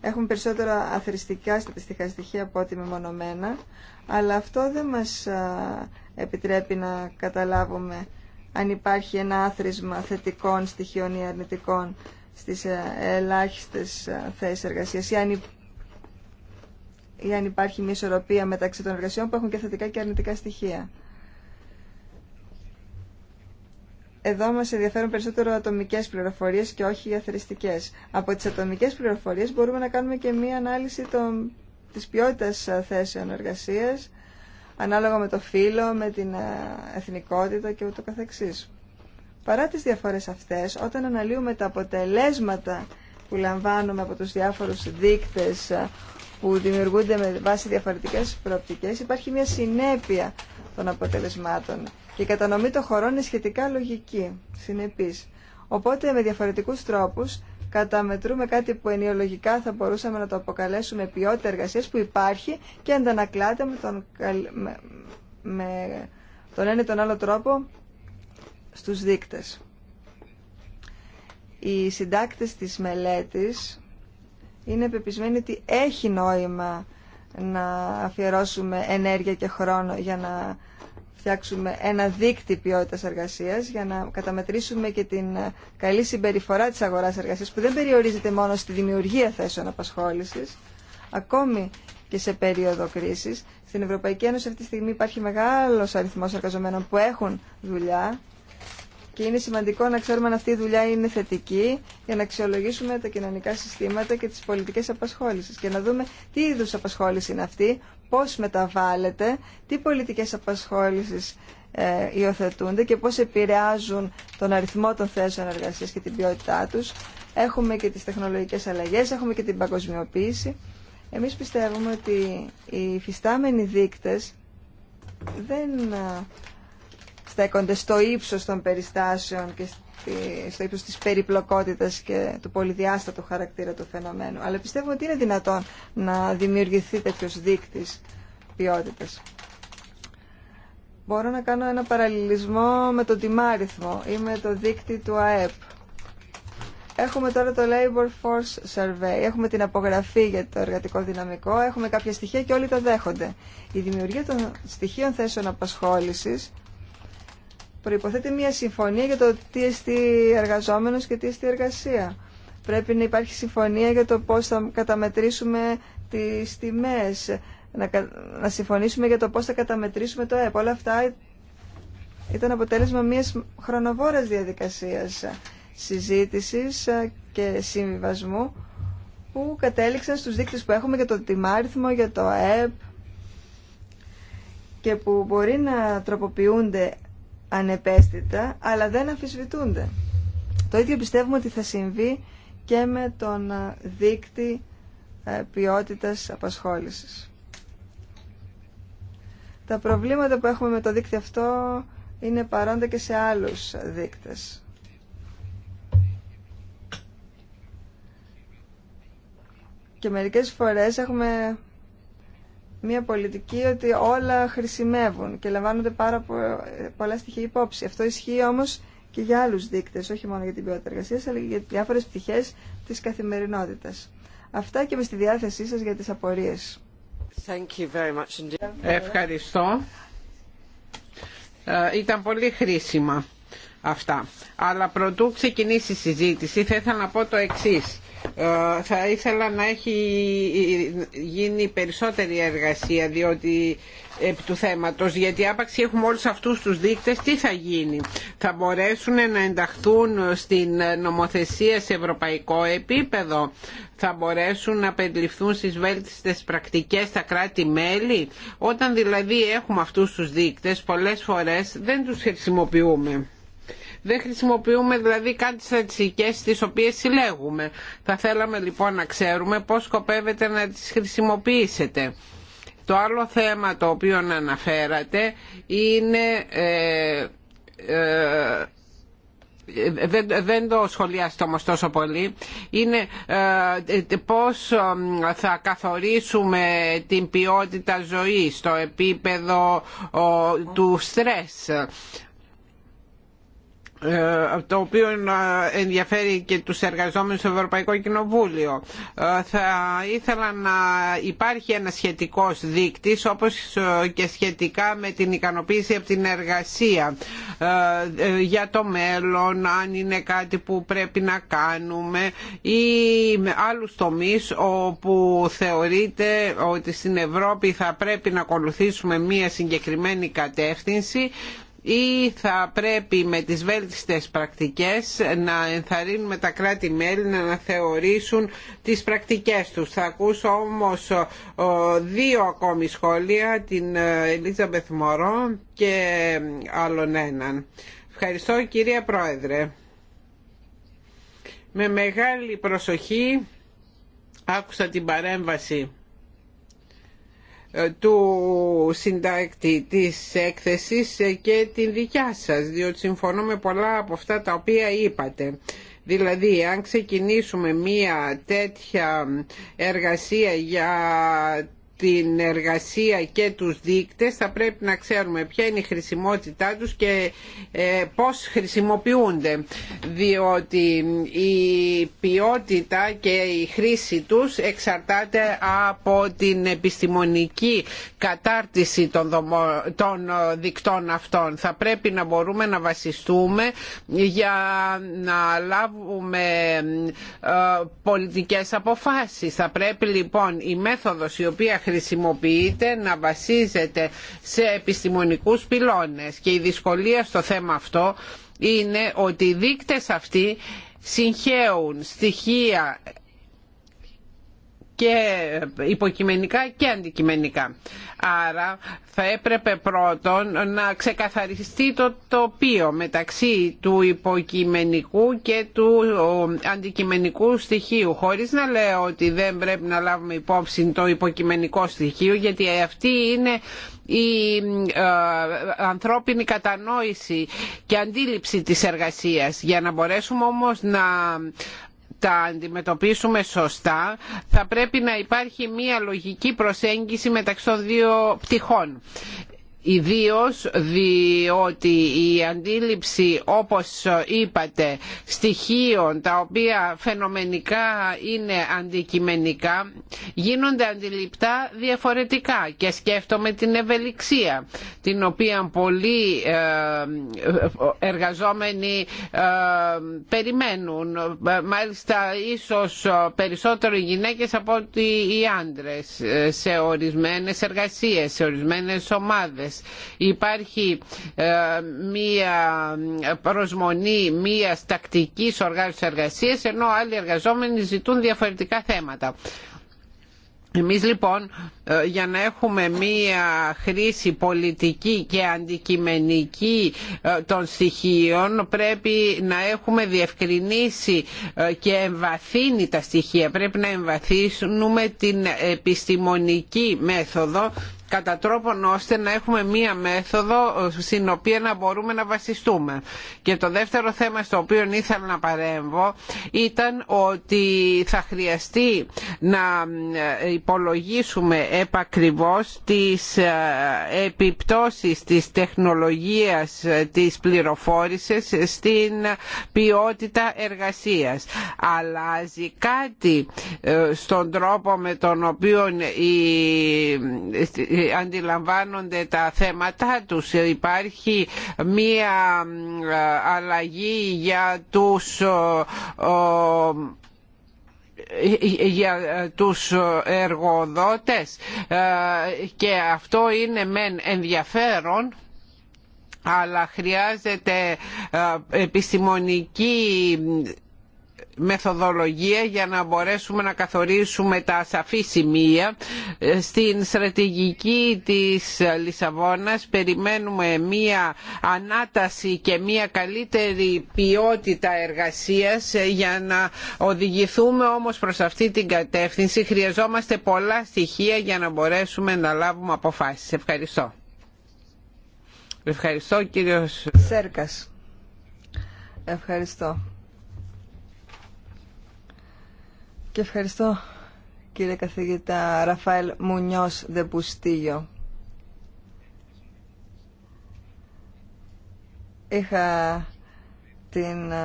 Έχουν περισσότερα αθρηστικά στατιστικά στοιχεία από ό,τι μεμονωμένα, αλλά αυτό δεν μας ε, επιτρέπει να καταλάβουμε αν υπάρχει ένα άθροισμα θετικών στοιχείων ή αρνητικών στις ελάχιστες θέσεις εργασίας ή αν ή αν υπάρχει μια ισορροπία μεταξύ των εργασιών που έχουν και θετικά και αρνητικά στοιχεία. Εδώ μας ενδιαφέρουν περισσότερο ατομικές πληροφορίες και όχι οι Από τις ατομικές πληροφορίες μπορούμε να κάνουμε και μία ανάλυση τη της ποιότητας θέσεων εργασίας, ανάλογα με το φύλλο, με την ε, εθνικότητα και ούτω καθεξής. Παρά τις διαφορές αυτές, όταν αναλύουμε τα αποτελέσματα που λαμβάνουμε από τους διάφορους δείκτες που δημιουργούνται με βάση διαφορετικές προοπτικές υπάρχει μια συνέπεια των αποτελεσμάτων και η κατανομή των χωρών είναι σχετικά λογική, συνεπής. Οπότε με διαφορετικούς τρόπους καταμετρούμε κάτι που ενοιολογικά θα μπορούσαμε να το αποκαλέσουμε ποιότητα εργασίας που υπάρχει και αντανακλάται με τον, με, τον ένα ή τον άλλο τρόπο στους δείκτες. Οι συντάκτες της μελέτης είναι πεπισμένη ότι έχει νόημα να αφιερώσουμε ενέργεια και χρόνο για να φτιάξουμε ένα δίκτυο ποιότητα εργασία για να καταμετρήσουμε και την καλή συμπεριφορά τη αγορά εργασία που δεν περιορίζεται μόνο στη δημιουργία θέσεων απασχόληση, ακόμη και σε περίοδο κρίση. Στην Ευρωπαϊκή Ένωση αυτή τη στιγμή υπάρχει μεγάλο αριθμό εργαζομένων που έχουν δουλειά, και είναι σημαντικό να ξέρουμε αν αυτή η δουλειά είναι θετική για να αξιολογήσουμε τα κοινωνικά συστήματα και τις πολιτικές απασχόλησης και να δούμε τι είδους απασχόληση είναι αυτή, πώς μεταβάλλεται, τι πολιτικές απασχόλησης ε, υιοθετούνται και πώς επηρεάζουν τον αριθμό των θέσεων εργασία και την ποιότητά τους. Έχουμε και τις τεχνολογικές αλλαγές, έχουμε και την παγκοσμιοποίηση. Εμείς πιστεύουμε ότι οι φυστάμενοι δείκτες δεν ε, στέκονται στο ύψος των περιστάσεων και στο ύψος της περιπλοκότητας και του πολυδιάστατου χαρακτήρα του φαινομένου. Αλλά πιστεύω ότι είναι δυνατόν να δημιουργηθεί τέτοιο δείκτης ποιότητας. Μπορώ να κάνω ένα παραλληλισμό με τον τιμάριθμο ή με το δείκτη του ΑΕΠ. Έχουμε τώρα το Labor Force Survey, έχουμε την απογραφή για το εργατικό δυναμικό, έχουμε κάποια στοιχεία και όλοι τα δέχονται. Η δημιουργία των στοιχείων θέσεων απασχόλησης προϋποθέτει μια συμφωνία για το τι εστί εργαζόμενος και τι εστί εργασία. Πρέπει να υπάρχει συμφωνία για το πώς θα καταμετρήσουμε τις τιμές, να, συμφωνήσουμε για το πώς θα καταμετρήσουμε το ΕΠ. Όλα αυτά ήταν αποτέλεσμα μιας χρονοβόρας διαδικασίας συζήτησης και συμβιβασμού που κατέληξαν στους δείκτες που έχουμε για το τιμάριθμο, για το ΕΠ και που μπορεί να τροποποιούνται ανεπαίσθητα, αλλά δεν αμφισβητούνται. Το ίδιο πιστεύουμε ότι θα συμβεί και με τον ε, δίκτυ ε, ποιότητας απασχόλησης. Τα προβλήματα που έχουμε με το δίκτυο αυτό είναι παρόντα και σε άλλους δείκτες. Και μερικές φορές έχουμε μια πολιτική ότι όλα χρησιμεύουν και λαμβάνονται πάρα πολλά στοιχεία υπόψη. Αυτό ισχύει όμως και για άλλου δείκτες, όχι μόνο για την ποιότητα εργασία, αλλά και για διάφορε πτυχές της καθημερινότητας. Αυτά και με στη διάθεσή σας για τις απορίες. Ευχαριστώ. Ε, ήταν πολύ χρήσιμα αυτά. Αλλά προτού ξεκινήσει η συζήτηση, θα ήθελα να πω το εξής ε, θα ήθελα να έχει γίνει περισσότερη εργασία διότι ε, του θέματος γιατί άπαξ έχουμε όλους αυτούς τους δείκτες τι θα γίνει θα μπορέσουν να ενταχθούν στην νομοθεσία σε ευρωπαϊκό επίπεδο θα μπορέσουν να περιληφθούν στις βέλτιστες πρακτικές στα κράτη-μέλη όταν δηλαδή έχουμε αυτούς τους δείκτες πολλές φορές δεν τους χρησιμοποιούμε δεν χρησιμοποιούμε δηλαδή καν τις στατιστικές τις οποίες συλλέγουμε. Θα θέλαμε λοιπόν να ξέρουμε πώς σκοπεύετε να τις χρησιμοποιήσετε. Το άλλο θέμα το οποίο αναφέρατε είναι... Ε, ε, δεν, δεν το σχολιάστε όμως τόσο πολύ είναι ε, πώς ε, θα καθορίσουμε την ποιότητα ζωής στο επίπεδο του στρες ε, το οποίο ε, ενδιαφέρει και τους εργαζόμενους στο Ευρωπαϊκό Κοινοβούλιο. Ε, θα ήθελα να υπάρχει ένα σχετικός δείκτης όπως και σχετικά με την ικανοποίηση από την εργασία για το μέλλον, αν είναι κάτι που πρέπει να κάνουμε ή με άλλους τομείς όπου θεωρείται ότι στην Ευρώπη θα πρέπει να ακολουθήσουμε μία συγκεκριμένη κατεύθυνση ή θα πρέπει με τις βέλτιστες πρακτικές να ενθαρρύνουμε τα κράτη-μέλη να αναθεωρήσουν τις πρακτικές τους. Θα ακούσω όμως δύο ακόμη σχόλια, την Ελίζα Μπεθμωρό και άλλον έναν. Ευχαριστώ κυρία Πρόεδρε. Με μεγάλη προσοχή άκουσα την παρέμβαση του συντάκτη της έκθεσης και την δικιά σας, διότι συμφωνώ με πολλά από αυτά τα οποία είπατε. Δηλαδή, αν ξεκινήσουμε μία τέτοια εργασία για την εργασία και τους δείκτες θα πρέπει να ξέρουμε ποια είναι η χρησιμότητά τους και ε, πώς χρησιμοποιούνται διότι η ποιότητα και η χρήση τους εξαρτάται από την επιστημονική κατάρτιση των ε, δικτών αυτών. Θα πρέπει να μπορούμε να βασιστούμε για να λάβουμε ε, πολιτικές αποφάσεις. Θα πρέπει λοιπόν η μέθοδος η οποία χρησιμοποιείται να βασίζεται σε επιστημονικούς πυλώνες και η δυσκολία στο θέμα αυτό είναι ότι οι δείκτες αυτοί συγχέουν στοιχεία και υποκειμενικά και αντικειμενικά. Άρα θα έπρεπε πρώτον να ξεκαθαριστεί το τοπίο μεταξύ του υποκειμενικού και του αντικειμενικού στοιχείου χωρίς να λέω ότι δεν πρέπει να λάβουμε υπόψη το υποκειμενικό στοιχείο γιατί αυτή είναι η ε, ανθρώπινη κατανόηση και αντίληψη της εργασίας. Για να μπορέσουμε όμως να τα αντιμετωπίσουμε σωστά θα πρέπει να υπάρχει μια λογική προσέγγιση μεταξύ των δύο πτυχών ιδίως διότι η αντίληψη όπως είπατε στοιχείων τα οποία φαινομενικά είναι αντικειμενικά γίνονται αντιληπτά διαφορετικά και σκέφτομαι την ευελιξία την οποία πολλοί ε, εργαζόμενοι ε, περιμένουν μάλιστα ίσως περισσότερο οι γυναίκες από ότι οι άντρες ε, σε ορισμένες εργασίες, σε ορισμένες ομάδες υπάρχει ε, μία προσμονή μία τακτικής οργάνωσης εργασίας ενώ άλλοι εργαζόμενοι ζητούν διαφορετικά θέματα. Εμείς λοιπόν ε, για να έχουμε μία χρήση πολιτική και αντικειμενική ε, των στοιχείων πρέπει να έχουμε διευκρινίσει και εμβαθύνει τα στοιχεία. Πρέπει να εμβαθύνουμε την επιστημονική μέθοδο κατά τρόπον ώστε να έχουμε μία μέθοδο στην οποία να μπορούμε να βασιστούμε. Και το δεύτερο θέμα στο οποίο ήθελα να παρέμβω ήταν ότι θα χρειαστεί να υπολογίσουμε επακριβώς τις ε, επιπτώσεις της τεχνολογίας της πληροφόρησης στην ποιότητα εργασίας. Αλλάζει κάτι ε, στον τρόπο με τον οποίο η αντιλαμβάνονται τα θέματα τους. Υπάρχει μία ε, αλλαγή για τους ε, ε, για τους εργοδότες και αυτό είναι μεν ενδιαφέρον αλλά χρειάζεται επιστημονική μεθοδολογία για να μπορέσουμε να καθορίσουμε τα σαφή σημεία στην στρατηγική της Λισαβόνας περιμένουμε μία ανάταση και μία καλύτερη ποιότητα εργασίας για να οδηγηθούμε όμως προς αυτή την κατεύθυνση χρειαζόμαστε πολλά στοιχεία για να μπορέσουμε να λάβουμε αποφάσεις. Ευχαριστώ. Ευχαριστώ κύριος Σέρκας. Ευχαριστώ. Και ευχαριστώ κύριε καθηγητά Ραφαέλ Μουνιός Δεμπουστίγιο. Είχα την ε,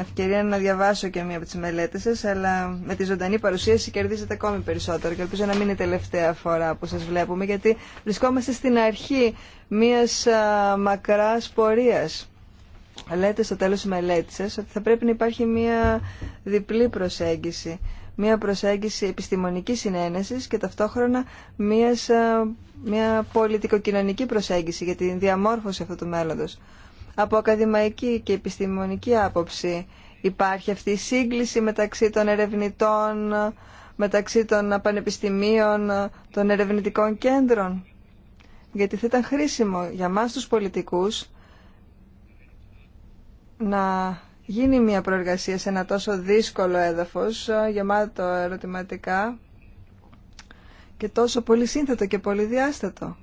ευκαιρία να διαβάσω και μία από τις μελέτες σας, αλλά με τη ζωντανή παρουσίαση κερδίζετε ακόμη περισσότερο και ελπίζω να μην είναι η τελευταία φορά που σας βλέπουμε, γιατί βρισκόμαστε στην αρχή μίας ε, μακράς πορείας. Λέτε στο τέλος της μελέτης σας ότι θα πρέπει να υπάρχει μία διπλή προσέγγιση μια προσέγγιση επιστημονικής συνένεσης και ταυτόχρονα μιας, ε, μια πολιτικοκοινωνική προσέγγιση για την διαμόρφωση αυτού του μέλλοντος. Από ακαδημαϊκή και επιστημονική άποψη υπάρχει αυτή η σύγκληση μεταξύ των ερευνητών, μεταξύ των πανεπιστημίων, των ερευνητικών κέντρων. Γιατί θα ήταν χρήσιμο για μας τους πολιτικούς να γίνει μια προεργασία σε ένα τόσο δύσκολο έδαφος, ε, γεμάτο ερωτηματικά και τόσο πολύ σύνθετο και πολύ διάστατο.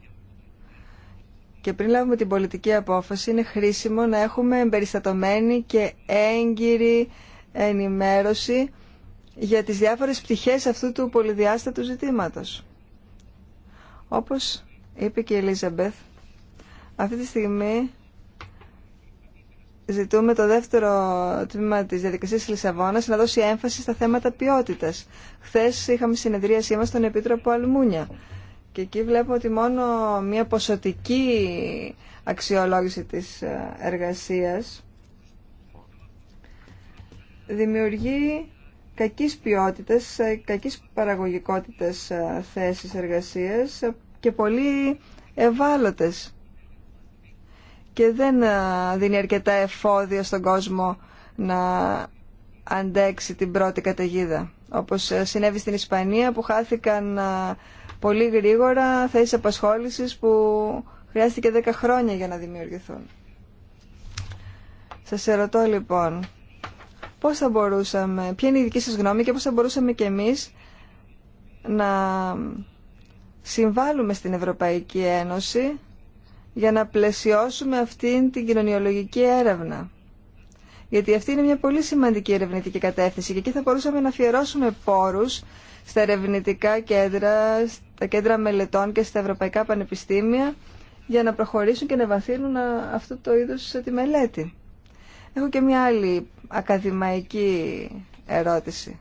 Και πριν λάβουμε την πολιτική απόφαση είναι χρήσιμο να έχουμε εμπεριστατωμένη και έγκυρη ενημέρωση για τις διάφορες πτυχές αυτού του πολυδιάστατου ζητήματος. Όπως είπε και η Ελίζαμπεθ, αυτή τη στιγμή ζητούμε το δεύτερο τμήμα της διαδικασίας της Λισαβόνας να δώσει έμφαση στα θέματα ποιότητας. Χθες είχαμε συνεδρίασή μας στον Επίτροπο Αλμούνια και εκεί βλέπω ότι μόνο μια ποσοτική αξιολόγηση της ε, εργασίας δημιουργεί κακής ποιότητας, ε, κακής παραγωγικότητας ε, θέσεις εργασίας και πολύ ευάλωτες και δεν ε, δίνει αρκετά εφόδια στον κόσμο να αντέξει την πρώτη καταιγίδα. Όπως ε, συνέβη στην Ισπανία που χάθηκαν ε, πολύ γρήγορα θέσεις απασχόλησης που χρειάστηκε 10 χρόνια για να δημιουργηθούν. Σας ερωτώ λοιπόν, πώς θα μπορούσαμε, ποια είναι η δική σας γνώμη και πώς θα μπορούσαμε και εμείς να συμβάλλουμε στην Ευρωπαϊκή Ένωση για να πλαισιώσουμε αυτήν την κοινωνιολογική έρευνα. Γιατί αυτή είναι μια πολύ σημαντική ερευνητική κατεύθυνση και εκεί θα μπορούσαμε να αφιερώσουμε πόρους στα ερευνητικά κέντρα, στα κέντρα μελετών και στα ευρωπαϊκά πανεπιστήμια για να προχωρήσουν και να βαθύνουν αυτό το είδος τη μελέτη. Έχω και μια άλλη ακαδημαϊκή ερώτηση.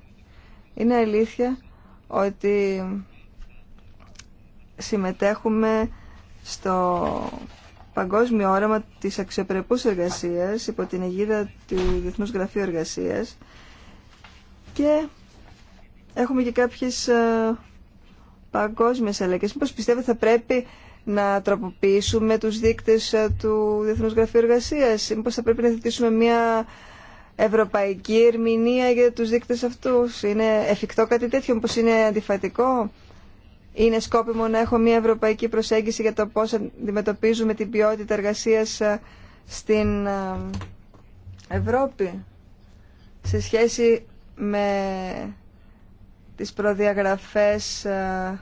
Είναι αλήθεια ότι συμμετέχουμε στο παγκόσμιο όραμα της αξιοπρεπούς εργασίας υπό την αιγίδα του Διεθνούς Γραφείου Εργασίας και έχουμε και κάποιες ε, παγκόσμιες αλλαγές. Μήπως πιστεύετε θα πρέπει να τροποποιήσουμε τους δείκτες ε, του Διεθνούς Γραφείου Εργασίας. Μήπως θα πρέπει να θετήσουμε μια ευρωπαϊκή ερμηνεία για τους δείκτες αυτούς. Είναι εφικτό κάτι τέτοιο, μήπως είναι αντιφατικό. Είναι σκόπιμο να έχω μια ευρωπαϊκή προσέγγιση για το πώς αντιμετωπίζουμε την ποιότητα εργασίας ε, στην ε, Ευρώπη σε σχέση με τις προδιαγραφές ε,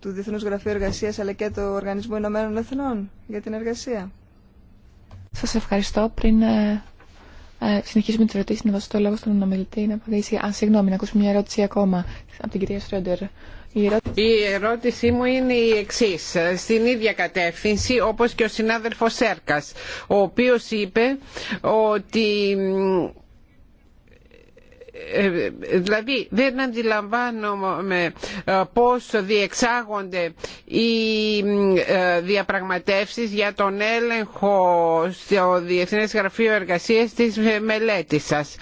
του Διεθνούς Γραφείου Εργασίας αλλά και του Οργανισμού Ηνωμένων Εθνών για την εργασία. Σας ευχαριστώ. Πριν ε, ε, συνεχίσουμε τις ερωτήσεις, να δώσω το λόγο στον ομιλητή να απαντήσει. Αν συγγνώμη, να ακούσουμε μια ερώτηση ακόμα από την κυρία Στρέντερ. Η ερώτησή μου είναι η εξής, στην ίδια κατεύθυνση όπως και ο συνάδελφος Σέρκας, ο οποίος είπε ότι ε, δηλαδή δεν αντιλαμβάνομαι ε, πώς διεξάγονται οι ε, διαπραγματεύσεις για τον έλεγχο στο Διεθνές Γραφείο Εργασίας της μελέτης σας.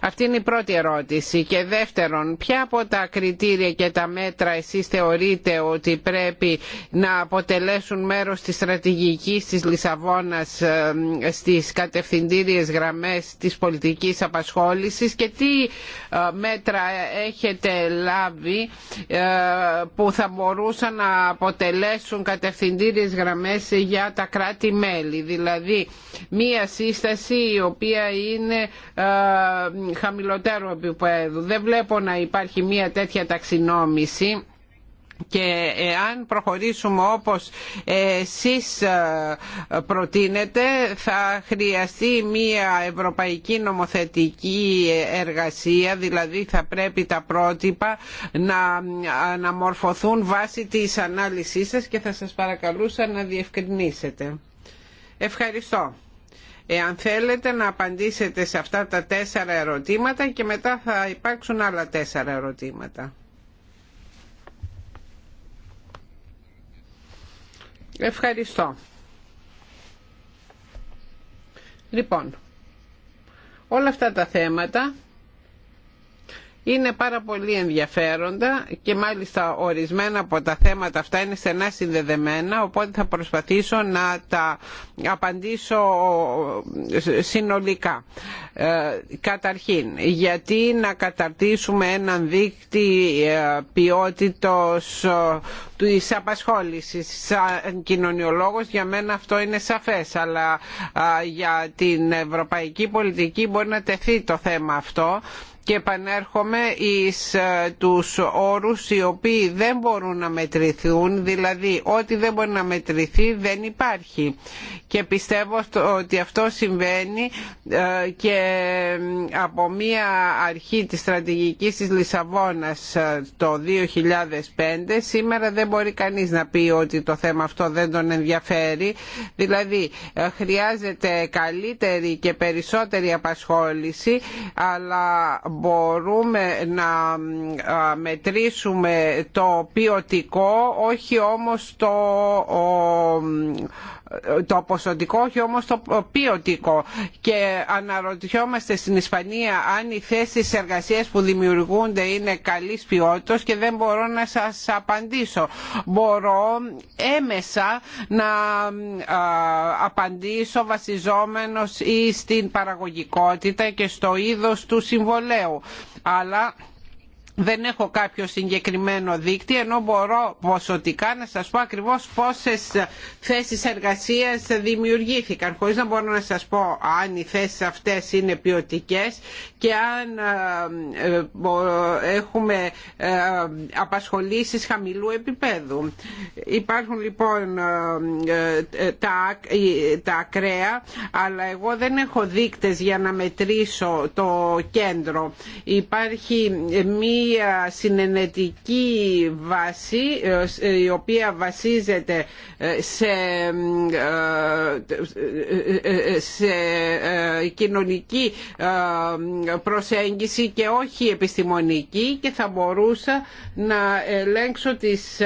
Αυτή είναι η πρώτη ερώτηση. Και δεύτερον, ποια από τα κριτήρια και τα μέτρα εσείς θεωρείτε ότι πρέπει να αποτελέσουν μέρος της στρατηγικής της Λισαβόνας ε, στις κατευθυντήριες γραμμές της πολιτικής απασχόλησης και τι ε, μέτρα έχετε λάβει ε, που θα μπορούσαν να αποτελέσουν κατευθυντήριες γραμμές για τα κράτη-μέλη. Δηλαδή, μία σύσταση η οποία είναι χαμηλότερο επίπεδο. Δεν βλέπω να υπάρχει μια τέτοια ταξινόμηση και ε, αν προχωρήσουμε όπως ε, εσείς ε, προτείνετε θα χρειαστεί μια ευρωπαϊκή νομοθετική εργασία δηλαδή θα πρέπει τα πρότυπα να αναμορφωθούν βάσει της ανάλυσής σας και θα σας παρακαλούσα να διευκρινίσετε. Ευχαριστώ. Εάν θέλετε να απαντήσετε σε αυτά τα τέσσερα ερωτήματα και μετά θα υπάρξουν άλλα τέσσερα ερωτήματα. Ευχαριστώ. Λοιπόν, όλα αυτά τα θέματα είναι πάρα πολύ ενδιαφέροντα και μάλιστα ορισμένα από τα θέματα αυτά είναι στενά συνδεδεμένα οπότε θα προσπαθήσω να τα απαντήσω συνολικά. Ε, καταρχήν, γιατί να καταρτήσουμε έναν δείκτη ε, ποιότητος ε, της απασχόλησης σαν κοινωνιολόγος για μένα αυτό είναι σαφές αλλά για την ευρωπαϊκή πολιτική μπορεί να τεθεί το θέμα αυτό και επανέρχομαι εις ε, τους όρους οι οποίοι δεν μπορούν να μετρηθούν δηλαδή ό,τι δεν μπορεί να μετρηθεί δεν υπάρχει και πιστεύω ότι αυτό συμβαίνει ε, και από μία αρχή της στρατηγικής της Λισαβόνας ε, το 2005 σήμερα δεν μπορεί κανείς να πει ότι το θέμα αυτό δεν τον ενδιαφέρει δηλαδή χρειάζεται καλύτερη και περισσότερη απασχόληση αλλά μπορούμε να μετρήσουμε το ποιοτικό, όχι όμως το το ποσοτικό όχι όμως το ποιοτικό και αναρωτιόμαστε στην Ισπανία αν οι θέσεις εργασίες που δημιουργούνται είναι καλής ποιότητας και δεν μπορώ να σας απαντήσω. Μπορώ έμεσα να απαντήσω βασιζόμενος ή στην παραγωγικότητα και στο είδος του συμβολέου. Αλλά δεν έχω κάποιο συγκεκριμένο δίκτυο ενώ μπορώ ποσοτικά να σας πω ακριβώς πόσες θέσεις εργασίας δημιουργήθηκαν χωρίς να μπορώ να σας πω αν οι θέσεις αυτές είναι ποιοτικέ και αν ε, ε, έχουμε ε, απασχολήσεις χαμηλού επίπεδου. Υπάρχουν λοιπόν τα, τα ακραία αλλά εγώ δεν έχω δείκτες για να μετρήσω το κέντρο. Υπάρχει μία μία συνενετική βάση ε, η οποία βασίζεται ε, σε, ε, σε κοινωνική προσέγγιση και όχι επιστημονική και θα μπορούσα να ελέγξω τις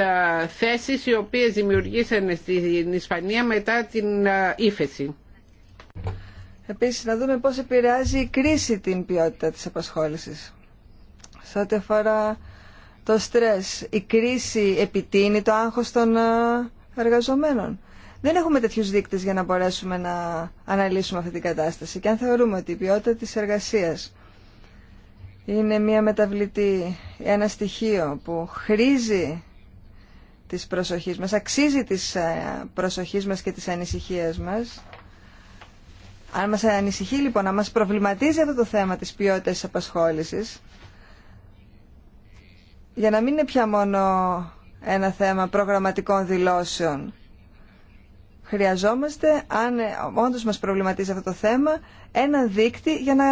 θέσεις οι οποίες δημιουργήσαν στην Ισπανία μετά την ύφεση. Επίσης να δούμε πώς επηρεάζει η κρίση την ποιότητα της απασχόλησης σε ό,τι αφορά το στρες. Η κρίση επιτείνει το άγχος των ε, εργαζομένων. Δεν έχουμε τέτοιους δείκτες για να μπορέσουμε να αναλύσουμε αυτή την κατάσταση. Και αν θεωρούμε ότι η ποιότητα της εργασίας είναι μια μεταβλητή, ένα στοιχείο που χρήζει της προσοχής μας, αξίζει της ε, προσοχής μας και της ανησυχίας μας. Αν μας ανησυχεί λοιπόν, να μας προβληματίζει αυτό το θέμα της ποιότητας της απασχόλησης, για να μην είναι πια μόνο ένα θέμα προγραμματικών δηλώσεων. Χρειαζόμαστε, αν όντως μας προβληματίζει αυτό το θέμα, ένα δείκτη για να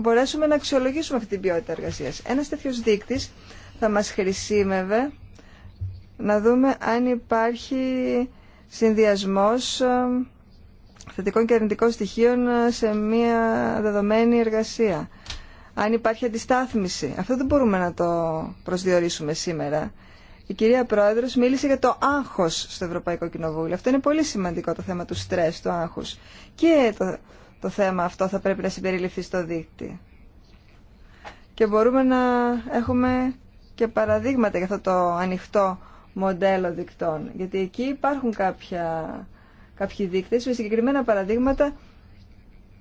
μπορέσουμε να αξιολογήσουμε αυτή την ποιότητα εργασίας. Ένας τέτοιος δείκτης θα μας χρησίμευε να δούμε αν υπάρχει συνδυασμός θετικών και αρνητικών στοιχείων σε μια δεδομένη εργασία αν υπάρχει αντιστάθμιση. Αυτό δεν μπορούμε να το προσδιορίσουμε σήμερα. Η κυρία Πρόεδρο μίλησε για το άγχο στο Ευρωπαϊκό Κοινοβούλιο. Αυτό είναι πολύ σημαντικό το θέμα του στρε, του άγχου. Και το, θέμα αυτό θα πρέπει να συμπεριληφθεί στο δίκτυο. Και μπορούμε να έχουμε και παραδείγματα για αυτό το ανοιχτό μοντέλο δικτών. Γιατί εκεί υπάρχουν κάποιοι δείκτες με συγκεκριμένα παραδείγματα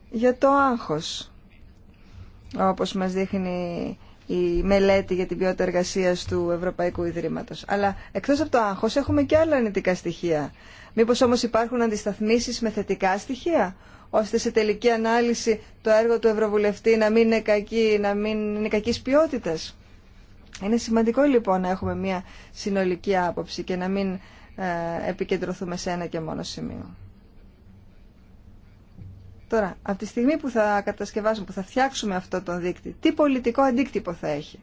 για το άγχος όπως μας δείχνει η μελέτη για την ποιότητα εργασία του Ευρωπαϊκού Ιδρύματο. Αλλά εκτό από το άγχο, έχουμε και άλλα αρνητικά στοιχεία. Μήπω όμω υπάρχουν αντισταθμίσει με θετικά στοιχεία, ώστε σε τελική ανάλυση το έργο του Ευρωβουλευτή να μην είναι, κακή, να μην είναι κακής ποιότητας. Είναι σημαντικό λοιπόν να έχουμε μια συνολική άποψη και να μην ε, επικεντρωθούμε σε ένα και μόνο σημείο. Τώρα, από τη στιγμή που θα κατασκευάσουμε, που θα φτιάξουμε αυτό το δίκτυο, τι πολιτικό αντίκτυπο θα έχει.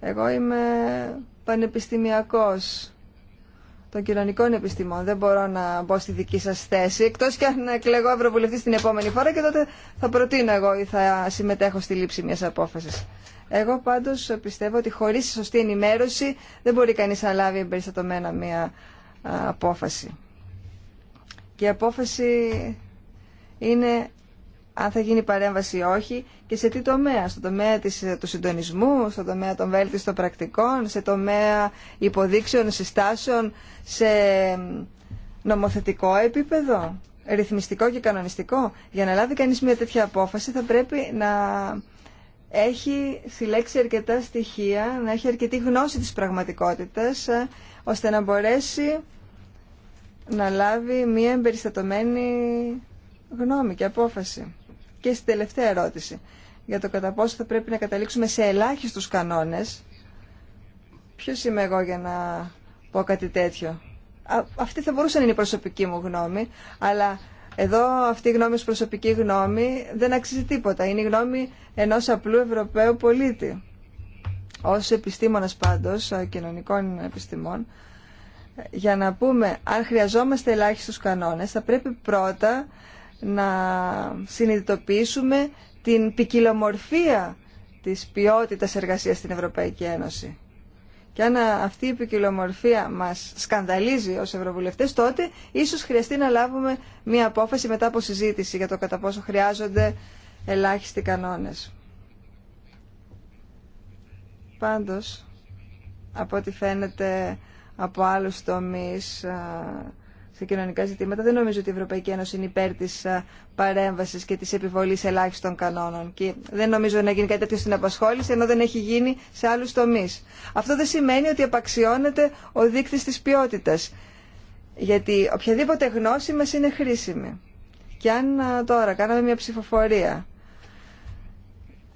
Εγώ είμαι πανεπιστημιακός των κοινωνικών επιστημών. Δεν μπορώ να μπω στη δική σας θέση, εκτός και αν εκλεγώ ευρωβουλευτή την επόμενη φορά και τότε θα προτείνω εγώ ή θα συμμετέχω στη λήψη μιας απόφασης. Εγώ πάντως πιστεύω ότι χωρίς σωστή ενημέρωση δεν μπορεί κανείς να λάβει εμπεριστατωμένα μια απόφαση. Και η απόφαση είναι αν θα γίνει παρέμβαση ή όχι και σε τι τομέα, στο τομέα της, του συντονισμού, στο τομέα των βέλτιστων πρακτικών, σε τομέα υποδείξεων, συστάσεων, σε νομοθετικό επίπεδο, ρυθμιστικό και κανονιστικό. Για να λάβει κανείς μια τέτοια απόφαση θα πρέπει να έχει συλλέξει αρκετά στοιχεία, να έχει αρκετή γνώση της πραγματικότητας, ε, ώστε να μπορέσει να λάβει μια εμπεριστατωμένη γνώμη και απόφαση. Και στην τελευταία ερώτηση, για το κατά πόσο θα πρέπει να καταλήξουμε σε ελάχιστους κανόνες, ποιος είμαι εγώ για να πω κάτι τέτοιο. αυτή θα μπορούσε να είναι η προσωπική μου γνώμη, αλλά εδώ αυτή η γνώμη ως προσωπική γνώμη δεν αξίζει τίποτα. Είναι η γνώμη ενός απλού Ευρωπαίου πολίτη. Ως επιστήμονας πάντως, κοινωνικών επιστημών, για να πούμε αν χρειαζόμαστε ελάχιστους κανόνες θα πρέπει πρώτα να συνειδητοποιήσουμε την ποικιλομορφία της ποιότητας εργασίας στην Ευρωπαϊκή Ένωση. Και αν αυτή η ποικιλομορφία μας σκανδαλίζει ως Ευρωβουλευτές, τότε ίσως χρειαστεί να λάβουμε μία απόφαση μετά από συζήτηση για το κατά πόσο χρειάζονται ελάχιστοι κανόνες. Πάντως, από ό,τι φαίνεται από άλλους τομείς σε κοινωνικά ζητήματα. Δεν νομίζω ότι η Ευρωπαϊκή Ένωση είναι υπέρ τη παρέμβαση και τη επιβολή ελάχιστων κανόνων. Και δεν νομίζω να γίνει κάτι τέτοιο στην απασχόληση, ενώ δεν έχει γίνει σε άλλου τομεί. Αυτό δεν σημαίνει ότι απαξιώνεται ο δείκτη τη ποιότητα. Γιατί οποιαδήποτε γνώση μα είναι χρήσιμη. Και αν τώρα κάναμε μια ψηφοφορία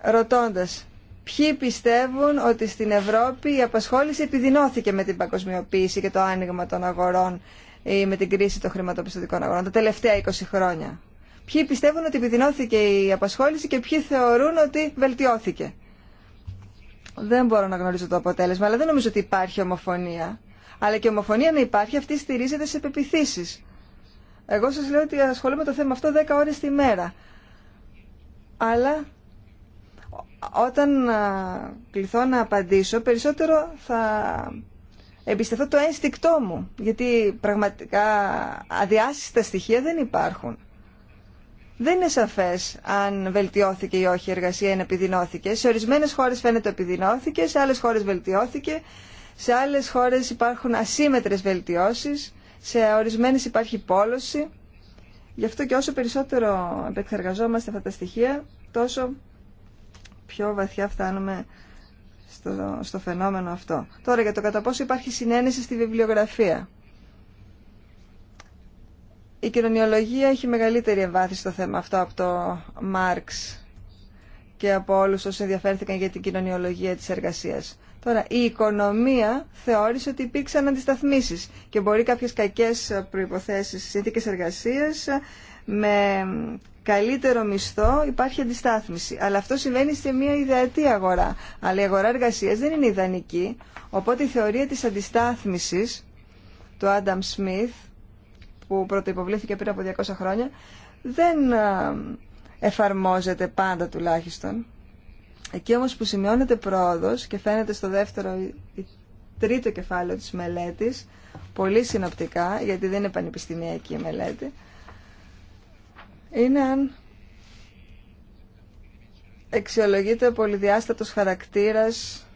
ρωτώντας ποιοι πιστεύουν ότι στην Ευρώπη η απασχόληση επιδεινώθηκε με την παγκοσμιοποίηση και το άνοιγμα των αγορών ή με την κρίση των χρηματοπιστωτικών αγορών τα τελευταία 20 χρόνια. Ποιοι πιστεύουν ότι επιδεινώθηκε η απασχόληση και ποιοι θεωρούν ότι βελτιώθηκε. Δεν μπορώ να γνωρίζω το αποτέλεσμα, αλλά δεν νομίζω ότι υπάρχει ομοφωνία. Αλλά και η ομοφωνία να υπάρχει, αυτή στηρίζεται σε πεπιθήσεις. Εγώ σας λέω ότι ασχολούμαι με το θέμα αυτό 10 ώρες τη μέρα. Αλλά όταν κληθώ να απαντήσω, περισσότερο θα εμπιστευτώ το ένστικτό μου, γιατί πραγματικά αδιάσυστα στοιχεία δεν υπάρχουν. Δεν είναι σαφές αν βελτιώθηκε ή όχι η εργασία, αν επιδεινώθηκε. Σε ορισμένες χώρες φαίνεται επιδεινώθηκε, σε άλλες χώρες βελτιώθηκε, σε άλλες χώρες υπάρχουν ασύμετρες βελτιώσεις, σε ορισμένες υπάρχει πόλωση. Γι' αυτό και όσο περισσότερο επεξεργαζόμαστε αυτά τα στοιχεία, τόσο πιο βαθιά φτάνουμε στο, στο φαινόμενο αυτό. Τώρα για το κατά πόσο υπάρχει συνένεση στη βιβλιογραφία. Η κοινωνιολογία έχει μεγαλύτερη εμβάθυνση στο θέμα αυτό από το Μάρξ και από όλους όσοι ενδιαφέρθηκαν για την κοινωνιολογία της εργασίας. Τώρα, η οικονομία θεώρησε ότι υπήρξαν αντισταθμίσεις και μπορεί κάποιες κακές προϋποθέσεις, συνθήκες εργασίας με καλύτερο μισθό υπάρχει αντιστάθμιση. Αλλά αυτό συμβαίνει σε μια ιδεατή αγορά. Αλλά η αγορά εργασία δεν είναι ιδανική, οπότε η θεωρία της αντιστάθμισης του Άνταμ Σμιθ, που πρωτοϋποβλήθηκε πριν από 200 χρόνια, δεν εφαρμόζεται πάντα τουλάχιστον. Εκεί όμως που σημειώνεται πρόοδος και φαίνεται στο δεύτερο ή τρίτο κεφάλαιο της μελέτης, πολύ συνοπτικά, γιατί δεν είναι πανεπιστημιακή μελέτη, είναι αν εξιολογείται πολυδιάστατος χαρακτήρας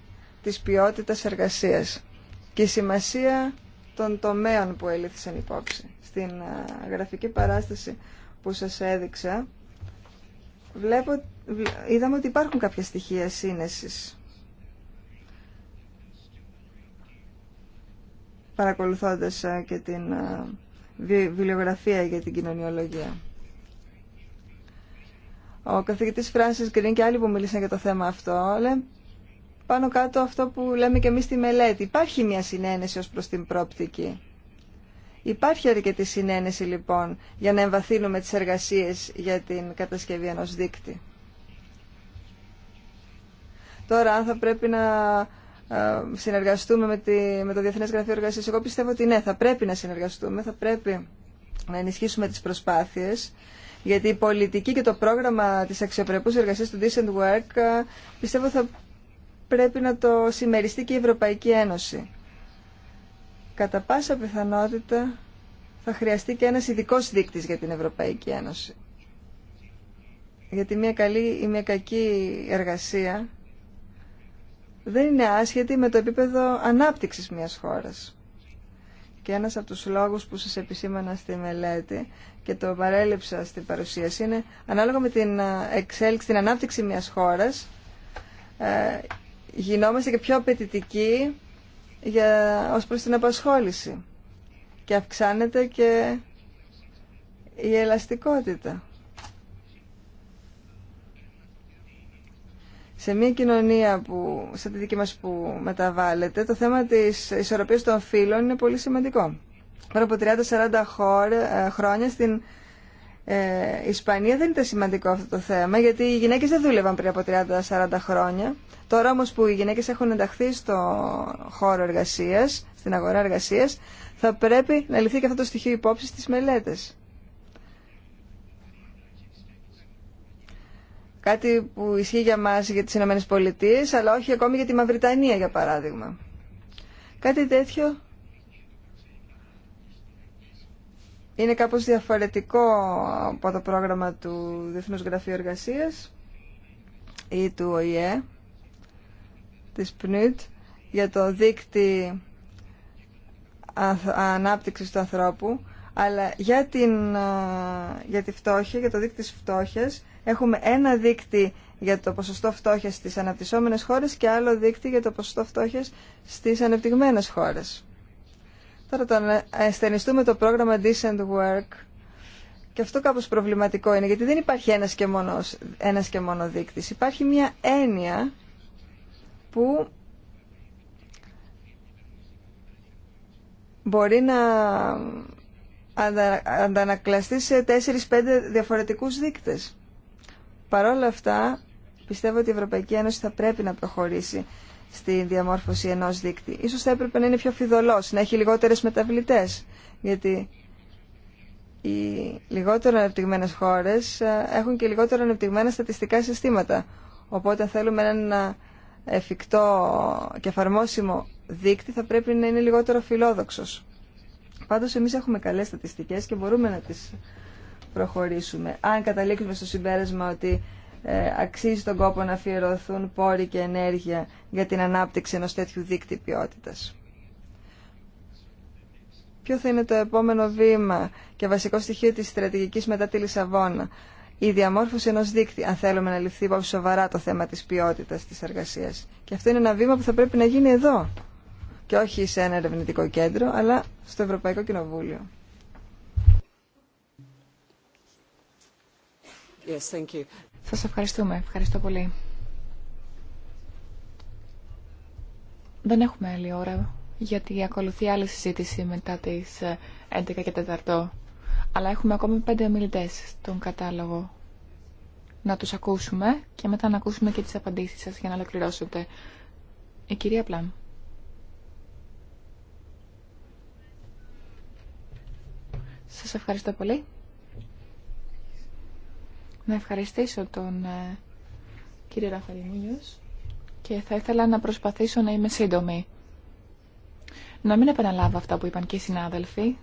της ποιότητας εργασίας και η σημασία των τομέων που έλυθησαν υπόψη. Στην γραφική παράσταση που σας έδειξα, βλέπω, είδαμε ότι υπάρχουν κάποια στοιχεία σύνεσης. Παρακολουθώντας και την βιβλιογραφία για την κοινωνιολογία. Ο καθηγητή Φράνσις Γκριν και άλλοι που μίλησαν για το θέμα αυτό λένε πάνω κάτω αυτό που λέμε και εμεί στη μελέτη. Υπάρχει μια συνένεση ω προ την πρόπτικη. Υπάρχει αρκετή συνένεση λοιπόν για να εμβαθύνουμε τις εργασίες για την κατασκευή ενός δίκτυ. Τώρα αν θα πρέπει να ε, συνεργαστούμε με, τη, με το Διεθνές Γραφείο Εργασίας, εγώ πιστεύω ότι ναι, θα πρέπει να συνεργαστούμε, θα πρέπει να ενισχύσουμε τις προσπάθειες γιατί η πολιτική και το πρόγραμμα της αξιοπρεπούς εργασίας του Decent Work ε, πιστεύω θα πρέπει να το συμμεριστεί και η Ευρωπαϊκή Ένωση. Κατά πάσα πιθανότητα θα χρειαστεί και ένας ειδικός δείκτης για την Ευρωπαϊκή Ένωση. Γιατί μια καλή ή μια κακή εργασία δεν είναι άσχετη με το επίπεδο ανάπτυξης μιας χώρας. Και ένας από τους λόγους που σας επισήμανα στη μελέτη και το παρέλειψα στην παρουσίαση είναι ανάλογα με την ε, εξέλιξη, την ανάπτυξη μιας χώρας ε, γινόμαστε και πιο απαιτητικοί για, ως προς την απασχόληση και αυξάνεται και η ελαστικότητα. Σε μια κοινωνία που, σαν τη δική μας που μεταβάλλεται, το θέμα της ισορροπίας των φύλων είναι πολύ σημαντικό. Πριν από 30-40 ε, χρόνια στην ε, Ισπανία δεν ήταν σημαντικό αυτό το θέμα, γιατί οι γυναίκες δεν δούλευαν πριν από 30-40 χρόνια. Τώρα όμως που οι γυναίκες έχουν ενταχθεί στο χώρο εργασίας, στην αγορά εργασίας, θα πρέπει να λυθεί και αυτό το στοιχείο υπόψη στις μελέτες. Κάτι που ισχύει για μας για τις Ηνωμένες Πολιτείες, αλλά όχι ακόμη για τη Μαυριτανία, για παράδειγμα. Κάτι τέτοιο Είναι κάπως διαφορετικό από το πρόγραμμα του Διεθνούς Γραφείου Εργασίας ή του ΟΗΕ, της ΠΝΙΤ, για το δίκτυ ανάπτυξης του ανθρώπου, αλλά για, την, για τη φτώχεια, για το δίκτυ της φτώχειας, έχουμε ένα δίκτυ για το ποσοστό φτώχειας στις αναπτυσσόμενες χώρες και άλλο δίκτυ για το ποσοστό φτώχειας στις ανεπτυγμένες χώρες. Τώρα το να αισθενιστούμε το πρόγραμμα Decent Work και αυτό κάπως προβληματικό είναι γιατί δεν υπάρχει ένας και, μόνος, ένας και μόνο δείκτης. Υπάρχει μια έννοια που μπορεί να αντανακλαστεί σε 4-5 διαφορετικούς δείκτες. Παρ' όλα αυτά, πιστεύω ότι η Ευρωπαϊκή Ένωση θα πρέπει να προχωρήσει στη διαμόρφωση ενός δίκτυ. Ίσως θα έπρεπε να είναι πιο φιδωλός, να έχει λιγότερες μεταβλητές, γιατί οι λιγότερο ανεπτυγμένε χώρες ε, έχουν και λιγότερο ανεπτυγμένα στατιστικά συστήματα. Οπότε αν θέλουμε ένα ε, εφικτό και εφαρμόσιμο δίκτυ θα πρέπει να είναι λιγότερο φιλόδοξος. Πάντως εμείς έχουμε καλές στατιστικές και μπορούμε να τις προχωρήσουμε. Αν καταλήξουμε στο συμπέρασμα ότι ε, αξίζει τον κόπο να αφιερωθούν πόροι και ενέργεια για την ανάπτυξη ενός τέτοιου δίκτυ ποιότητας. Ποιο θα είναι το επόμενο βήμα και βασικό στοιχείο της στρατηγικής μετά τη Λισαβόνα. Η διαμόρφωση ενό δίκτυ, αν θέλουμε να ληφθεί υπόψη σοβαρά το θέμα της ποιότητας της εργασία. Και αυτό είναι ένα βήμα που θα πρέπει να γίνει εδώ και όχι σε ένα ερευνητικό κέντρο, αλλά στο Ευρωπαϊκό Κοινοβούλιο. Yes, thank you. Σας ευχαριστούμε. Ευχαριστώ πολύ. Δεν έχουμε άλλη ώρα, γιατί ακολουθεί άλλη συζήτηση μετά τις 11 ε, και 4. Αλλά έχουμε ακόμη πέντε ομιλητές στον κατάλογο. Να τους ακούσουμε και μετά να ακούσουμε και τις απαντήσεις σας για να ολοκληρώσετε. Η κυρία Πλάμ. Σας ευχαριστώ πολύ να ευχαριστήσω τον ε, κύριο Ραφαριμούνιος και θα ήθελα να προσπαθήσω να είμαι σύντομη. Να μην επαναλάβω αυτά που είπαν και οι συνάδελφοι,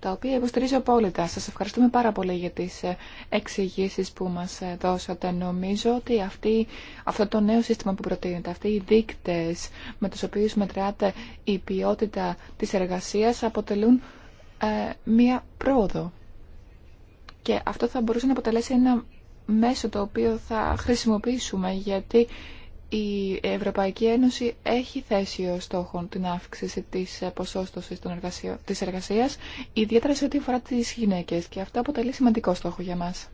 τα οποία υποστηρίζω απόλυτα. Σας ευχαριστούμε πάρα πολύ για τις ε, εξηγήσεις που μας ε, δώσατε. Νομίζω ότι αυτή, αυτό το νέο σύστημα που προτείνεται, αυτοί οι δείκτες με τους οποίους μετράτε η ποιότητα της εργασίας αποτελούν μία πρόοδο. Και αυτό θα μπορούσε να αποτελέσει ένα μέσο το οποίο θα χρησιμοποιήσουμε γιατί η Ευρωπαϊκή Ένωση έχει θέσει ως στόχο την αύξηση της ποσόστοσης των εργασία της εργασίας, ιδιαίτερα σε ό,τι αφορά τις γυναίκες και αυτό αποτελεί σημαντικό στόχο για μας.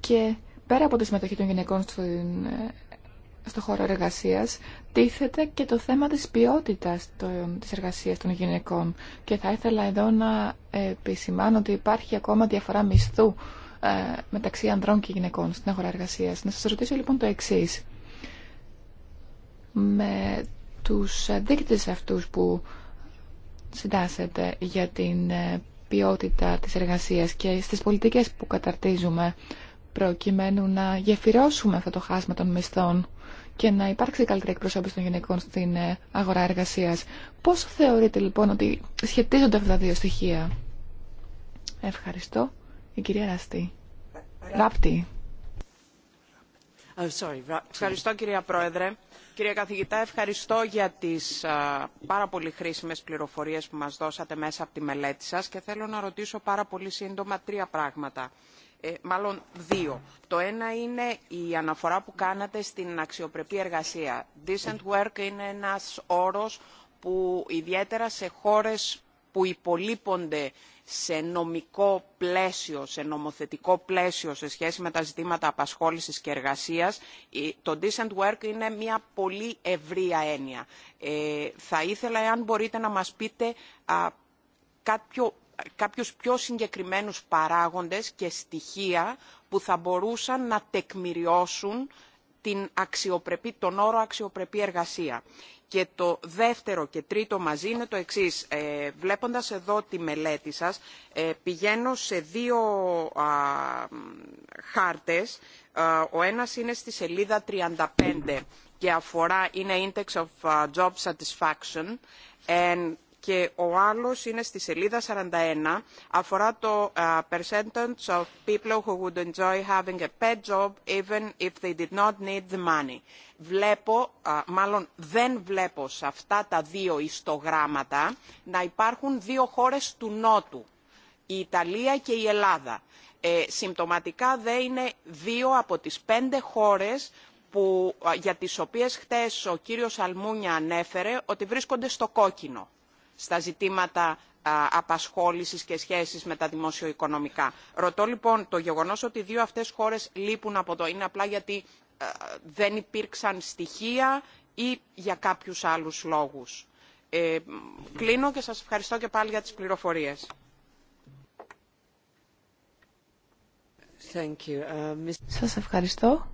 Και πέρα από τη συμμετοχή των γυναικών στην ε, στο χώρο εργασίας τίθεται και το θέμα της ποιότητας των, της εργασίας των γυναικών και θα ήθελα εδώ να επισημάνω ότι υπάρχει ακόμα διαφορά μισθού ε, μεταξύ ανδρών και γυναικών στην αγορά εργασίας. Να σας ρωτήσω λοιπόν το εξής. Με τους δείκτες αυτούς που συντάσσεται για την ε, ποιότητα της εργασίας και στις πολιτικές που καταρτίζουμε προκειμένου να γεφυρώσουμε αυτό το χάσμα των μισθών και να υπάρξει καλύτερη εκπροσώπηση των γυναικών στην ε, αγορά εργασίας. Πώς θεωρείτε λοιπόν ότι σχετίζονται αυτά τα δύο στοιχεία. Ευχαριστώ. Η κυρία Ραστή. Ράπτη. Oh, sorry. Ευχαριστώ κυρία Πρόεδρε. Κυρία Καθηγητά, ευχαριστώ για τις ε, πάρα πολύ χρήσιμες πληροφορίες που μας δώσατε μέσα από τη μελέτη σας και θέλω να ρωτήσω πάρα πολύ σύντομα τρία πράγματα. Ε, μάλλον δύο. Το ένα είναι η αναφορά που κάνατε στην αξιοπρεπή εργασία. Decent work είναι ένας όρος που ιδιαίτερα σε χώρες που υπολείπονται σε νομικό πλαίσιο, σε νομοθετικό πλαίσιο σε σχέση με τα ζητήματα απασχόλησης και εργασίας, ε, το decent work είναι μια πολύ ευρία έννοια. Ε, θα ήθελα, εάν μπορείτε, να μας πείτε α, κάποιο κάποιους πιο συγκεκριμένους παράγοντες και στοιχεία που θα μπορούσαν να τεκμηριώσουν την αξιοπρεπή, τον όρο αξιοπρεπή εργασία. Και το δεύτερο και τρίτο μαζί είναι το εξής. Ε, βλέποντας εδώ τη μελέτη σας, ε, πηγαίνω σε δύο α, χάρτες. Ε, ο ένας είναι στη σελίδα 35 και αφορά, είναι Index of ε, Job Satisfaction και ο άλλος είναι στη σελίδα 41, αφορά το percentage of people who would enjoy having a pet job even if they did not need the money. Βλέπω, μάλλον δεν βλέπω σε αυτά τα δύο ιστογράμματα να υπάρχουν δύο χώρες του Νότου, η Ιταλία και η Ελλάδα. Ε, συμπτωματικά δεν είναι δύο από τις πέντε χώρες που, για τις οποίες χτες ο κύριος Αλμούνια ανέφερε ότι βρίσκονται στο κόκκινο στα ζητήματα απασχόλησης και σχέσεις με τα δημοσιοοικονομικά. Ρωτώ λοιπόν, το γεγονός ότι δύο αυτές χώρες λείπουν από το είναι απλά γιατί δεν υπήρξαν στοιχεία ή για κάποιους άλλους λόγους. Ε, κλείνω και σας ευχαριστώ και πάλι για τις πληροφορίες. Thank you. Uh, σας ευχαριστώ.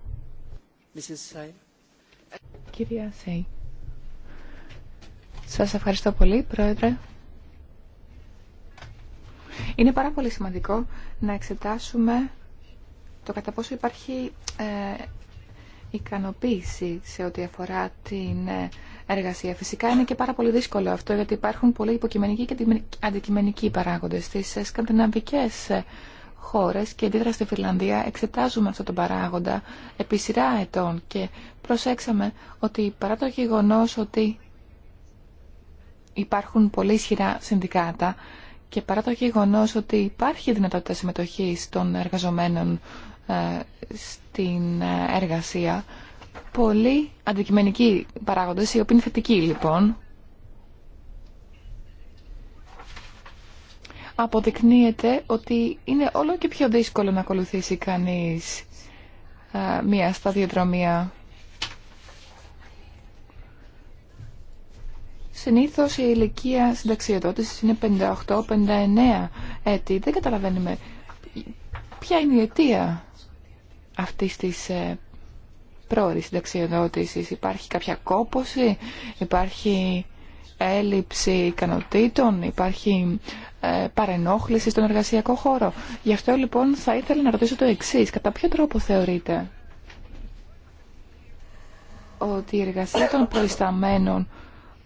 Κυρία σας ευχαριστώ πολύ, Πρόεδρε. Είναι πάρα πολύ σημαντικό να εξετάσουμε το κατά πόσο υπάρχει ε, ικανοποίηση σε ό,τι αφορά την ε, εργασία. Φυσικά είναι και πάρα πολύ δύσκολο αυτό, γιατί υπάρχουν πολλοί υποκειμενικοί και αντικειμενικοί παράγοντες. Στις ε, σκανδιναβικές ε, χώρες και αντίδρα στη Φιλανδία εξετάζουμε αυτό το παράγοντα επί σειρά ετών και προσέξαμε ότι παρά το γεγονός ότι υπάρχουν πολύ ισχυρά συνδικάτα και παρά το γεγονός ότι υπάρχει δυνατότητα συμμετοχής των εργαζομένων ε, στην ε, εργασία, πολλοί αντικειμενικοί παράγοντες, οι οποίοι είναι θετικοί λοιπόν, αποδεικνύεται ότι είναι όλο και πιο δύσκολο να ακολουθήσει κανείς ε, μία σταδιοδρομία Συνήθως η ηλικία συνταξιοδότησης είναι 58-59 έτη. Δεν καταλαβαίνουμε ποια είναι η αιτία αυτής της ε, πρόορης συνταξιοδότησης. Υπάρχει κάποια κόπωση, υπάρχει έλλειψη ικανοτήτων, υπάρχει ε, παρενόχληση στον εργασιακό χώρο. Γι' αυτό λοιπόν θα ήθελα να ρωτήσω το εξή. Κατά ποιο τρόπο θεωρείτε ότι η εργασία των προϊσταμένων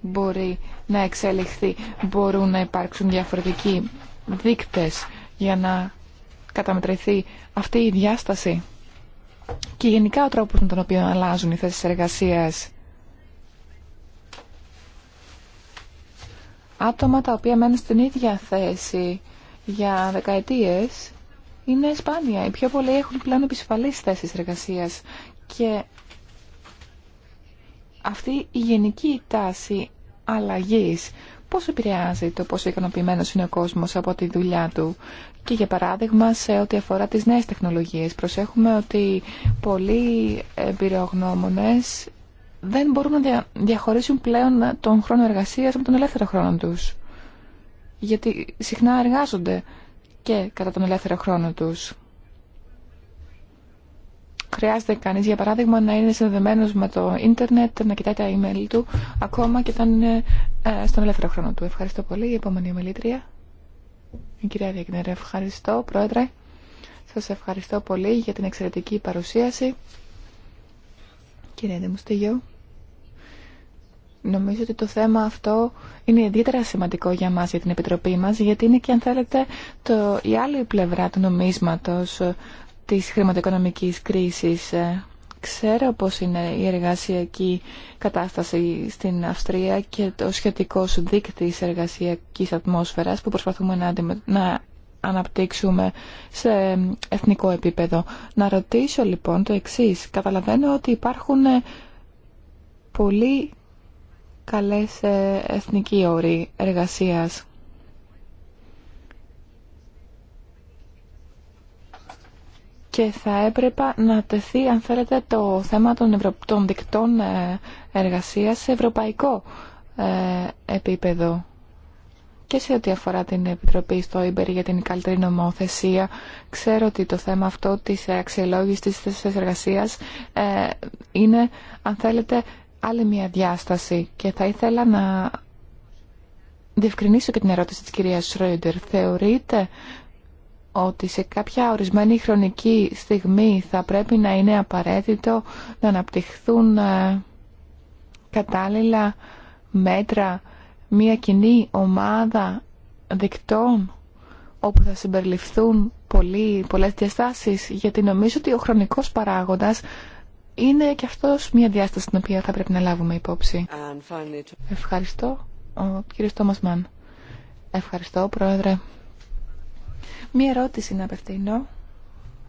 μπορεί να εξελιχθεί. Μπορούν να υπάρξουν διαφορετικοί δείκτες για να καταμετρηθεί αυτή η διάσταση και γενικά ο τρόπος με τον οποίο αλλάζουν οι θέσεις εργασίας. Άτομα τα οποία μένουν στην ίδια θέση για δεκαετίες είναι σπάνια. Οι πιο πολλοί έχουν πλέον επισφαλείς θέσεις εργασίας και αυτή η γενική τάση αλλαγής πώς επηρεάζει το πόσο ικανοποιημένος είναι ο κόσμος από τη δουλειά του. Και για παράδειγμα σε ό,τι αφορά τις νέες τεχνολογίες προσέχουμε ότι πολλοί εμπειρογνώμονες δεν μπορούν να διαχωρίσουν πλέον τον χρόνο εργασίας από τον ελεύθερο χρόνο τους. Γιατί συχνά εργάζονται και κατά τον ελεύθερο χρόνο τους χρειάζεται κανείς για παράδειγμα να είναι συνδεδεμένος με το ίντερνετ, να κοιτάει τα email του ακόμα και όταν είναι ε, στον ελεύθερο χρόνο του. Ευχαριστώ πολύ. Η επόμενη ομιλήτρια. Η κυρία Διακνέρη, ευχαριστώ πρόεδρε. Σας ευχαριστώ πολύ για την εξαιρετική παρουσίαση. Κύριε Δημοστήγιο, Νομίζω ότι το θέμα αυτό είναι ιδιαίτερα σημαντικό για μας, για την Επιτροπή μας, γιατί είναι και αν θέλετε η άλλη πλευρά του νομίσματος της χρηματοοικονομικής κρίσης. Ε, ξέρω πώς είναι η εργασιακή κατάσταση στην Αυστρία και το σχετικό σου δείκτης εργασιακής ατμόσφαιρας που προσπαθούμε να, να αναπτύξουμε σε εθνικό επίπεδο. Να ρωτήσω λοιπόν το εξής. Καταλαβαίνω ότι υπάρχουν ε, πολύ καλές ε, εθνικοί όροι εργασίας. και θα έπρεπε να τεθεί, αν θέλετε, το θέμα των, ευρω... δικτών ε, εργασίας σε ευρωπαϊκό ε, επίπεδο και σε ό,τι αφορά την Επιτροπή στο ΙΜΠΕΡ για την καλύτερη νομοθεσία. Ξέρω ότι το θέμα αυτό της αξιολόγησης της θέσης εργασίας ε, είναι, αν θέλετε, άλλη μια διάσταση και θα ήθελα να διευκρινίσω και την ερώτηση της κυρίας Σρόιντερ. Θεωρείτε ότι σε κάποια ορισμένη χρονική στιγμή θα πρέπει να είναι απαραίτητο να αναπτυχθούν ε, κατάλληλα μέτρα, μια κοινή ομάδα δικτών όπου θα συμπεριληφθούν πολλοί, πολλές διαστάσεις γιατί νομίζω ότι ο χρονικός παράγοντας είναι και αυτός μια διάσταση την οποία θα πρέπει να λάβουμε υπόψη. Ευχαριστώ. Ο κύριος Τόμας Μαν. Ευχαριστώ, Πρόεδρε. Μία ερώτηση να απευθύνω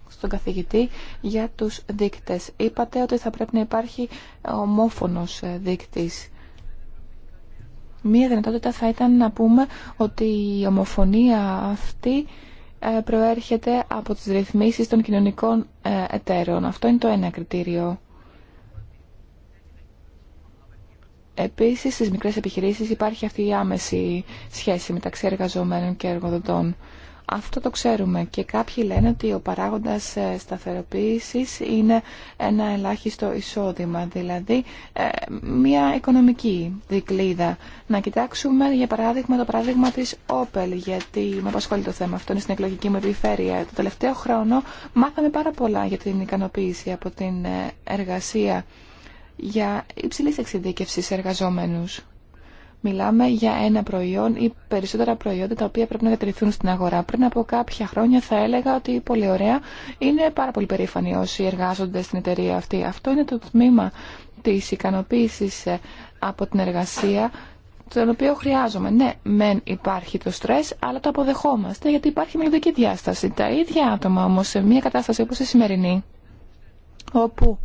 στον καθηγητή για τους δείκτες. Είπατε ότι θα πρέπει να υπάρχει ομόφωνος δείκτης. Μία δυνατότητα θα ήταν να πούμε ότι η ομοφωνία αυτή ε, προέρχεται από τις ρυθμίσεις των κοινωνικών ε, εταίρων. Αυτό είναι το ένα κριτήριο. Επίσης, στις μικρές επιχειρήσεις υπάρχει αυτή η άμεση σχέση μεταξύ εργαζομένων και εργοδοτών. Αυτό το ξέρουμε και κάποιοι λένε ότι ο παράγοντας ε, σταθεροποίησης είναι ένα ελάχιστο εισόδημα, δηλαδή ε, μια οικονομική δικλίδα. Να κοιτάξουμε για παράδειγμα το παράδειγμα της Opel, γιατί με απασχολεί το θέμα αυτό, είναι στην εκλογική μου επιφέρεια. Το τελευταίο χρόνο μάθαμε πάρα πολλά για την ικανοποίηση από την ε, εργασία για υψηλής εξειδίκευσης εργαζόμενους. Μιλάμε για ένα προϊόν ή περισσότερα προϊόντα τα οποία πρέπει να διατηρηθούν στην αγορά. Πριν από κάποια χρόνια θα έλεγα ότι πολύ ωραία είναι πάρα πολύ περήφανοι όσοι εργάζονται στην εταιρεία αυτή. Αυτό είναι το τμήμα της ικανοποίησης ε, από την εργασία τον οποίο χρειάζομαι. Ναι, μεν υπάρχει το στρες, αλλά το αποδεχόμαστε γιατί υπάρχει μελλοντική διάσταση. Τα ίδια άτομα όμως σε μια κατάσταση όπως η σημερινή, όπου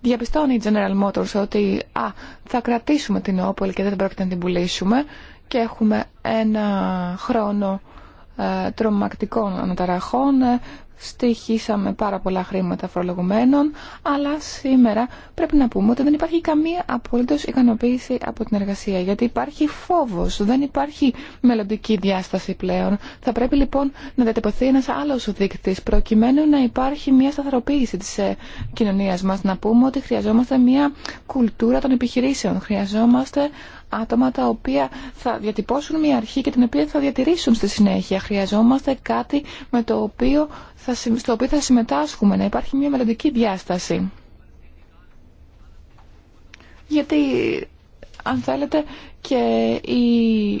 διαπιστώνει η General Motors ότι α, θα κρατήσουμε την όπολη και δεν πρόκειται να την πουλήσουμε και έχουμε ένα χρόνο ε, τρομακτικών αναταραχών ε, στοιχήσαμε πάρα πολλά χρήματα φορολογουμένων, αλλά σήμερα πρέπει να πούμε ότι δεν υπάρχει καμία απολύτω ικανοποίηση από την εργασία, γιατί υπάρχει φόβος, δεν υπάρχει μελλοντική διάσταση πλέον. Θα πρέπει λοιπόν να διατυπωθεί ένας άλλος δείκτη, προκειμένου να υπάρχει μια σταθεροποίηση της ε, κοινωνία μα να πούμε ότι χρειαζόμαστε μια κουλτούρα των επιχειρήσεων, χρειαζόμαστε άτομα τα οποία θα διατυπώσουν μια αρχή και την οποία θα διατηρήσουν στη συνέχεια. Χρειαζόμαστε κάτι με το οποίο θα, στο οποίο θα συμμετάσχουμε, να υπάρχει μια μελλοντική διάσταση. Γιατί, αν θέλετε, και οι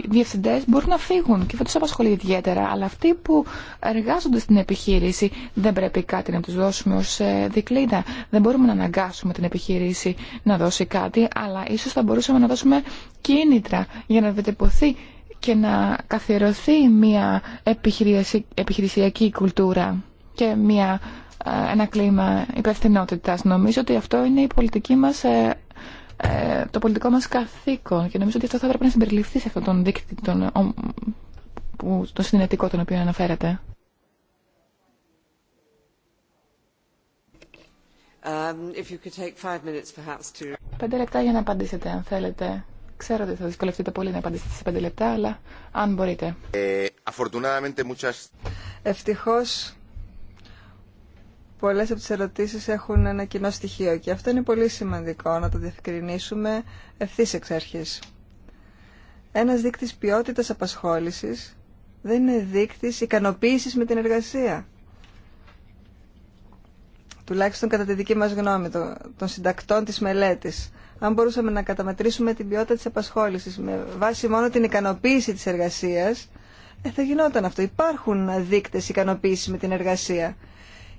διευθυντέ μπορούν να φύγουν και θα του απασχολεί ιδιαίτερα. Αλλά αυτοί που εργάζονται στην επιχείρηση δεν πρέπει κάτι να του δώσουμε ω ε, δικλίδα. Δεν μπορούμε να αναγκάσουμε την επιχείρηση να δώσει κάτι, αλλά ίσω θα μπορούσαμε να δώσουμε κίνητρα για να βετεποθεί και να καθιερωθεί μια επιχειρησιακή κουλτούρα και ε, ένα κλίμα υπευθυνότητα. Νομίζω ότι αυτό είναι η πολιτική μας ε, ε, το πολιτικό μας καθήκον και νομίζω ότι αυτό θα έπρεπε να συμπεριληφθεί σε αυτόν τον δίκτυο τον, που, το συνετικό τον οποίο αναφέρατε. Um, πέντε λεπτά για να απαντήσετε αν θέλετε. Ξέρω ότι θα δυσκολευτείτε πολύ να απαντήσετε σε πέντε λεπτά, αλλά αν μπορείτε. Ε, Ευτυχώς πολλές από τις ερωτήσεις έχουν ένα κοινό στοιχείο και αυτό είναι πολύ σημαντικό να το διευκρινίσουμε ευθύ εξ αρχής. Ένας δείκτης ποιότητας απασχόλησης δεν είναι δείκτης ικανοποίησης με την εργασία. Τουλάχιστον κατά τη δική μας γνώμη των συντακτών της μελέτης. Αν μπορούσαμε να καταμετρήσουμε την ποιότητα της απασχόλησης με βάση μόνο την ικανοποίηση της εργασίας, ε, θα γινόταν αυτό. Υπάρχουν δείκτες ικανοποίησης με την εργασία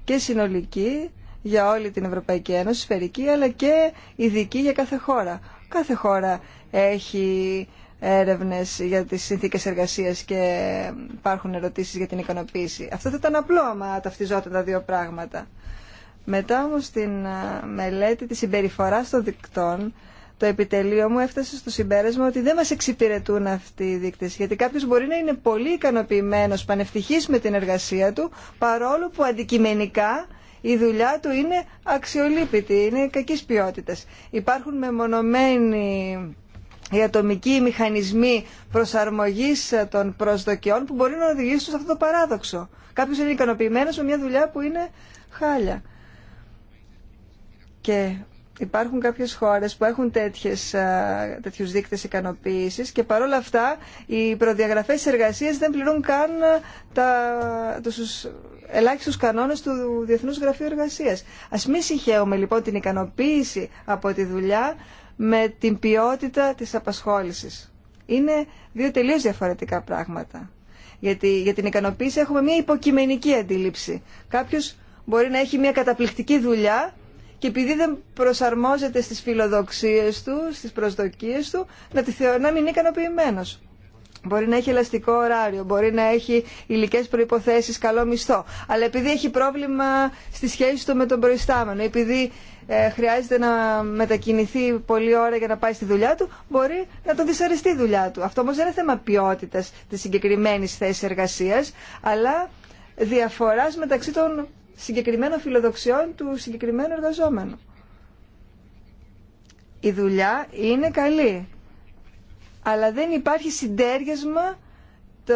και συνολική για όλη την Ευρωπαϊκή Ένωση, σφαιρική, αλλά και ειδική για κάθε χώρα. Κάθε χώρα έχει έρευνες για τις συνθήκες εργασίας και υπάρχουν ερωτήσεις για την ικανοποίηση. Αυτό θα ήταν απλό άμα ταυτιζόταν τα δύο πράγματα. Μετά όμως την ε, μελέτη της συμπεριφοράς των δικτών το επιτελείο μου έφτασε στο συμπέρασμα ότι δεν μας εξυπηρετούν αυτοί οι δείκτες. Γιατί κάποιος μπορεί να είναι πολύ ικανοποιημένος, πανευτυχής με την εργασία του, παρόλο που αντικειμενικά η δουλειά του είναι αξιολύπητη, είναι κακής ποιότητας. Υπάρχουν μεμονωμένοι οι ατομικοί μηχανισμοί προσαρμογής των προσδοκιών που μπορεί να οδηγήσουν σε αυτό το παράδοξο. Κάποιος είναι ικανοποιημένος με μια δουλειά που είναι χάλια. Και Υπάρχουν κάποιες χώρες που έχουν τέτοιες, τέτοιους δείκτες ικανοποίησης και παρόλα αυτά οι προδιαγραφές εργασίες δεν πληρούν καν τα, τους ελάχιστους κανόνες του Διεθνούς Γραφείου Εργασίας. Ας μη συγχαίουμε λοιπόν την ικανοποίηση από τη δουλειά με την ποιότητα της απασχόλησης. Είναι δύο τελείως διαφορετικά πράγματα. Γιατί για την ικανοποίηση έχουμε μια υποκειμενική αντίληψη. Κάποιος μπορεί να έχει μια καταπληκτική δουλειά και επειδή δεν προσαρμόζεται στις φιλοδοξίες του, στις προσδοκίες του, να, τη θεω... να μην είναι ικανοποιημένο. Μπορεί να έχει ελαστικό ωράριο, μπορεί να έχει υλικές προϋποθέσεις, καλό μισθό. Αλλά επειδή έχει πρόβλημα στη σχέση του με τον προϊστάμενο, επειδή ε, χρειάζεται να μετακινηθεί πολλή ώρα για να πάει στη δουλειά του, μπορεί να τον δυσαρεστεί η δουλειά του. Αυτό όμως δεν είναι θέμα ποιότητας της συγκεκριμένης θέσης εργασίας, αλλά διαφοράς μεταξύ των συγκεκριμένων φιλοδοξιών του συγκεκριμένου εργαζόμενου. Η δουλειά είναι καλή, αλλά δεν υπάρχει συντέργεσμα το,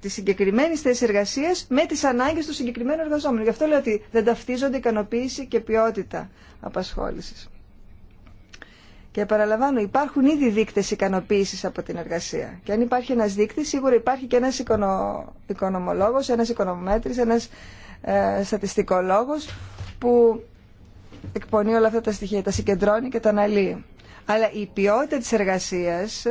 τη συγκεκριμένη θέση εργασία με τι ανάγκε του συγκεκριμένου εργαζόμενου. Γι' αυτό λέω ότι δεν ταυτίζονται ικανοποίηση και ποιότητα απασχόληση. Και παραλαμβάνω, υπάρχουν ήδη δείκτε ικανοποίηση από την εργασία. Και αν υπάρχει ένα δείκτη, σίγουρα υπάρχει και ένα οικονο... οικονομολόγο, ένα οικονομέτρη, ένα ε, στατιστικολόγος που εκπονεί όλα αυτά τα στοιχεία, τα συγκεντρώνει και τα αναλύει. Αλλά η ποιότητα της εργασίας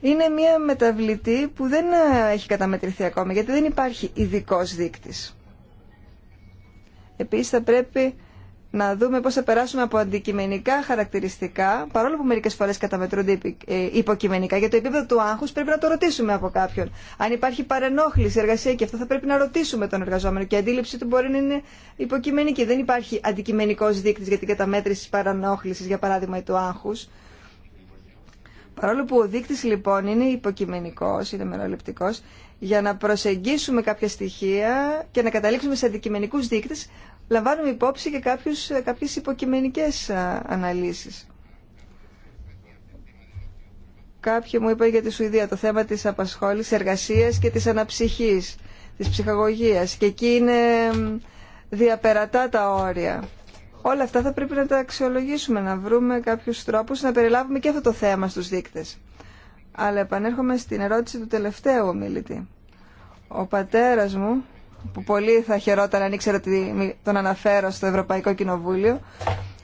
είναι μια μεταβλητή που δεν έχει καταμετρηθεί ακόμα, γιατί δεν υπάρχει ειδικό δείκτης. Επίσης θα πρέπει να δούμε πώς θα περάσουμε από αντικειμενικά χαρακτηριστικά, παρόλο που μερικές φορές καταμετρούνται ε, υποκειμενικά, για το επίπεδο του άγχους πρέπει να το ρωτήσουμε από κάποιον. Αν υπάρχει παρενόχληση, εργασία και αυτό θα πρέπει να ρωτήσουμε τον εργαζόμενο και η αντίληψη του μπορεί να είναι υποκειμενική. Δεν υπάρχει αντικειμενικός δείκτης για την καταμέτρηση της παρενόχλησης, για παράδειγμα, ή του άγχους. Παρόλο που ο δείκτης λοιπόν είναι υποκειμενικός, είναι μεροληπτικός, για να προσεγγίσουμε κάποια στοιχεία και να καταλήξουμε σε αντικειμενικούς δείκτες, λαμβάνουμε υπόψη και κάποιους, ε, κάποιες υποκειμενικές ε, αναλύσεις. Κάποιοι μου είπαν για τη Σουηδία το θέμα της απασχόλησης, εργασίας και της αναψυχής, της ψυχαγωγίας. Και εκεί είναι διαπερατά τα όρια. Όλα αυτά θα πρέπει να τα αξιολογήσουμε, να βρούμε κάποιους τρόπους να περιλάβουμε και αυτό το θέμα στους δείκτες. Αλλά επανέρχομαι στην ερώτηση του τελευταίου ομιλητή. Ο πατέρας μου που πολύ θα χαιρόταν αν ήξερα ότι τον αναφέρω στο Ευρωπαϊκό Κοινοβούλιο,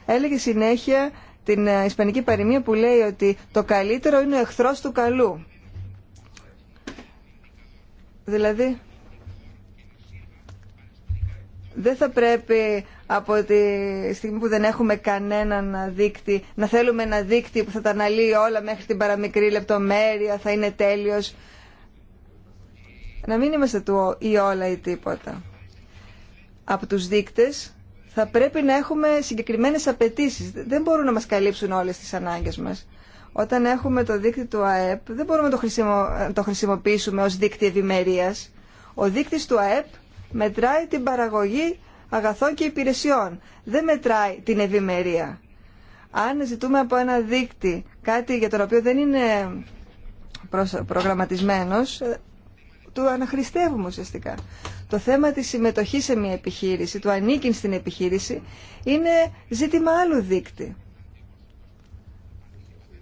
έλεγε συνέχεια την ε, Ισπανική παροιμία που λέει ότι το καλύτερο είναι ο εχθρός του καλού. Δηλαδή, δεν θα πρέπει από τη στιγμή που δεν έχουμε κανέναν δείκτη να θέλουμε ένα δείκτη που θα τα αναλύει όλα μέχρι την παραμικρή λεπτομέρεια, θα είναι τέλειος να μην είμαστε του ή όλα ή τίποτα. Από τους δείκτες θα πρέπει να έχουμε συγκεκριμένες απαιτήσεις. Δεν μπορούν να μας καλύψουν όλες τις ανάγκες μας. Όταν έχουμε το δείκτη του ΑΕΠ δεν μπορούμε να το χρησιμοποιήσουμε ως δείκτη ευημερία. Ο δείκτης του ΑΕΠ μετράει την παραγωγή αγαθών και υπηρεσιών. Δεν μετράει την ευημερία. Αν ζητούμε από ένα δείκτη κάτι για το οποίο δεν είναι προγραμματισμένος, του αναχρηστεύουμε ουσιαστικά. Το θέμα της συμμετοχής σε μια επιχείρηση, του ανήκειν στην επιχείρηση, είναι ζήτημα άλλου δείκτη.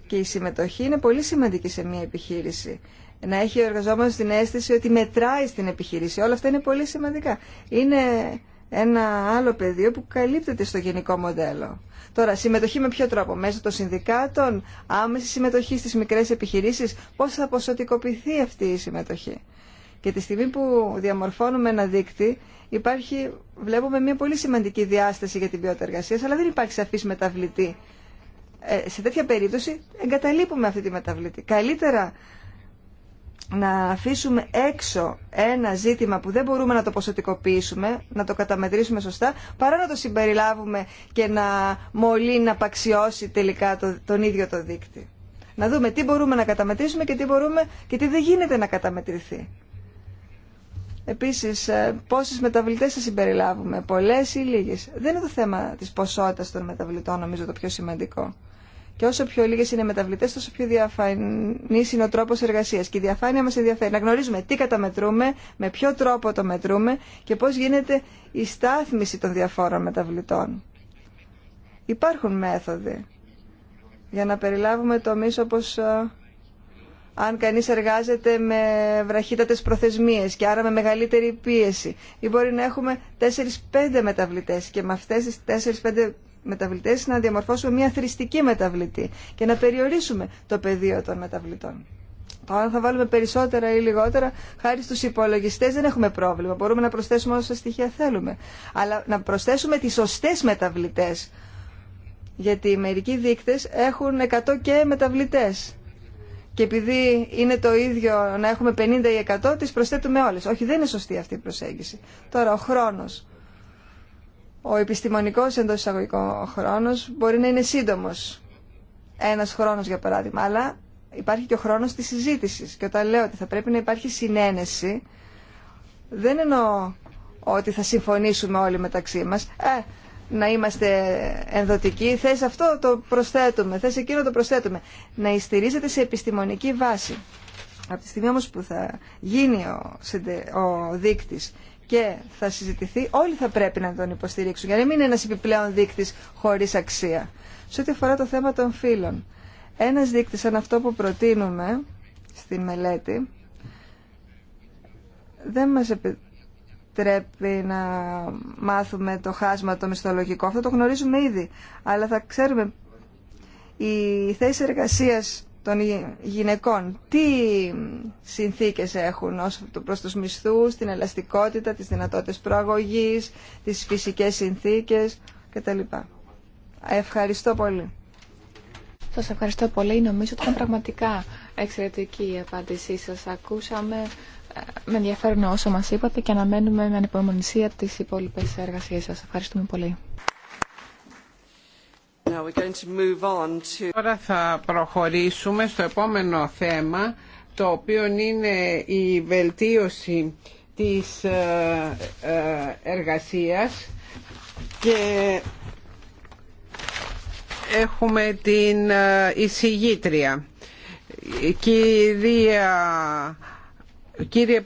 Και η συμμετοχή είναι πολύ σημαντική σε μια επιχείρηση. Να έχει ο εργαζόμενος την αίσθηση ότι μετράει στην επιχείρηση. Όλα αυτά είναι πολύ σημαντικά. Είναι ένα άλλο πεδίο που καλύπτεται στο γενικό μοντέλο. Τώρα, συμμετοχή με ποιο τρόπο, μέσω των συνδικάτων, άμεση συμμετοχή στις μικρές επιχειρήσεις, πώς θα ποσοτικοποιηθεί αυτή η συμμετοχή. Και τη στιγμή που διαμορφώνουμε ένα δίκτυ, υπάρχει, βλέπουμε μια πολύ σημαντική διάσταση για την ποιότητα εργασία, αλλά δεν υπάρχει σαφή μεταβλητή. Ε, σε τέτοια περίπτωση εγκαταλείπουμε αυτή τη μεταβλητή. Καλύτερα να αφήσουμε έξω ένα ζήτημα που δεν μπορούμε να το ποσοτικοποιήσουμε, να το καταμετρήσουμε σωστά, παρά να το συμπεριλάβουμε και να μολύνει, να παξιώσει τελικά τον ίδιο το δίκτυ. Να δούμε τι μπορούμε να καταμετρήσουμε και τι, μπορούμε, και τι δεν γίνεται να καταμετρηθεί. Επίσης, ε, πόσες μεταβλητές θα συμπεριλάβουμε, πολλές ή λίγες. Δεν είναι το θέμα της ποσότητας των μεταβλητών, νομίζω, το πιο σημαντικό. Και όσο πιο λίγες είναι οι μεταβλητές, τόσο πιο διαφανής είναι ο τρόπος εργασίας. Και η διαφάνεια μας ενδιαφέρει να γνωρίζουμε τι καταμετρούμε, με ποιο τρόπο το μετρούμε και πώς γίνεται η στάθμιση των διαφόρων μεταβλητών. Υπάρχουν μέθοδοι για να περιλάβουμε τομείς όπως ε, αν κανεί εργάζεται με βραχύτατε προθεσμίε και άρα με μεγαλύτερη πίεση ή μπορεί να έχουμε 4-5 μεταβλητέ και με αυτέ τι 4-5 μεταβλητέ να διαμορφώσουμε μια θρηστική μεταβλητή και να περιορίσουμε το πεδίο των μεταβλητών. Τώρα αν θα βάλουμε περισσότερα ή λιγότερα, χάρη στου υπολογιστέ, δεν έχουμε πρόβλημα. Μπορούμε να προσθέσουμε όσα στοιχεία θέλουμε. Αλλά να προσθέσουμε τι σωστέ μεταβλητέ. Γιατί οι μερικοί δείκτες έχουν 100 και μεταβλητέ και επειδή είναι το ίδιο να έχουμε 50 ή 100, τις προσθέτουμε όλες. Όχι, δεν είναι σωστή αυτή η προσέγγιση. Τώρα, ο χρόνος. Ο επιστημονικός εντός εισαγωγικών χρόνος μπορεί να είναι σύντομος. Ένας χρόνος, για παράδειγμα. Αλλά υπάρχει και ο χρόνος της συζήτησης. Και όταν λέω ότι θα πρέπει να υπάρχει συνένεση, δεν εννοώ ότι θα συμφωνήσουμε όλοι μεταξύ μας. Ε, να είμαστε ενδοτικοί. Θες αυτό το προσθέτουμε, θες εκείνο το προσθέτουμε. Να ειστηρίζεται σε επιστημονική βάση. Από τη στιγμή όμως που θα γίνει ο, ο δείκτης και θα συζητηθεί, όλοι θα πρέπει να τον υποστηρίξουν για να μην είναι ένας επιπλέον δείκτης χωρίς αξία. Σε ό,τι αφορά το θέμα των φύλων, ένας δείκτης σαν αυτό που προτείνουμε στη μελέτη δεν μας επιτρέπει επιτρέπει να μάθουμε το χάσμα το μισθολογικό. Αυτό το γνωρίζουμε ήδη. Αλλά θα ξέρουμε οι θέσει εργασία των γυναικών τι συνθήκες έχουν ως προς τους μισθούς, την ελαστικότητα, τις δυνατότητες προαγωγής, τις φυσικές συνθήκες κτλ. Ευχαριστώ πολύ. Σας ευχαριστώ πολύ. Νομίζω ότι ήταν πραγματικά εξαιρετική η απάντησή σας. Ακούσαμε με ενδιαφέρουν όσο μας είπατε και αναμένουμε με ανεπομονησία τις υπόλοιπες εργασίες σας. Ευχαριστούμε πολύ. Τώρα θα προχωρήσουμε στο επόμενο θέμα, το οποίο είναι η βελτίωση της ε, ε, εργασίας και έχουμε την ε, εισηγήτρια. Κυρία Κύριε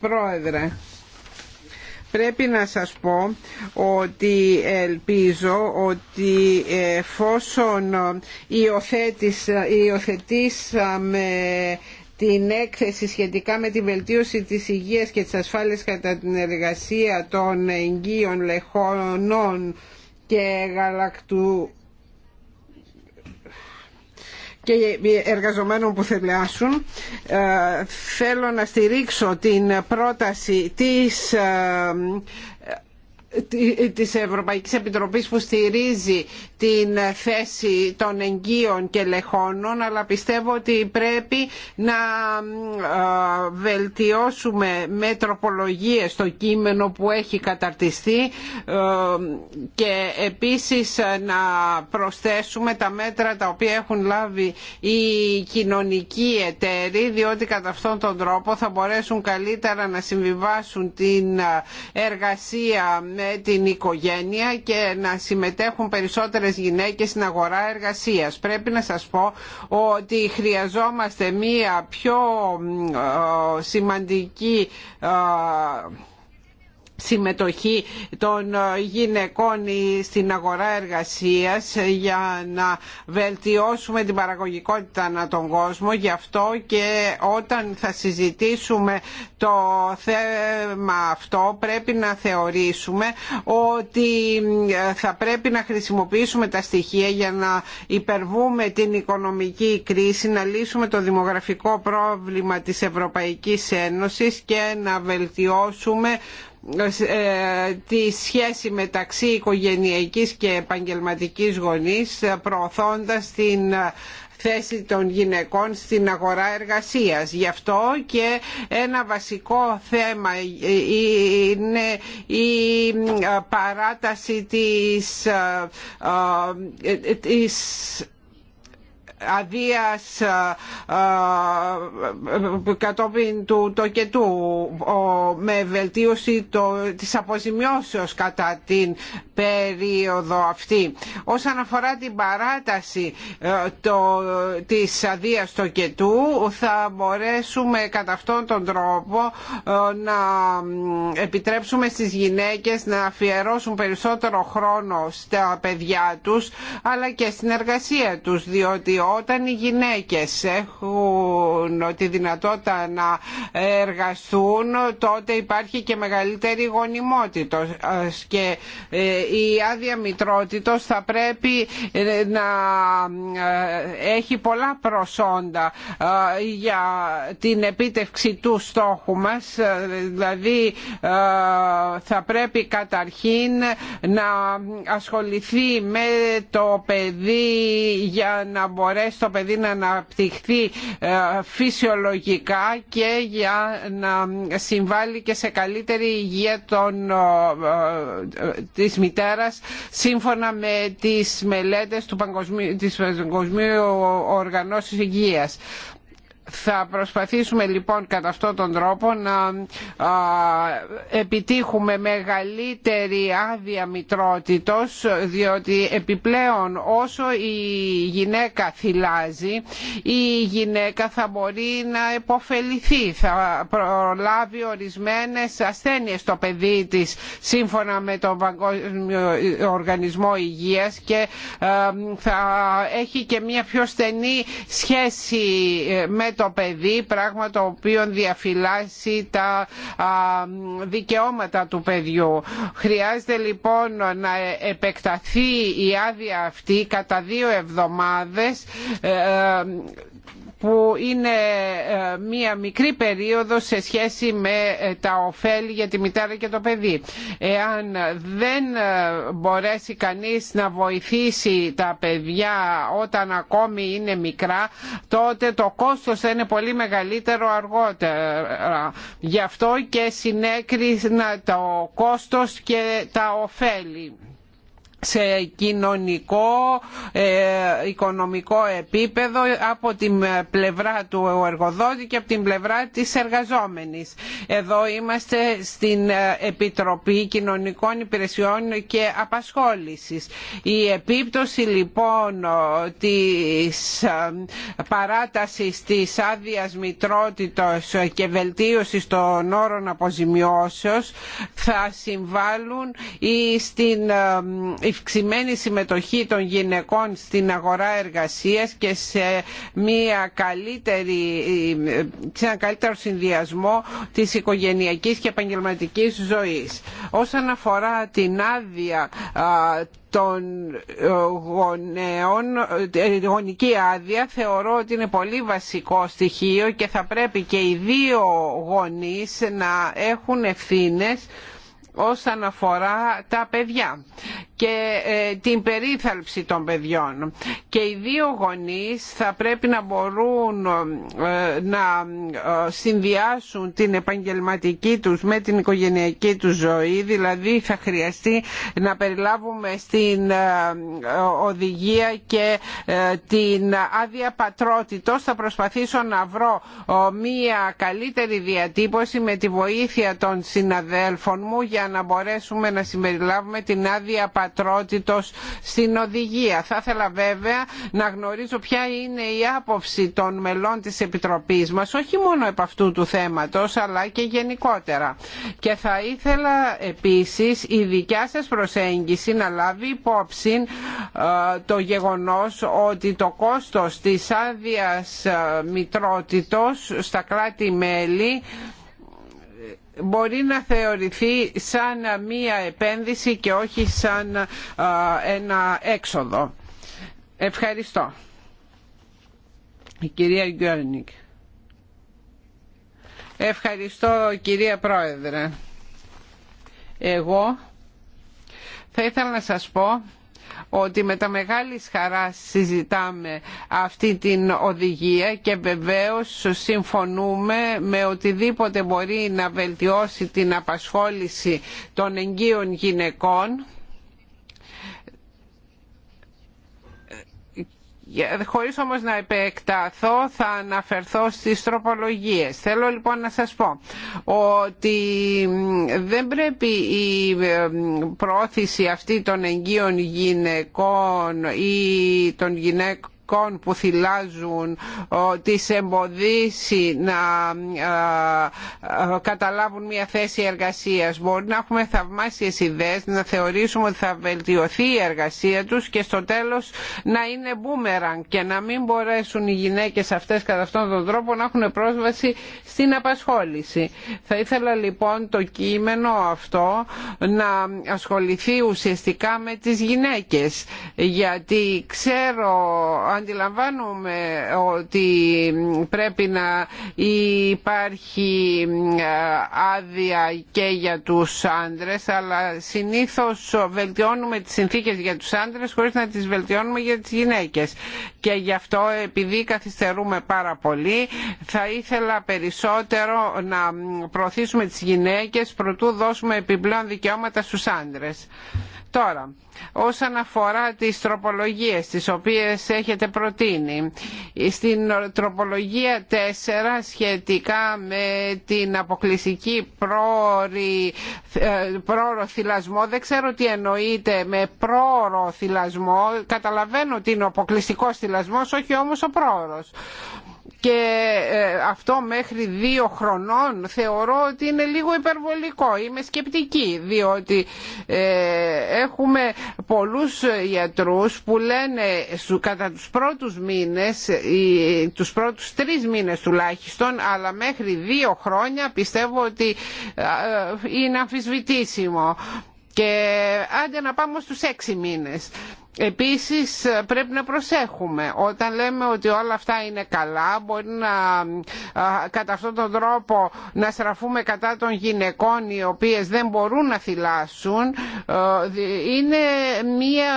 Πρόεδρε, Πρέπει να σας πω ότι ελπίζω ότι εφόσον υιοθετήσαμε την έκθεση σχετικά με τη βελτίωση της υγείας και της ασφάλειας κατά την εργασία των εγγύων λεχονών και γαλακτου και εργαζομένων που θελεάσουν. Ε, θέλω να στηρίξω την πρόταση της ε, της Ευρωπαϊκής Επιτροπής που στηρίζει την θέση των εγγύων και λεχώνων αλλά πιστεύω ότι πρέπει να βελτιώσουμε με τροπολογίες το κείμενο που έχει καταρτιστεί και επίσης να προσθέσουμε τα μέτρα τα οποία έχουν λάβει οι κοινωνικοί εταίροι διότι κατά αυτόν τον τρόπο θα μπορέσουν καλύτερα να συμβιβάσουν την εργασία την οικογένεια και να συμμετέχουν περισσότερες γυναίκες στην αγορά εργασίας. Πρέπει να σας πω ότι χρειαζόμαστε μία πιο ε, σημαντική ε, συμμετοχή των ε, γυναικών στην αγορά εργασίας ε, για να βελτιώσουμε την παραγωγικότητα ανά τον κόσμο. Γι' αυτό και όταν θα συζητήσουμε το θέμα αυτό πρέπει να θεωρήσουμε ότι ε, θα πρέπει να χρησιμοποιήσουμε τα στοιχεία για να υπερβούμε την οικονομική κρίση, να λύσουμε το δημογραφικό πρόβλημα της Ευρωπαϊκής Ένωσης και να βελτιώσουμε ε, τη σχέση μεταξύ οικογενειακής και επαγγελματικής γονής προωθώντας την θέση των γυναικών στην αγορά εργασίας. Γι' αυτό και ένα βασικό θέμα είναι η παράταση της, ε, ε, της αδείας ε, ε, κατόπιν του τοκετού με βελτίωση το, της αποζημιώσεως κατά την περίοδο αυτή. Όσον αφορά την παράταση ε, το, της αδείας τοκετού θα μπορέσουμε κατά αυτόν τον τρόπο να επιτρέψουμε στις γυναίκες να αφιερώσουν περισσότερο χρόνο στα παιδιά τους αλλά και στην εργασία τους διότι όταν οι γυναίκες έχουν τη δυνατότητα να εργαστούν τότε υπάρχει και μεγαλύτερη γονιμότητα και ε, η άδεια μητρότητος θα πρέπει ε, να ε, έχει πολλά προσόντα για την επίτευξη του στόχου μας δηλαδή θα πρέπει καταρχήν να ασχοληθεί με το παιδί για να μπορέσει μπορέσει παιδί να αναπτυχθεί ε, φυσιολογικά και για να συμβάλλει και σε καλύτερη υγεία των, ε, ε, της μητέρας σύμφωνα με τις μελέτες του Παγκοσμίου, της Παγκοσμίου Οργανώσης Υγείας. Θα προσπαθήσουμε λοιπόν κατά αυτόν τον τρόπο να επιτύχουμε μεγαλύτερη άδεια μητρότητος διότι επιπλέον όσο η γυναίκα θυλάζει η γυναίκα θα μπορεί να επωφεληθεί, θα προλάβει ορισμένες ασθένειες στο παιδί της σύμφωνα με τον Παγκόσμιο Οργανισμό Υγείας και ε, θα έχει και μια πιο στενή σχέση ε, με το το παιδί πράγμα το οποίο διαφυλάσσει τα δικαιώματα του παιδιού. Χρειάζεται λοιπόν να επεκταθεί η άδεια αυτή κατά δύο εβδομάδες ε, ε, που είναι ε, μία μικρή περίοδο σε σχέση με ε, τα ωφέλη για τη μητέρα και το παιδί. Εάν δεν ε, μπορέσει κανείς να βοηθήσει τα παιδιά όταν ακόμη είναι μικρά, τότε το κόστος θα είναι πολύ μεγαλύτερο αργότερα. Γι' αυτό και συνέκρινα το κόστος και τα ωφέλη σε κοινωνικό, ε, οικονομικό επίπεδο από την πλευρά του εργοδότη και από την πλευρά της εργαζόμενης. Εδώ είμαστε στην ε, Επιτροπή Κοινωνικών Υπηρεσιών και Απασχόλησης. Η επίπτωση λοιπόν της ε, παράτασης της άδεια μητρότητος και βελτίωσης των όρων αποζημιώσεως θα συμβάλλουν ή στην αυξημένη συμμετοχή των γυναικών στην αγορά εργασίας και σε, μια καλύτερη, σε ένα καλύτερο συνδυασμό της οικογενειακής και επαγγελματικής ζωής. Όσον αφορά την άδεια των ε, γονέων, ε, γονική άδεια θεωρώ ότι είναι πολύ βασικό στοιχείο και θα πρέπει και οι δύο γονείς να έχουν ευθύνες όσον αφορά τα παιδιά και ε, την περίθαλψη των παιδιών. Και οι δύο γονείς θα πρέπει να μπορούν ε, να ε, συνδυάσουν την επαγγελματική τους με την οικογενειακή τους ζωή, δηλαδή θα χρειαστεί να περιλάβουμε στην οδηγία και την άδεια πατρότητος. Θα προσπαθήσω να βρω μία καλύτερη διατύπωση με τη βοήθεια των συναδέλφων μου για να μπορέσουμε να συμπεριλάβουμε την άδεια στην οδηγία. Θα ήθελα βέβαια να γνωρίζω ποια είναι η άποψη των μελών της Επιτροπής μας, όχι μόνο επ' αυτού του θέματος, αλλά και γενικότερα. Και θα ήθελα επίσης η δικιά σας προσέγγιση να λάβει υπόψη ε, το γεγονός ότι το κόστος της άδειας ε, μητρότητος στα κράτη-μέλη μπορεί να θεωρηθεί σαν μία επένδυση και όχι σαν ένα έξοδο. Ευχαριστώ. Η κυρία Γκέρνικ. Ευχαριστώ κυρία Πρόεδρε. Εγώ θα ήθελα να σας πω ότι με τα μεγάλη χαρά συζητάμε αυτή την οδηγία και βεβαίως συμφωνούμε με οτιδήποτε μπορεί να βελτιώσει την απασχόληση των εγγύων γυναικών Χωρίς όμως να επεκταθώ θα αναφερθώ στις τροπολογίες. Θέλω λοιπόν να σας πω ότι δεν πρέπει η πρόθεση αυτή των εγγύων γυναικών ή των γυναίκων που θυλάζουν τις εμποδίσει να καταλάβουν μια θέση εργασίας. Μπορεί να έχουμε θαυμάσιες ιδέες, να θεωρήσουμε ότι θα βελτιωθεί η εργασία τους και στο τέλος να είναι μπούμεραν και να μην μπορέσουν οι γυναίκες αυτές κατά αυτόν τον τρόπο να έχουν πρόσβαση στην απασχόληση. Θα ήθελα λοιπόν το κείμενο αυτό να ασχοληθεί ουσιαστικά με τις γυναίκες γιατί ξέρω αντιλαμβάνουμε ότι πρέπει να υπάρχει ε, άδεια και για τους άντρες αλλά συνήθως βελτιώνουμε τις συνθήκες για τους άντρες χωρίς να τις βελτιώνουμε για τις γυναίκες και γι' αυτό επειδή καθυστερούμε πάρα πολύ θα ήθελα περισσότερο να προωθήσουμε τις γυναίκες προτού δώσουμε επιπλέον δικαιώματα στους άντρες. Τώρα, όσον αφορά τις τροπολογίες τις οποίες έχετε προτείνει, στην τροπολογία 4 σχετικά με την αποκλειστική πρόορη, ε, θυλασμό, δεν ξέρω τι εννοείται με πρόορο θυλασμό, καταλαβαίνω ότι είναι ο αποκλειστικός θυλασμός, όχι όμως ο πρόορος και ε, αυτό μέχρι δύο χρονών θεωρώ ότι είναι λίγο υπερβολικό. Είμαι σκεπτική διότι ε, έχουμε πολλούς γιατρούς που λένε κατά τους πρώτους μήνες, τους πρώτους τρεις μήνες τουλάχιστον, αλλά μέχρι δύο χρόνια πιστεύω ότι ε, είναι αμφισβητήσιμο. Και άντε να πάμε στους έξι μήνες. Επίσης ε, πρέπει να προσέχουμε όταν λέμε ότι όλα αυτά είναι καλά μπορεί να κατά αυτόν τον τρόπο να στραφούμε κατά των γυναικών οι οποίες δεν μπορούν να θυλάσουν ε, είναι μια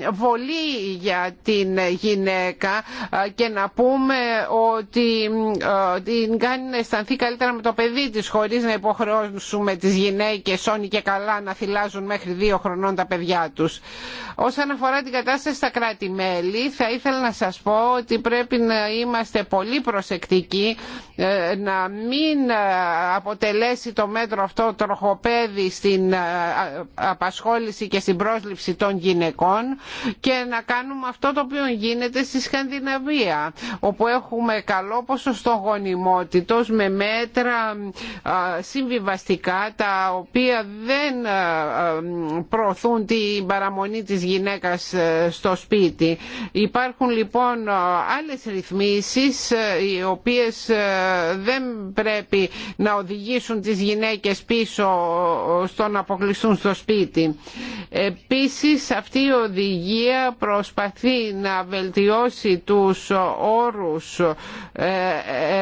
ε, βολή για την γυναίκα και να πούμε ότι την κάνει να αισθανθεί καλύτερα με το παιδί της χωρίς να υποχρεώσουμε τις γυναίκες όνει και καλά να θυλάζουν μέχρι δύο χρονών τα παιδιά τους. Όσον αφορά την κατάσταση στα κράτη-μέλη, θα ήθελα να σας πω ότι πρέπει να είμαστε πολύ προσεκτικοί ε, να μην ε, αποτελέσει το μέτρο αυτό τροχοπέδι στην ε, απασχόληση και στην πρόσληψη των γυναικών και να κάνουμε αυτό το οποίο γίνεται στη Σκανδιναβία όπου έχουμε καλό ποσοστό γονιμότητος με μέτρα συμβιβαστικά τα οποία δεν προωθούν την παραμονή της γυναίκας ε, στο σπίτι. Υπάρχουν λοιπόν ε, άλλες ρυθμίσεις ε, οι οποίες δεν πρέπει να οδηγήσουν τις γυναίκες πίσω στο να αποκλειστούν στο σπίτι. Επίσης αυτή η οδηγία προσπαθεί να βελτιώσει τους όρους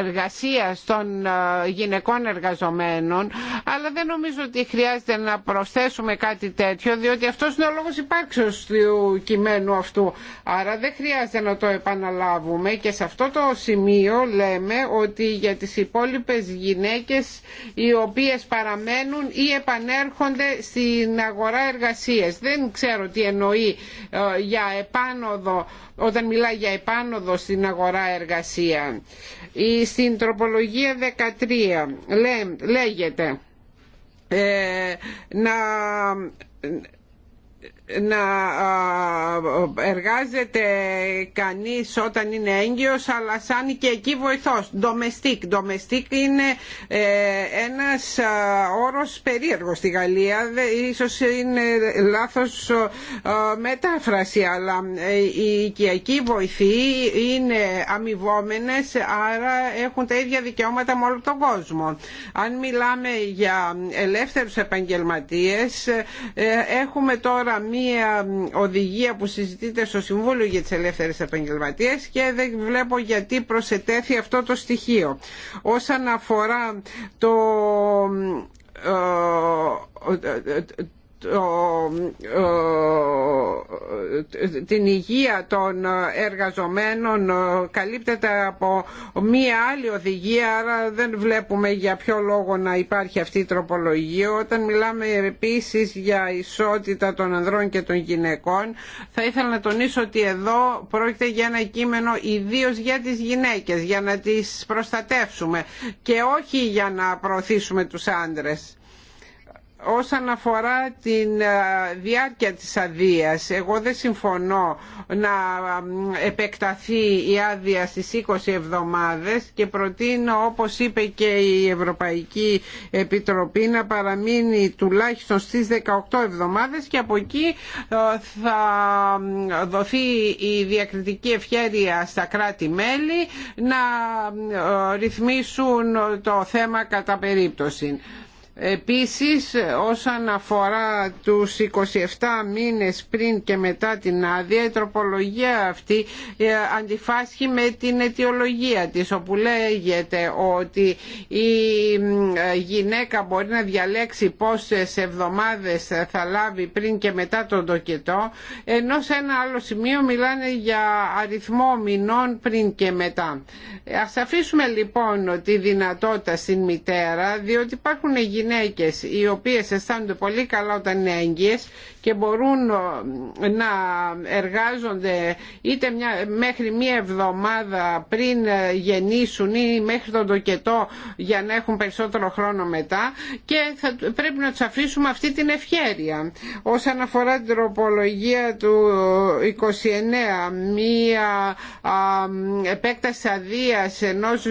εργασίας των γυναικών εργαζομένων αλλά δεν νομίζω ότι χρειάζεται να προσθέσουμε κάτι τέτοιο διότι αυτός είναι ο λόγος υπάρξεως του κειμένου αυτού. Άρα δεν χρειάζεται να το επαναλάβουμε και σε αυτό το σημείο λέμε ότι για τις υπόλοιπες γυναίκες οι οποίες παραμένουν ή επανέρχονται στην αγορά εργασίας. Δεν ξέρω τι εννοεί ε, για επάνωδο, όταν μιλάει για επάνωδο στην αγορά εργασία. Στην τροπολογία 13 λέγεται ε, να να εργάζεται κανείς όταν είναι έγκυος αλλά σαν και εκεί βοηθός domestic domestic είναι ε, ένας όρος περίεργος στη Γαλλία ίσως είναι λάθος μετάφραση αλλά ε, οι οικιακοί βοηθοί είναι αμοιβόμενες άρα έχουν τα ίδια δικαιώματα με όλο τον κόσμο αν μιλάμε για ελεύθερους επαγγελματίες ε, έχουμε τώρα μία μία οδηγία που συζητείται στο Συμβούλιο για τις Ελεύθερες Επαγγελματίες και δεν βλέπω γιατί προσετέθη αυτό το στοιχείο. Όσον αφορά το ε, ε, ε, ε, την υγεία των εργαζομένων ε, καλύπτεται από μία άλλη οδηγία άρα δεν βλέπουμε για ποιο λόγο να υπάρχει αυτή η τροπολογία όταν μιλάμε επίσης για ισότητα των ανδρών και των γυναικών θα ήθελα να τονίσω ότι εδώ πρόκειται για ένα κείμενο ιδίως για τις γυναίκες για να τις προστατεύσουμε και όχι για να προωθήσουμε τους άντρες όσον αφορά την ε, διάρκεια της αδείας εγώ δεν συμφωνώ να επεκταθεί η άδεια στις 20 εβδομάδες και προτείνω όπως είπε και η Ευρωπαϊκή Επιτροπή να παραμείνει τουλάχιστον στις 18 εβδομάδες και από εκεί ε, θα δοθεί η διακριτική ευχέρεια στα κράτη-μέλη να ρυθμίσουν το θέμα κατά περίπτωση. Επίσης όσον αφορά τους 27 μήνες πριν και μετά την άδεια η τροπολογία αυτή ε, αντιφάσχει με την αιτιολογία της όπου λέγεται ότι η ε, γυναίκα μπορεί να διαλέξει πόσες εβδομάδες θα λάβει πριν και μετά τον τοκετό ενώ σε ένα άλλο σημείο μιλάνε για αριθμό μηνών πριν και μετά. Ε, ας αφήσουμε λοιπόν τη δυνατότητα στην μητέρα διότι υπάρχουν γυναίκες γυναίκες οι οποίες αισθάνονται πολύ καλά όταν είναι έγκυες και μπορούν ε, να εργάζονται είτε μέχρι μία εβδομάδα πριν ε, γεννήσουν ή μέχρι τον τοκετό για να έχουν περισσότερο χρόνο μετά και θα, πρέπει να τους αφήσουμε αυτή την ευχέρεια. Όσον αφορά την τροπολογία του 29, μία επέκταση αδείας ενός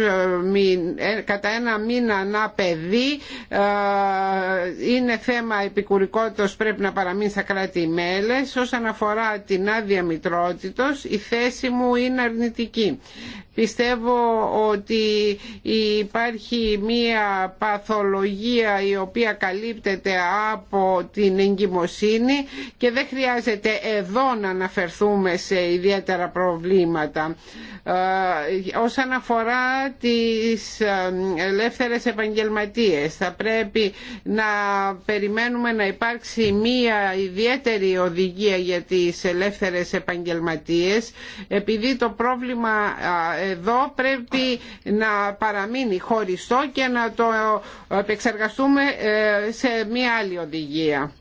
ε, κατά ένα μήνα ανά παιδί είναι θέμα επικουρικότητος πρέπει να παραμείνει στα κράτη μέλες. Όσον αφορά την άδεια μητρότητος, η θέση μου είναι αρνητική. Πιστεύω ότι υπάρχει μία παθολογία η οποία καλύπτεται από την εγκυμοσύνη και δεν χρειάζεται εδώ να αναφερθούμε σε ιδιαίτερα προβλήματα. Ε, όσον αφορά τις ε, ελεύθερες επαγγελματίες, θα πρέπει πρέπει να περιμένουμε να υπάρξει μία ιδιαίτερη οδηγία για τις ελεύθερες επαγγελματίες επειδή το πρόβλημα εδώ πρέπει να παραμείνει χωριστό και να το επεξεργαστούμε ε, σε μία άλλη οδηγία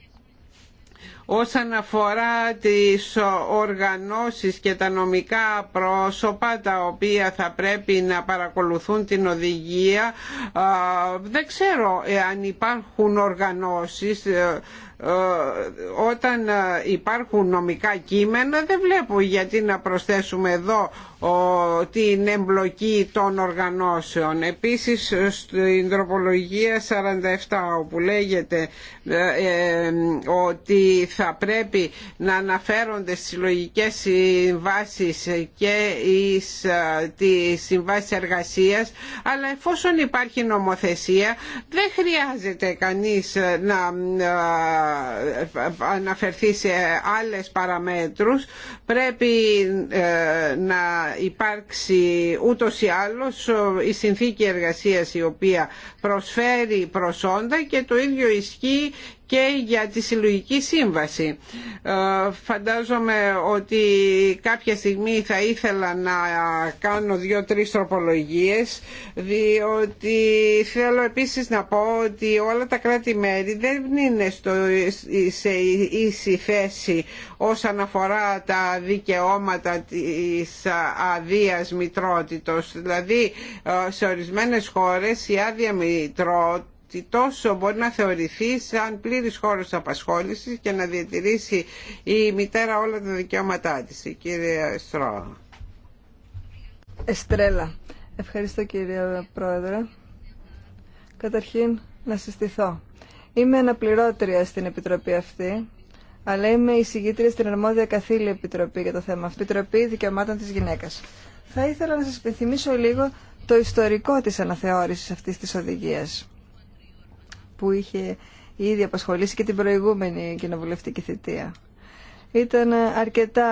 όσον αφορά τις οργανώσεις και τα νομικά πρόσωπα τα οποία θα πρέπει να παρακολουθούν την οδηγία δεν ξέρω αν υπάρχουν οργανώσεις ε, ε, όταν ε, υπάρχουν νομικά κείμενα δεν βλέπω γιατί να προσθέσουμε εδώ την εμπλοκή των οργανώσεων. Επίσης στην τροπολογία 47 όπου λέγεται ε, ε, ότι θα πρέπει να αναφέρονται στις συλλογικές συμβάσεις και ε, τη συμβάσεις εργασίας αλλά εφόσον υπάρχει νομοθεσία δεν χρειάζεται κανείς να αναφερθεί σε άλλες παραμέτρους πρέπει να υπάρξει ούτως ή άλλως η συνθήκη εργασίας η οποία προσφέρει προσόντα και το ίδιο ισχύει και για τη συλλογική σύμβαση. Ε, φαντάζομαι ότι κάποια στιγμή θα ήθελα να κάνω δύο-τρεις τροπολογίες διότι θέλω επίσης να πω ότι όλα τα κράτη-μέρη δεν είναι στο, σε ίση θέση όσον αφορά τα δικαιώματα της αδείας μητρότητος. Δηλαδή ε, σε ορισμένες χώρες η άδεια μητρότητα τόσο μπορεί να θεωρηθεί σαν πλήρης χώρος απασχόλησης και να διατηρήσει η μητέρα όλα τα δικαιώματά της, η κυρία Στρό. Εστρέλα. Ευχαριστώ κύριε Πρόεδρε. Καταρχήν να συστηθώ. Είμαι αναπληρώτρια στην Επιτροπή αυτή, αλλά είμαι εισηγήτρια στην Αρμόδια Καθήλια Επιτροπή για το θέμα αυτή, Επιτροπή Δικαιωμάτων της Γυναίκας. Θα ήθελα να σας υπενθυμίσω λίγο το ιστορικό της αναθεώρησης αυτής τη οδηγία που είχε ήδη απασχολήσει και την προηγούμενη κοινοβουλευτική θητεία. Ήταν αρκετά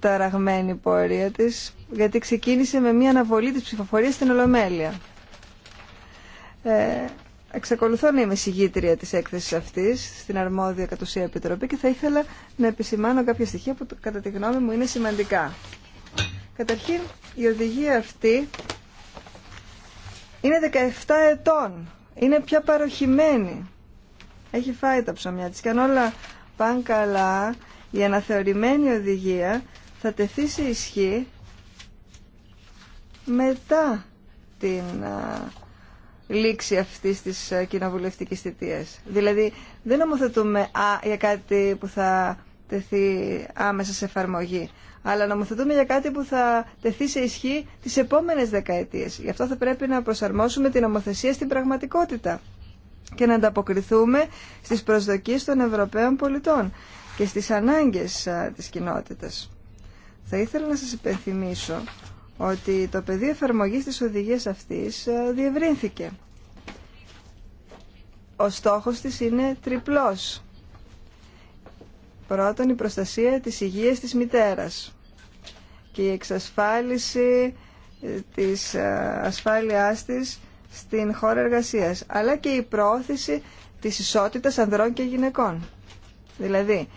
ταραγμένη η πορεία της, γιατί ξεκίνησε με μια αναβολή της ψηφοφορίας στην Ολομέλεια. Ε, εξακολουθώ να είμαι συγγήτρια της έκθεσης αυτής στην αρμόδια κατουσία επιτροπή και θα ήθελα να επισημάνω κάποια στοιχεία που κατά τη γνώμη μου είναι σημαντικά. Καταρχήν, η οδηγία αυτή είναι 17 ετών είναι πια παροχημένη. Έχει φάει τα ψωμιά της. Και αν όλα πάνε καλά, η αναθεωρημένη οδηγία θα τεθεί σε ισχύ μετά την λήξη αυτής της α, κοινοβουλευτικής θητείας. Δηλαδή δεν νομοθετούμε α, για κάτι που θα τεθεί άμεσα σε εφαρμογή αλλά νομοθετούμε για κάτι που θα τεθεί σε ισχύ τις επόμενες δεκαετίε. Γι' αυτό θα πρέπει να προσαρμόσουμε την νομοθεσία στην πραγματικότητα και να ανταποκριθούμε στις προσδοκίες των Ευρωπαίων πολιτών και στις ανάγκες της κοινότητα. Θα ήθελα να σας υπενθυμίσω ότι το πεδίο εφαρμογή της οδηγία αυτής διευρύνθηκε. Ο στόχος της είναι τριπλός. Πρώτον, η προστασία της υγείας της μητέρας και η εξασφάλιση ε, της ε, ασφάλειάς της στην χώρα εργασίας, αλλά και η πρόθεση της ισότητας ανδρών και γυναικών. Δηλαδή,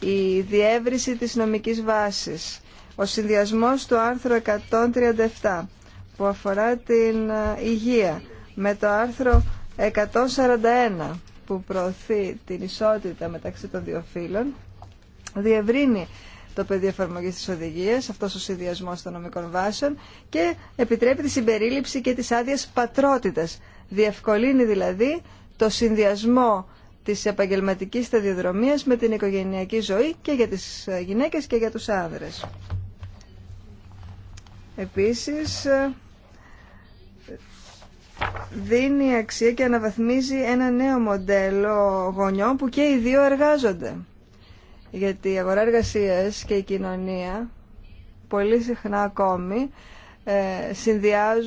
η διεύρυνση της νομικής βάσης, ο συνδυασμός του άρθρου 137 που αφορά την ε, υγεία με το άρθρο 141 που προωθεί την ισότητα μεταξύ των δύο φύλων διευρύνει το πεδίο εφαρμογή τη οδηγία, αυτό ο συνδυασμό των νομικών βάσεων και επιτρέπει τη συμπερίληψη και τη άδεια πατρότητα. Διευκολύνει δηλαδή το συνδυασμό τη επαγγελματική σταδιοδρομία με την οικογενειακή ζωή και για τι γυναίκε και για τους άνδρες. Επίσης, δίνει αξία και αναβαθμίζει ένα νέο μοντέλο γονιών που και οι δύο εργάζονται γιατί η αγορά εργασίας και η κοινωνία πολύ συχνά ακόμη ε,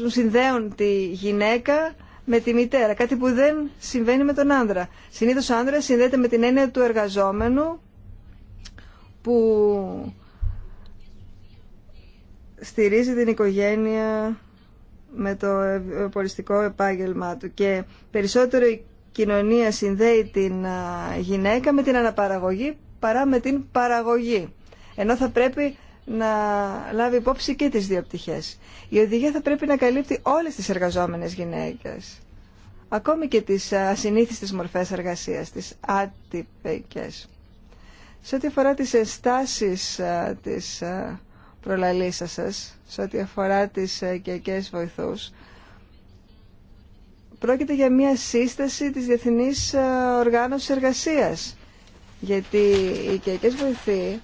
συνδέουν τη γυναίκα με τη μητέρα, κάτι που δεν συμβαίνει με τον άνδρα. Συνήθως ο άνδρας συνδέεται με την έννοια του εργαζόμενου που στηρίζει την οικογένεια με το πολιστικό επάγγελμά του και περισσότερο η κοινωνία συνδέει την ε, γυναίκα με την αναπαραγωγή παρά με την παραγωγή. Ενώ θα πρέπει να λάβει υπόψη και τις δύο πτυχές. Η οδηγία θα πρέπει να καλύπτει όλες τις εργαζόμενες γυναίκες. Ακόμη και τις ασυνήθιστες μορφές εργασίας, τις άτυπικές. Σε ό,τι αφορά τις ενστάσεις της προλαλήσας σας, σε ό,τι αφορά τις οικιακές βοηθούς, πρόκειται για μια σύσταση της Διεθνής Οργάνωσης Εργασίας γιατί οι οικιακές βοηθοί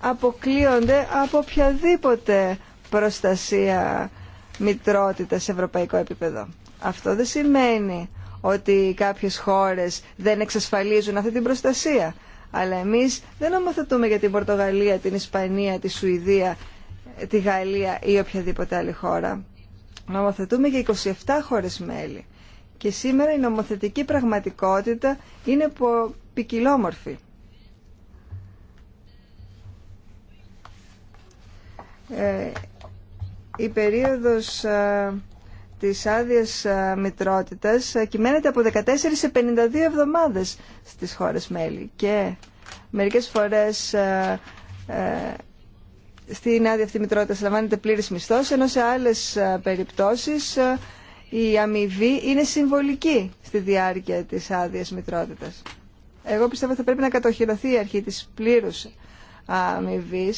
αποκλείονται από οποιαδήποτε προστασία μητρότητα σε ευρωπαϊκό επίπεδο. Αυτό δεν σημαίνει ότι κάποιες χώρες δεν εξασφαλίζουν αυτή την προστασία. Αλλά εμείς δεν νομοθετούμε για την Πορτογαλία, την Ισπανία, τη Σουηδία, τη Γαλλία ή οποιαδήποτε άλλη χώρα. Νομοθετούμε για 27 χώρες μέλη. Και σήμερα η νομοθετική πραγματικότητα είναι ποικιλόμορφη. Ε, η περίοδος ε, της άδειας ε, μητρότητας κυμαίνεται από 14 σε 52 εβδομάδες στις χώρες μέλη και μερικές φορές στην άδεια αυτή μητρότητα λαμβάνεται πλήρης μισθός ενώ σε άλλες περιπτώσεις η αμοιβή είναι συμβολική στη διάρκεια της άδεια μητρότητα. Εγώ πιστεύω ότι θα πρέπει να κατοχυρωθεί η αρχή της πλήρους αμοιβή,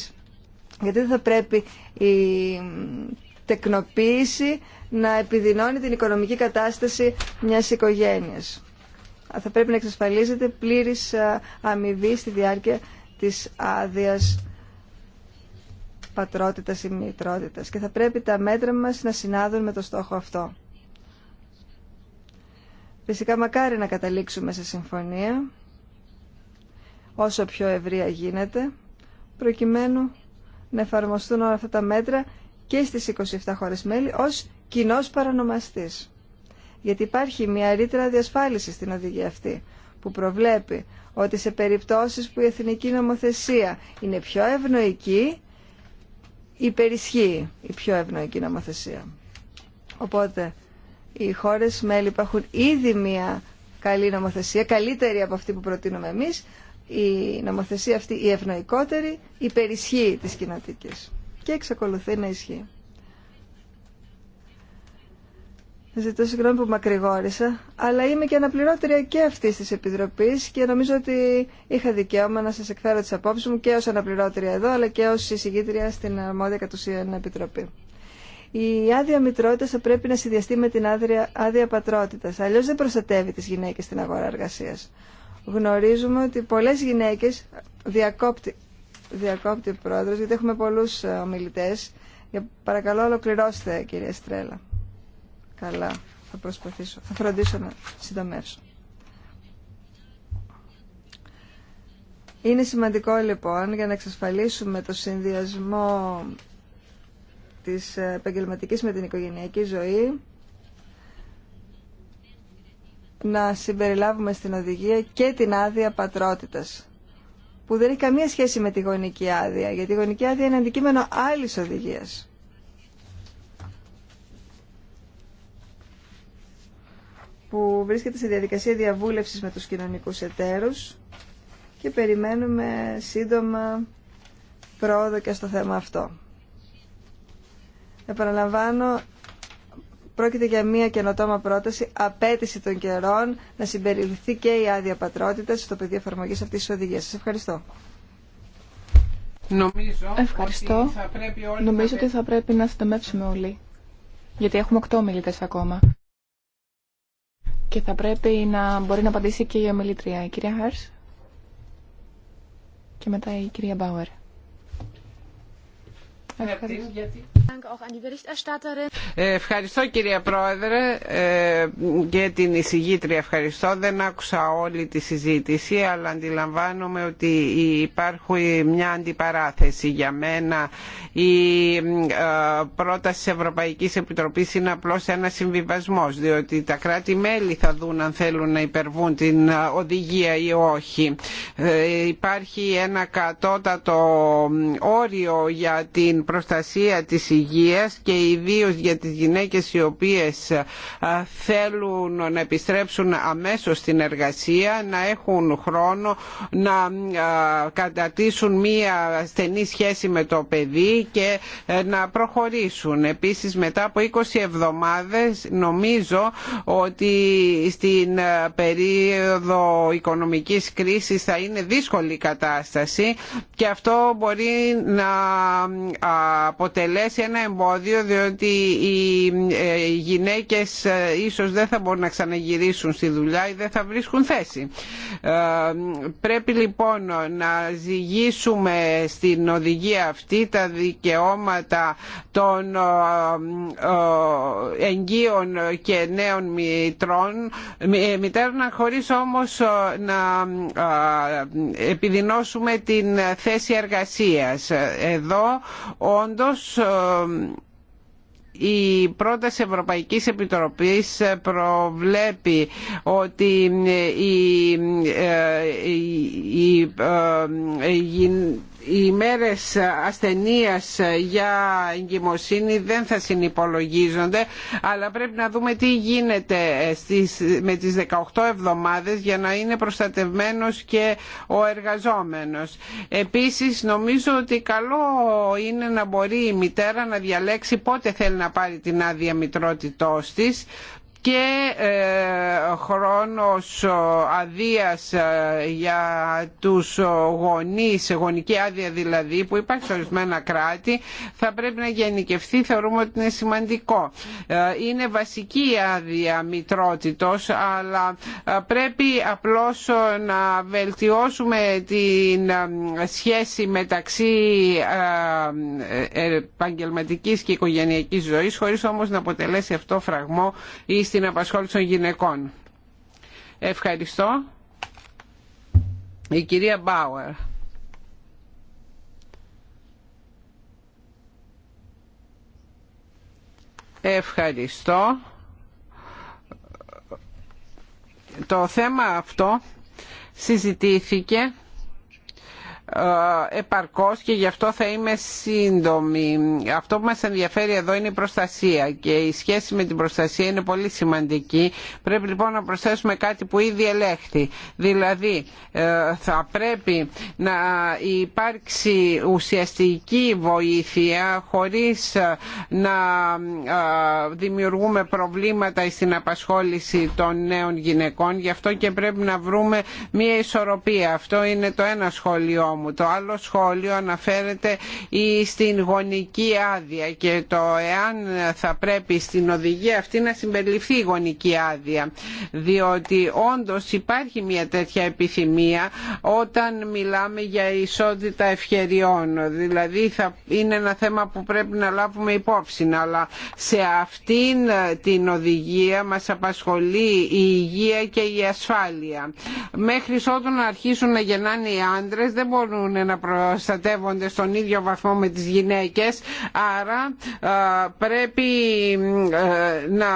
γιατί δεν θα πρέπει η τεκνοποίηση να επιδεινώνει την οικονομική κατάσταση μιας οικογένειας. Θα πρέπει να εξασφαλίζεται πλήρης αμοιβή στη διάρκεια της άδεια πατρότητας ή μητρότητας και θα πρέπει τα μέτρα μας να συνάδουν με το στόχο αυτό. Φυσικά μακάρι να καταλήξουμε σε συμφωνία όσο πιο ευρία γίνεται προκειμένου να εφαρμοστούν όλα αυτά τα μέτρα και στις 27 χώρες μέλη ως κοινό παρανομαστής. Γιατί υπάρχει μια ρήτρα διασφάλιση στην οδηγία αυτή που προβλέπει ότι σε περιπτώσεις που η εθνική νομοθεσία είναι πιο ευνοϊκή υπερισχύει η πιο ευνοϊκή νομοθεσία. Οπότε οι χώρες μέλη που έχουν ήδη μια καλή νομοθεσία, καλύτερη από αυτή που προτείνουμε εμείς, η νομοθεσία αυτή η ευνοϊκότερη υπερισχύει της κοινοτική και εξακολουθεί να ισχύει. Ζητώ συγγνώμη που μακρηγόρησα, αλλά είμαι και αναπληρώτρια και αυτή τη Επιτροπή και νομίζω ότι είχα δικαίωμα να σα εκφέρω τι απόψει μου και ω αναπληρώτρια εδώ, αλλά και ω συζητήτρια στην αρμόδια κατουσίαν Επιτροπή η άδεια μητρότητα θα πρέπει να συνδυαστεί με την άδεια, άδεια πατρότητα. Αλλιώ δεν προστατεύει τι γυναίκε στην αγορά εργασία. Γνωρίζουμε ότι πολλέ γυναίκε διακόπτει, διακόπτει ο πρόεδρο, γιατί έχουμε πολλού ε, ομιλητέ. Παρακαλώ, ολοκληρώστε, κυρία Στρέλα. Καλά, θα προσπαθήσω. Θα φροντίσω να συντομεύσω. Είναι σημαντικό λοιπόν για να εξασφαλίσουμε το συνδυασμό της επαγγελματική με την οικογενειακή ζωή να συμπεριλάβουμε στην οδηγία και την άδεια πατρότητας που δεν έχει καμία σχέση με τη γονική άδεια γιατί η γονική άδεια είναι αντικείμενο άλλης οδηγίας. που βρίσκεται σε διαδικασία διαβούλευσης με τους κοινωνικούς εταίρους και περιμένουμε σύντομα πρόοδο και στο θέμα αυτό. Επαναλαμβάνω, πρόκειται για μια καινοτόμα πρόταση, απέτηση των καιρών, να συμπεριληφθεί και η άδεια πατρότητα στο πεδίο εφαρμογή αυτή τη οδηγία. Σα ευχαριστώ. Νομίζω ευχαριστώ. θα Νομίζω ότι θα πρέπει να συντομεύσουμε όλοι. Γιατί έχουμε 8 ομιλητέ ακόμα. Και θα πρέπει να μπορεί να απαντήσει και η ομιλήτρια, η κυρία Χάρ. Και μετά η κυρία Μπάουερ. Ευχαριστώ. Ε, ευχαριστώ κυρία Πρόεδρε ε, και την εισηγήτρια ευχαριστώ. Δεν άκουσα όλη τη συζήτηση αλλά αντιλαμβάνομαι ότι υπάρχει μια αντιπαράθεση για μένα. Η ε, πρόταση της Ευρωπαϊκής Επιτροπής είναι απλώς ένα συμβιβασμός διότι τα κράτη-μέλη θα δουν αν θέλουν να υπερβούν την οδηγία ή όχι. Υπάρχει ένα κατώτατο όριο για την προστασία της υγείας και ιδίως για τις γυναίκες οι οποίες θέλουν να επιστρέψουν αμέσως στην εργασία να έχουν χρόνο να κατατίσουν μία στενή σχέση με το παιδί και ε, να προχωρήσουν. Επίσης μετά από 20 εβδομάδες νομίζω ότι στην ε, περίοδο οικονομικής κρίσης θα είναι δύσκολη η κατάσταση και αυτό μπορεί να αποτελέσει ένα εμπόδιο διότι ε, οι γυναίκες ε, ίσως δεν θα μπορούν να ξαναγυρίσουν στη δουλειά ή δεν θα βρίσκουν θέση. Ε, πρέπει λοιπόν να ζυγίσουμε στην οδηγία αυτή τα δικαιώματα των εγγύων και νέων μητρών, μητέρων χωρίς όμως να επιδεινώσουμε την θέση εργασίας. Εδώ όντως η πρόταση Ευρωπαϊκής Επιτροπής προβλέπει ότι η οι μέρες ασθενείας για εγκυμοσύνη δεν θα συνυπολογίζονται αλλά πρέπει να δούμε τι γίνεται στις, με τις 18 εβδομάδες για να είναι προστατευμένος και ο εργαζόμενος. Επίσης νομίζω ότι καλό είναι να μπορεί η μητέρα να διαλέξει πότε θέλει να πάρει την άδεια μητρότητός της και ε, χρόνος αδείας ε, για τους γονείς, γονική άδεια δηλαδή που υπάρχει σε ορισμένα κράτη θα πρέπει να γενικευθεί, θεωρούμε ότι είναι σημαντικό. Ε, είναι βασική η άδεια μητρότητος αλλά πρέπει απλώς να βελτιώσουμε την σχέση μεταξύ επαγγελματικής και οικογενειακής ζωής χωρίς όμως να αποτελέσει αυτό φραγμό στην απασχόληση των γυναικών. Ευχαριστώ. Η κυρία Μπάουερ. Ευχαριστώ. Το θέμα αυτό συζητήθηκε ε, επαρκώς και γι' αυτό θα είμαι σύντομη. Αυτό που μας ενδιαφέρει εδώ είναι η προστασία και η σχέση με την προστασία είναι πολύ σημαντική. Πρέπει λοιπόν να προσθέσουμε κάτι που ήδη ελέγχθη. Δηλαδή ε, θα πρέπει να υπάρξει ουσιαστική βοήθεια χωρίς ε, να δημιουργούμε προβλήματα στην απασχόληση των νέων γυναικών. Γι' αυτό και πρέπει να βρούμε μια ισορροπία. Αυτό είναι το ένα σχόλιο μου. Το άλλο σχόλιο αναφέρεται στην γονική άδεια και το εάν θα πρέπει στην οδηγία αυτή να συμπεριληφθεί η γονική άδεια. Διότι όντως υπάρχει μια τέτοια επιθυμία όταν μιλάμε για ισότητα ευκαιριών. Δηλαδή θα είναι ένα θέμα που πρέπει να λάβουμε υπόψη. Αλλά σε αυτήν την οδηγία μας απασχολεί η υγεία και η ασφάλεια. Μέχρι όταν αρχίσουν να γεννάνε οι άντρες δεν μπορούν να προστατεύονται στον ίδιο βαθμό με τις γυναίκες άρα ε, πρέπει ε, να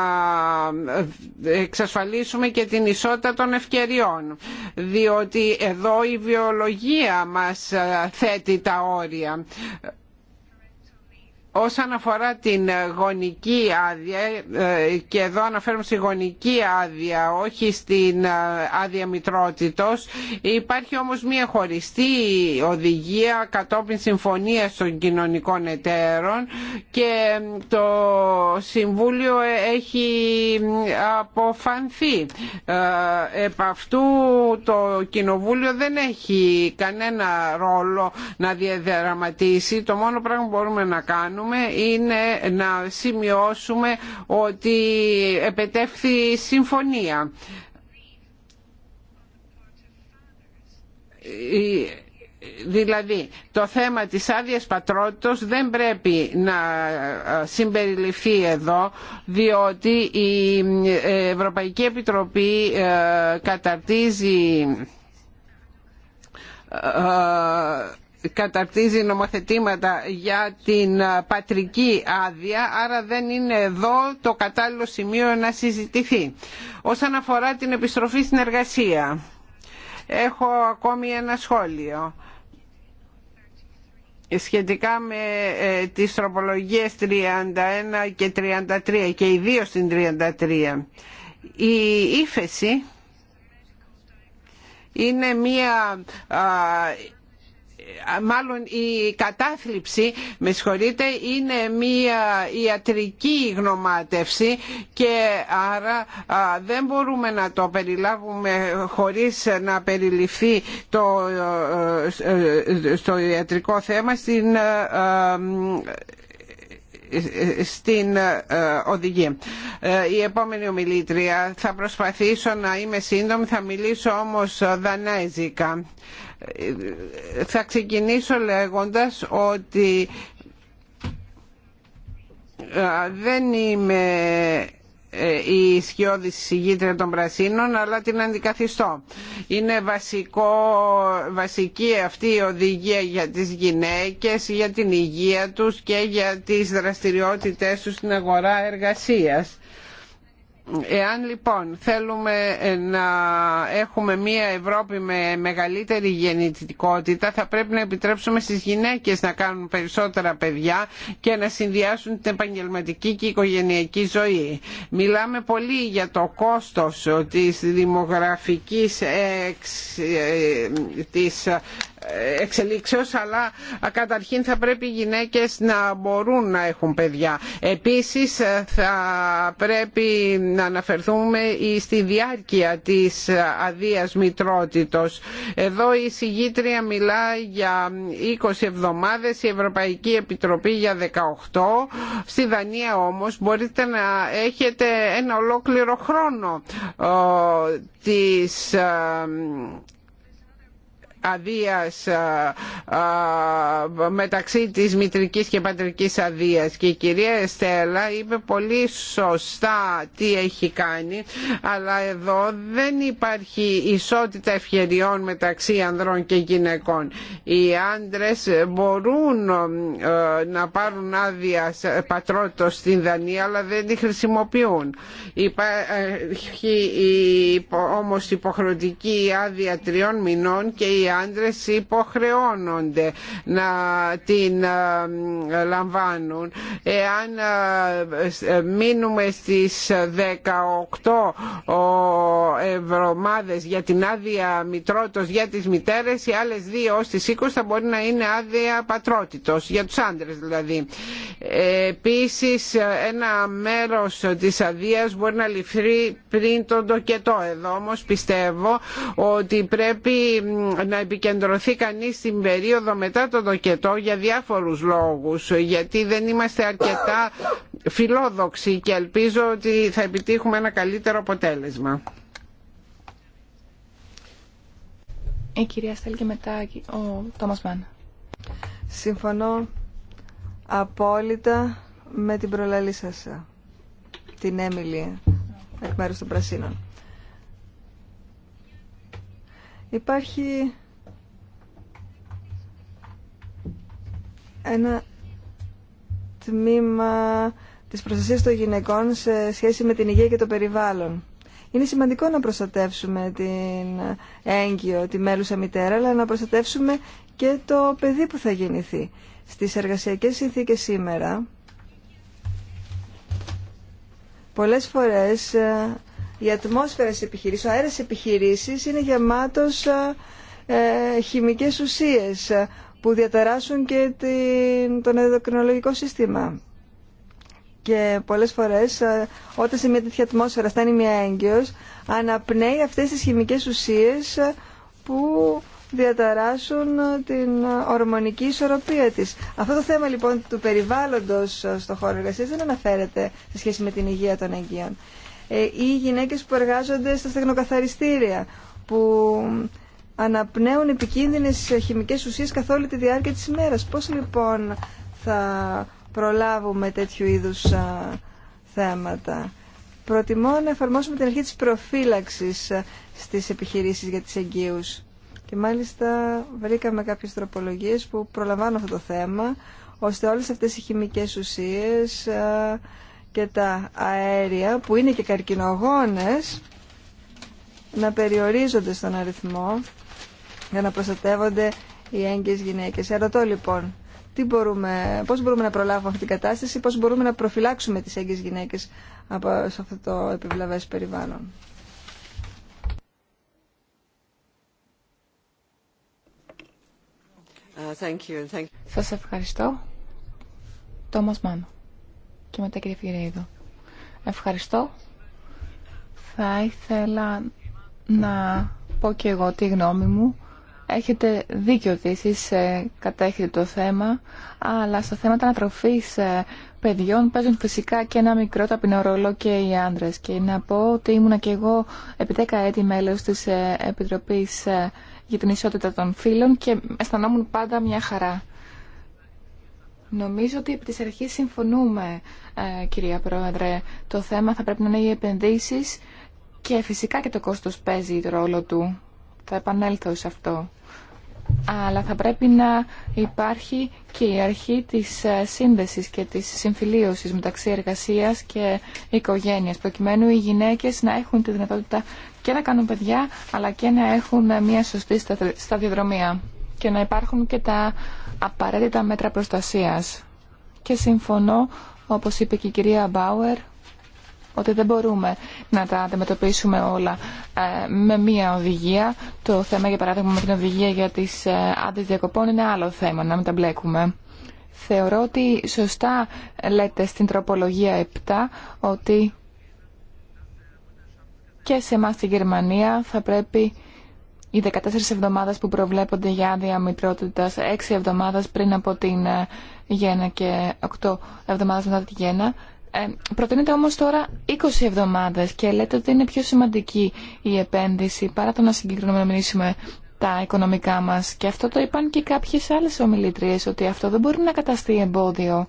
εξασφαλίσουμε και την ισότητα των ευκαιριών διότι εδώ η βιολογία μας ε, θέτει τα όρια Όσον αφορά την ε, γονική άδεια, ε, και εδώ αναφέρουμε στη γονική άδεια, όχι στην ε, άδεια μητρότητος, υπάρχει όμως μια χωριστή οδηγία κατόπιν συμφωνία των κοινωνικών εταίρων και το Συμβούλιο έχει αποφανθεί. Επ' αυτού το Κοινοβούλιο δεν έχει κανένα ρόλο να διαδραματίσει. Το μόνο πράγμα που μπορούμε να κάνουμε είναι να σημειώσουμε ότι επετεύχθη συμφωνία δηλαδή το θέμα της άδειας πατρότητος δεν πρέπει να συμπεριληφθεί εδώ διότι η Ευρωπαϊκή Επιτροπή ε, καταρτίζει ε, καταρτίζει νομοθετήματα για την ε, πατρική άδεια, άρα δεν είναι εδώ το κατάλληλο σημείο να συζητηθεί. Όσον αφορά την επιστροφή στην εργασία, έχω ακόμη ένα σχόλιο σχετικά με ε, τις τροπολογίες 31 και 33 και ιδίως την 33. Η ύφεση είναι μία μάλλον η κατάθλιψη με συγχωρείτε είναι μια ιατρική γνωμάτευση και άρα δεν μπορούμε να το περιλάβουμε χωρίς να περιληφθεί ε, στο ιατρικό θέμα στην ε, ε, στην οδηγία. Η επόμενη ομιλήτρια θα προσπαθήσω να είμαι σύντομη, θα μιλήσω όμως δανέζικα θα ξεκινήσω λέγοντας ότι δεν είμαι ε, η ισχυώδη συγγήτρια των Πρασίνων αλλά την αντικαθιστώ. Είναι βασικό, βασική αυτή η οδηγία για τις γυναίκες, για την υγεία τους και για τις δραστηριότητές τους στην αγορά εργασίας Εάν λοιπόν θέλουμε να έχουμε μία Ευρώπη με μεγαλύτερη γεννητικότητα θα πρέπει να επιτρέψουμε στις γυναίκες να κάνουν περισσότερα παιδιά και να συνδυάσουν την επαγγελματική και οικογενειακή ζωή. Μιλάμε πολύ για το κόστος της δημογραφικής εξ, ε, της εξελίξεως αλλά καταρχήν θα πρέπει οι γυναίκες να μπορούν να έχουν παιδιά. Επίσης θα πρέπει να αναφερθούμε στη διάρκεια της αδείας μητρότητος. Εδώ η συγγήτρια μιλά για 20 εβδομάδες, η Ευρωπαϊκή Επιτροπή για 18. Στη Δανία όμως μπορείτε να έχετε ένα ολόκληρο χρόνο ε, της ε, αδείας μεταξύ της μητρικής και πατρικής αδείας και η κυρία Εστέλα είπε πολύ σωστά τι έχει κάνει αλλά εδώ δεν υπάρχει ισότητα ευκαιριών μεταξύ ανδρών και γυναικών. Οι άντρες μπορούν να πάρουν άδεια πατρότητος στην Δανία αλλά δεν τη χρησιμοποιούν. Υπάρχει όμως υποχρεωτική άδεια τριών μηνών και η άντρες υποχρεώνονται να την ε, λαμβάνουν. Εάν ε, ε, μείνουμε στις 18 ευρωμάδε για την άδεια μητρότητος για τις μητέρες, οι άλλες δύο ως τις 20 θα μπορεί να είναι άδεια πατρότητος, για τους άντρες δηλαδή. Επίσης ένα μέρος της αδείας μπορεί να ληφθεί πριν τον τοκετό. Εδώ όμως πιστεύω ότι πρέπει να επικεντρωθεί κανείς στην περίοδο μετά το δοκετό για διάφορους λόγους γιατί δεν είμαστε αρκετά φιλόδοξοι και ελπίζω ότι θα επιτύχουμε ένα καλύτερο αποτέλεσμα. Η κυρία Στέλ και μετά ο Τόμας Μάν. Συμφωνώ απόλυτα με την προλαλή σας, την Έμιλη, εκ μέρους των Πρασίνων. Υπάρχει ένα τμήμα της προστασίας των γυναικών σε σχέση με την υγεία και το περιβάλλον. Είναι σημαντικό να προστατεύσουμε την έγκυο, τη μέλουσα μητέρα, αλλά να προστατεύσουμε και το παιδί που θα γεννηθεί. Στις εργασιακές συνθήκες σήμερα, πολλές φορές η ε, ατμόσφαιρα της επιχειρήσης, ο αέρας της επιχειρήσης είναι γεμάτος ε, ε, χημικές ουσίες που διαταράσσουν και την, τον ενδοκρινολογικό σύστημα. Και πολλές φορές ε, όταν σε μια τέτοια ατμόσφαιρα στάνει μια έγκυος αναπνέει αυτές τις χημικές ουσίες ε, που διαταράσσουν ε, την ορμονική ισορροπία της. Αυτό το θέμα λοιπόν του περιβάλλοντος στο χώρο εργασίας δεν αναφέρεται σε σχέση με την υγεία των έγκυων. Οι γυναίκες που εργάζονται στα στεγνοκαθαριστήρια, αναπνέουν επικίνδυνες χημικές ουσίες καθ' όλη τη διάρκεια της ημέρας. Πώς λοιπόν θα προλάβουμε τέτοιου είδους θέματα. Προτιμώ να εφαρμόσουμε την αρχή της προφύλαξης στις επιχειρήσεις για τις εγγύους. Και μάλιστα βρήκαμε κάποιες τροπολογίες που προλαμβάνουν αυτό το θέμα, ώστε όλες αυτές οι χημικές ουσίες και τα αέρια, που είναι και καρκινογόνες, να περιορίζονται στον αριθμό για να προστατεύονται οι έγκυες γυναίκες. Ερωτώ λοιπόν, τι μπορούμε, πώς μπορούμε να προλάβουμε αυτή την κατάσταση, πώς μπορούμε να προφυλάξουμε τις έγκυες γυναίκες από, σε αυτό το επιβλαβές περιβάλλον. Uh, thank Σας ευχαριστώ. Τόμας Μάνο. Και μετά κύριε Φιρέιδο. Ευχαριστώ. Θα ήθελα να πω και εγώ τη γνώμη μου Έχετε δίκιο ότι εσείς ε, κατέχετε το θέμα, αλλά στα θέματα ανατροφής ε, παιδιών παίζουν φυσικά και ένα μικρό ταπεινό ρόλο και οι άντρες. Και να πω ότι ήμουνα και εγώ επί 10 έτη μέλος της ε, Επιτροπής για την Ισότητα των φίλων και αισθανόμουν πάντα μια χαρά. Νομίζω ότι επί της αρχής συμφωνούμε, κυρία Πρόεδρε. Το θέμα θα πρέπει να είναι οι επενδύσεις και φυσικά και το κόστος παίζει ρόλο του. Θα επανέλθω σε αυτό. Αλλά θα πρέπει να υπάρχει και η αρχή της ε, σύνδεσης και της συμφιλίωσης μεταξύ εργασίας και οικογένειας, προκειμένου οι γυναίκες να έχουν τη δυνατότητα και να κάνουν παιδιά, αλλά και να έχουν ε, μια σωστή σταδιοδρομία και να υπάρχουν και τα απαραίτητα μέτρα προστασίας. Και συμφωνώ, όπως είπε και η κυρία Μπάουερ, ότι δεν μπορούμε να τα αντιμετωπίσουμε όλα ε, με μία οδηγία. Το θέμα, για παράδειγμα, με την οδηγία για τις αντιδιακοπών ε, είναι άλλο θέμα, να μην τα μπλέκουμε. Θεωρώ ότι σωστά λέτε στην τροπολογία 7 ότι και σε εμά στη Γερμανία θα πρέπει οι 14 εβδομάδες που προβλέπονται για άδεια μητρότητας, 6 εβδομάδες πριν από την ε, γέννα και 8 εβδομάδες μετά τη γέννα, ε, προτείνετε όμως τώρα 20 εβδομάδε και λέτε ότι είναι πιο σημαντική η επένδυση παρά το να μιλήσουμε τα οικονομικά μα. Και αυτό το είπαν και κάποιε άλλε ομιλήτριες, ότι αυτό δεν μπορεί να καταστεί εμπόδιο.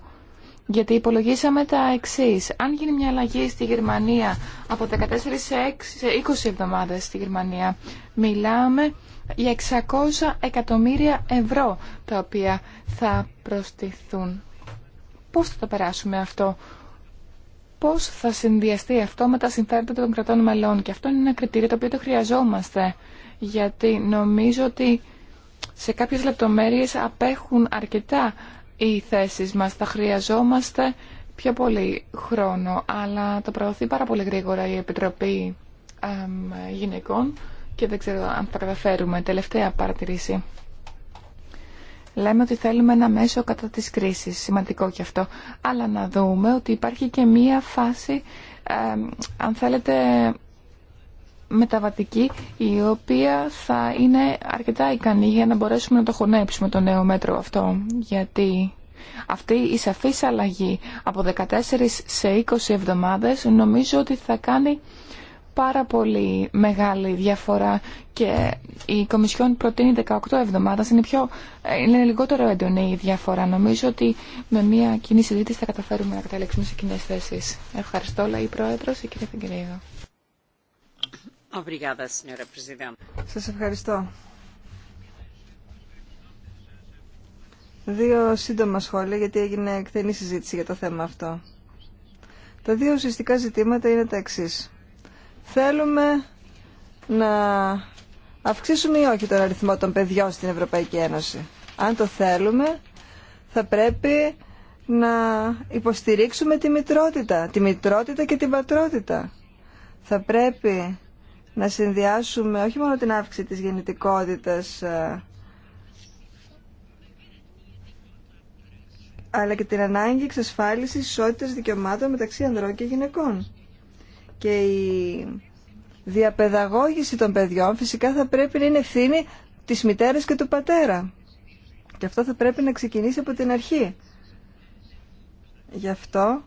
Γιατί υπολογίσαμε τα εξή. Αν γίνει μια αλλαγή στη Γερμανία από 14 σε 20 εβδομάδε στη Γερμανία, μιλάμε για 600 εκατομμύρια ευρώ τα οποία θα προστιθούν. Πώς θα το περάσουμε αυτό πώ θα συνδυαστεί αυτό με τα συμφέροντα των κρατών μελών. Και αυτό είναι ένα κριτήριο το οποίο το χρειαζόμαστε, γιατί νομίζω ότι σε κάποιες λεπτομέρειες απέχουν αρκετά οι θέσει μας. Θα χρειαζόμαστε πιο πολύ χρόνο, αλλά το προωθεί πάρα πολύ γρήγορα η Επιτροπή Γυναικών και δεν ξέρω αν θα καταφέρουμε. Τελευταία παρατηρήση. Λέμε ότι θέλουμε ένα μέσο κατά της κρίσης, σημαντικό και αυτό. Αλλά να δούμε ότι υπάρχει και μία φάση, αν θέλετε, μεταβατική, η οποία θα είναι αρκετά ικανή για να μπορέσουμε να το χωνέψουμε το νέο μέτρο αυτό. Γιατί αυτή η σαφής αλλαγή από 14 σε 20 εβδομάδες νομίζω ότι θα κάνει πάρα πολύ μεγάλη διαφορά και η Κομισιόν προτείνει 18 εβδομάδες. Είναι, πιο, είναι λιγότερο έντονη η διαφορά. Νομίζω ότι με μια κοινή συζήτηση θα καταφέρουμε να καταλήξουμε σε κοινέ θέσει. Ευχαριστώ, λέει η Πρόεδρος, η κυρία Φιγκρίδο. Σας ευχαριστώ. Δύο σύντομα σχόλια, γιατί έγινε εκτενή συζήτηση για το θέμα αυτό. Τα δύο ουσιαστικά ζητήματα είναι τα εξής. Θέλουμε να αυξήσουμε ή όχι τον αριθμό των παιδιών στην Ευρωπαϊκή Ένωση. Αν το θέλουμε, θα πρέπει να υποστηρίξουμε τη μητρότητα, τη μητρότητα και την πατρότητα. Θα πρέπει να συνδυάσουμε όχι μόνο την αύξηση της γεννητικότητας, ε, αλλά και την ανάγκη εξασφάλισης ισότητας δικαιωμάτων μεταξύ ανδρών και γυναικών και η διαπαιδαγώγηση των παιδιών φυσικά θα πρέπει να είναι ευθύνη της μητέρας και του πατέρα. Και αυτό θα πρέπει να ξεκινήσει από την αρχή. Γι' αυτό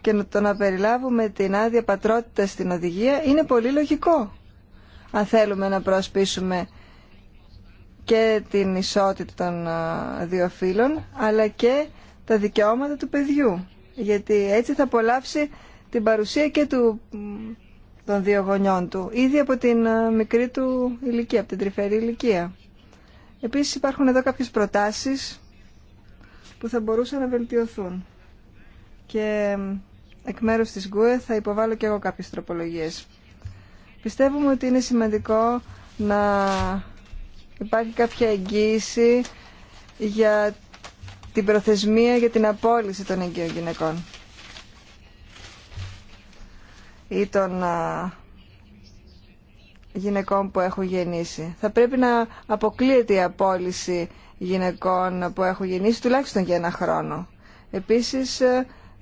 και το να περιλάβουμε την άδεια πατρότητα στην οδηγία είναι πολύ λογικό. Αν θέλουμε να προσπίσουμε και την ισότητα των δύο φύλων, αλλά και τα δικαιώματα του παιδιού. Γιατί έτσι θα απολαύσει την παρουσία και του, των δύο γονιών του, ήδη από την ε, μικρή του ηλικία, από την τρυφερή ηλικία. Επίσης υπάρχουν εδώ κάποιες προτάσεις που θα μπορούσαν να βελτιωθούν. Και εκ μέρους της ΓΚΟΕ θα υποβάλω και εγώ κάποιες τροπολογίες. Πιστεύουμε ότι είναι σημαντικό να υπάρχει κάποια εγγύηση για την προθεσμία για την απόλυση των εγγύων γυναικών ή των γυναικών που έχουν γεννήσει. Θα πρέπει να αποκλείεται η απόλυση γυναικών που έχουν γεννήσει τουλάχιστον για ένα χρόνο. Επίσης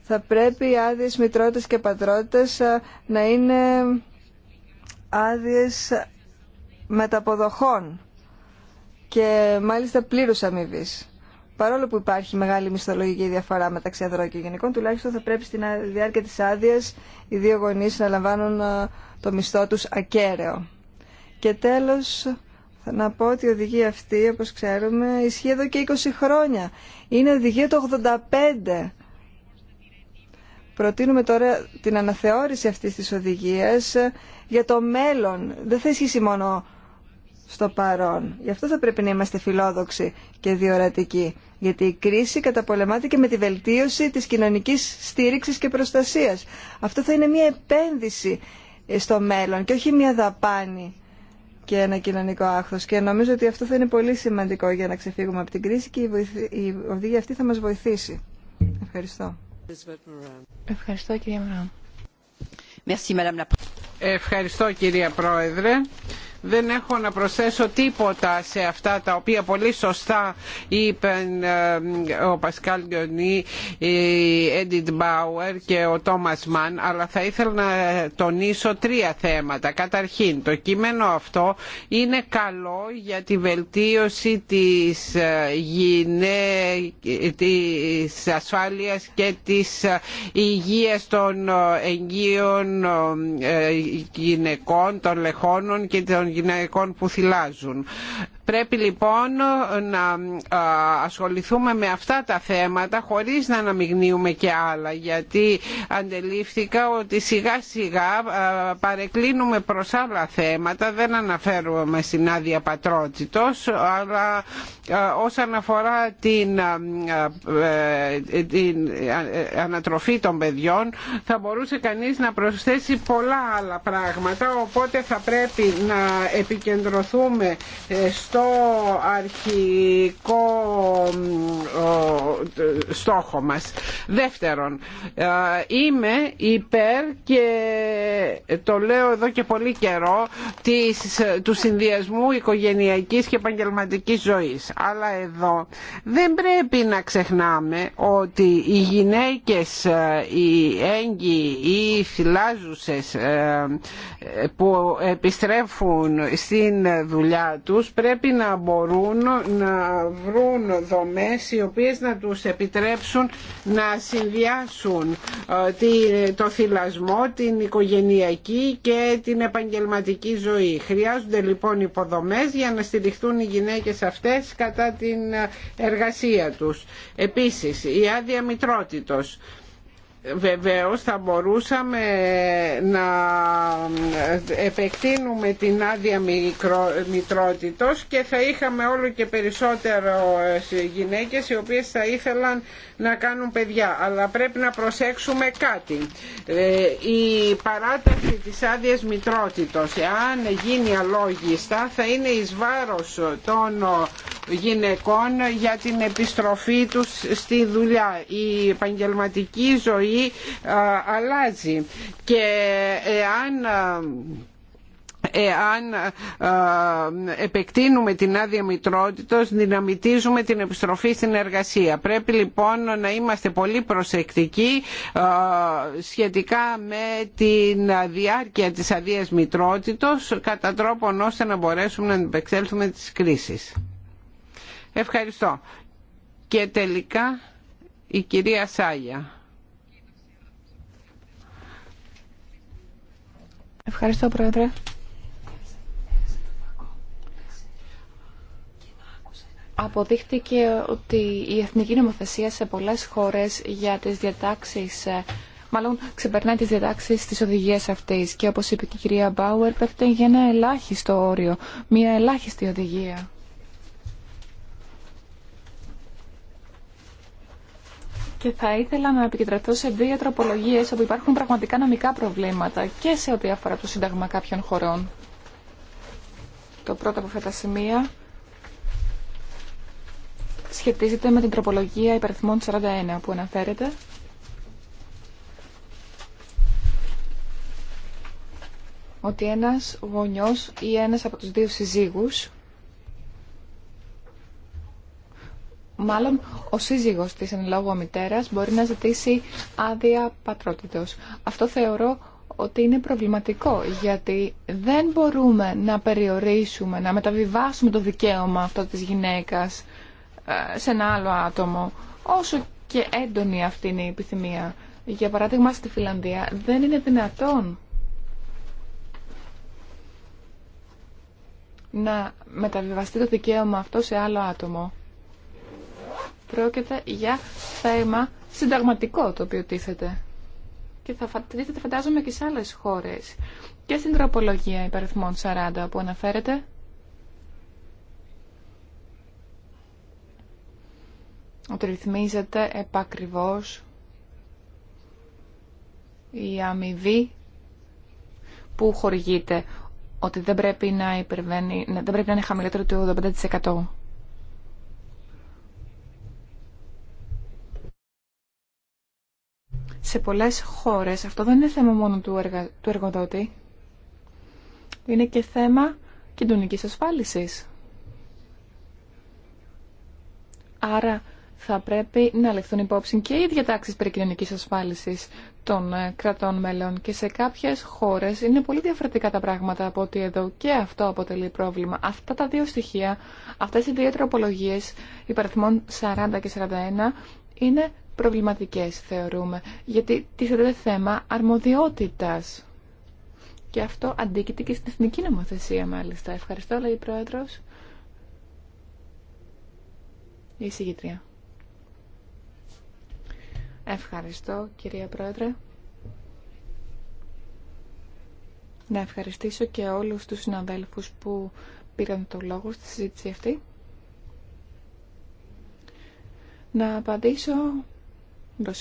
θα πρέπει οι άδειε μητρότητας και πατρότητας να είναι άδειε θα πρεπει οι αδειε και πατροτες να ειναι πλήρους αμοιβής παρόλο που υπάρχει μεγάλη μισθολογική διαφορά μεταξύ ανδρών και γυναικών, τουλάχιστον θα πρέπει στην διάρκεια της άδεια οι δύο γονείς να λαμβάνουν το μισθό τους ακέραιο. Και τέλος, θα να πω ότι η οδηγία αυτή, όπως ξέρουμε, ισχύει εδώ και 20 χρόνια. Είναι οδηγία το 85. Προτείνουμε τώρα την αναθεώρηση αυτής της οδηγίας ε, για το μέλλον. Δεν θα ισχύσει μόνο στο παρόν. Γι' αυτό θα πρέπει να είμαστε φιλόδοξοι και διορατικοί. Γιατί η κρίση καταπολεμάται και με τη βελτίωση της κοινωνικής στήριξης και προστασίας. Αυτό θα είναι μια επένδυση ε, στο μέλλον και όχι μια δαπάνη και ένα κοινωνικό άχθος. Και νομίζω ότι αυτό θα είναι πολύ σημαντικό για να ξεφύγουμε από την κρίση και η οδηγία αυτή θα μας βοηθήσει. Ευχαριστώ. Ευχαριστώ κυρία Ευχαριστώ κυρία Πρόεδρε. Δεν έχω να προσθέσω τίποτα σε αυτά τα οποία πολύ σωστά είπαν ε, ο Πασκάλ Γιονί η Έντιτ Μπάουερ και ο Τόμας Μαν, αλλά θα ήθελα να τονίσω τρία θέματα. Καταρχήν, το κείμενο αυτό είναι καλό για τη βελτίωση της, ε, ασφάλεια ασφάλειας και της ε, υγείας των εγγύων γυναικών, των λεχόνων και των γυναικών που θυλάζουν. Πρέπει λοιπόν να ασχοληθούμε με αυτά τα θέματα χωρίς να αναμειγνύουμε και άλλα γιατί αντελήφθηκα ότι σιγά σιγά παρεκκλίνουμε προς άλλα θέματα δεν αναφέρουμε στην άδεια πατρότητος αλλά όσον αφορά την, ε, την ε, ανατροφή των παιδιών θα μπορούσε κανείς να προσθέσει πολλά άλλα πράγματα οπότε θα πρέπει να επικεντρωθούμε στο ε, το αρχικό στόχο μας. Δεύτερον, ε, είμαι υπέρ και το λέω εδώ και πολύ καιρό της, του συνδυασμού οικογενειακής και επαγγελματικής ζωής. Αλλά εδώ δεν πρέπει να ξεχνάμε ότι οι γυναίκες, ε, οι έγκυοι ή οι φυλάζουσες ε, που επιστρέφουν στην δουλειά τους πρέπει πρέπει να μπορούν να βρουν δομές οι οποίες να τους επιτρέψουν να συνδυάσουν ε, το θυλασμό, την οικογενειακή και την επαγγελματική ζωή. Χρειάζονται λοιπόν υποδομές για να στηριχτούν οι γυναίκες αυτές κατά την ε, εργασία τους. Επίσης, η άδεια μητρότητος. Βεβαίως θα μπορούσαμε να επεκτείνουμε την άδεια μητρότητος και θα είχαμε όλο και περισσότερο ε, γυναίκες οι οποίες θα ήθελαν να κάνουν παιδιά. Αλλά πρέπει να προσέξουμε κάτι. Ε, η παράταση της άδειας μητρότητος, αν γίνει αλόγιστα, θα είναι εις βάρος των γυναικών για την επιστροφή τους στη δουλειά. Η επαγγελματική ζωή αλλάζει και εάν εάν επεκτείνουμε την άδεια μητρότητος δυναμητίζουμε την επιστροφή στην εργασία. Πρέπει λοιπόν να είμαστε πολύ προσεκτικοί σχετικά με την διάρκεια της αδείας μητρότητος κατά τρόπον ώστε να μπορέσουμε να επεξέλθουμε τις κρίσεις. Ευχαριστώ. Και τελικά η κυρία Σάγια. Ευχαριστώ, Πρόεδρε. Αποδείχτηκε ότι η εθνική νομοθεσία σε πολλές χώρες για τις διατάξεις, ε, μάλλον ξεπερνάει τις διατάξεις της οδηγίας αυτής και όπως είπε και η κυρία Μπάουερ, πέφτει για ένα ελάχιστο όριο, μια ελάχιστη οδηγία. και θα ήθελα να επικεντρωθώ σε δύο τροπολογίε όπου υπάρχουν πραγματικά νομικά προβλήματα και σε ό,τι αφορά το Σύνταγμα κάποιων χωρών. Το πρώτο από αυτά τα σημεία σχετίζεται με την τροπολογία υπερθυμών 41 που αναφέρεται. ότι ένας γονιός ή ένας από τους δύο συζύγους μάλλον ο σύζυγος της εν λόγω μητέρας μπορεί να ζητήσει άδεια πατρότητος. Αυτό θεωρώ ότι είναι προβληματικό γιατί δεν μπορούμε να περιορίσουμε, να μεταβιβάσουμε το δικαίωμα αυτό της γυναίκας ε, σε ένα άλλο άτομο όσο και έντονη αυτή είναι η επιθυμία. Για παράδειγμα στη Φιλανδία δεν είναι δυνατόν να μεταβιβαστεί το δικαίωμα αυτό σε άλλο άτομο. Πρόκειται για θέμα συνταγματικό το οποίο τίθεται. Και θα τίθεται φαντάζομαι και σε άλλες χώρες. Και στην τροπολογία υπαριθμών 40 που αναφέρεται. Ότι ρυθμίζεται επακριβώς η αμοιβή που χορηγείται ότι δεν πρέπει να, υπερβαίνει, δεν πρέπει να είναι χαμηλότερο του 85%. σε πολλές χώρες αυτό δεν είναι θέμα μόνο του, εργα... εργοδότη. Είναι και θέμα κοινωνικής ασφάλισης. Άρα θα πρέπει να λεφθούν υπόψη και οι διατάξεις περί κοινωνικής ασφάλισης των ε, κρατών μελών και σε κάποιες χώρες είναι πολύ διαφορετικά τα πράγματα από ότι εδώ και αυτό αποτελεί πρόβλημα. Αυτά τα δύο στοιχεία, αυτές οι δύο τροπολογίες υπαριθμών 40 και 41 είναι προβληματικές θεωρούμε, γιατί τίθεται θέμα αρμοδιότητας. Και αυτό αντίκειται και στην εθνική νομοθεσία μάλιστα. Ευχαριστώ, λέει η Πρόεδρος. Η εισηγητρία. Ευχαριστώ, κυρία Πρόεδρε. Να ευχαριστήσω και όλους τους συναδέλφους που πήραν το λόγο στη συζήτηση αυτή. Να απαντήσω το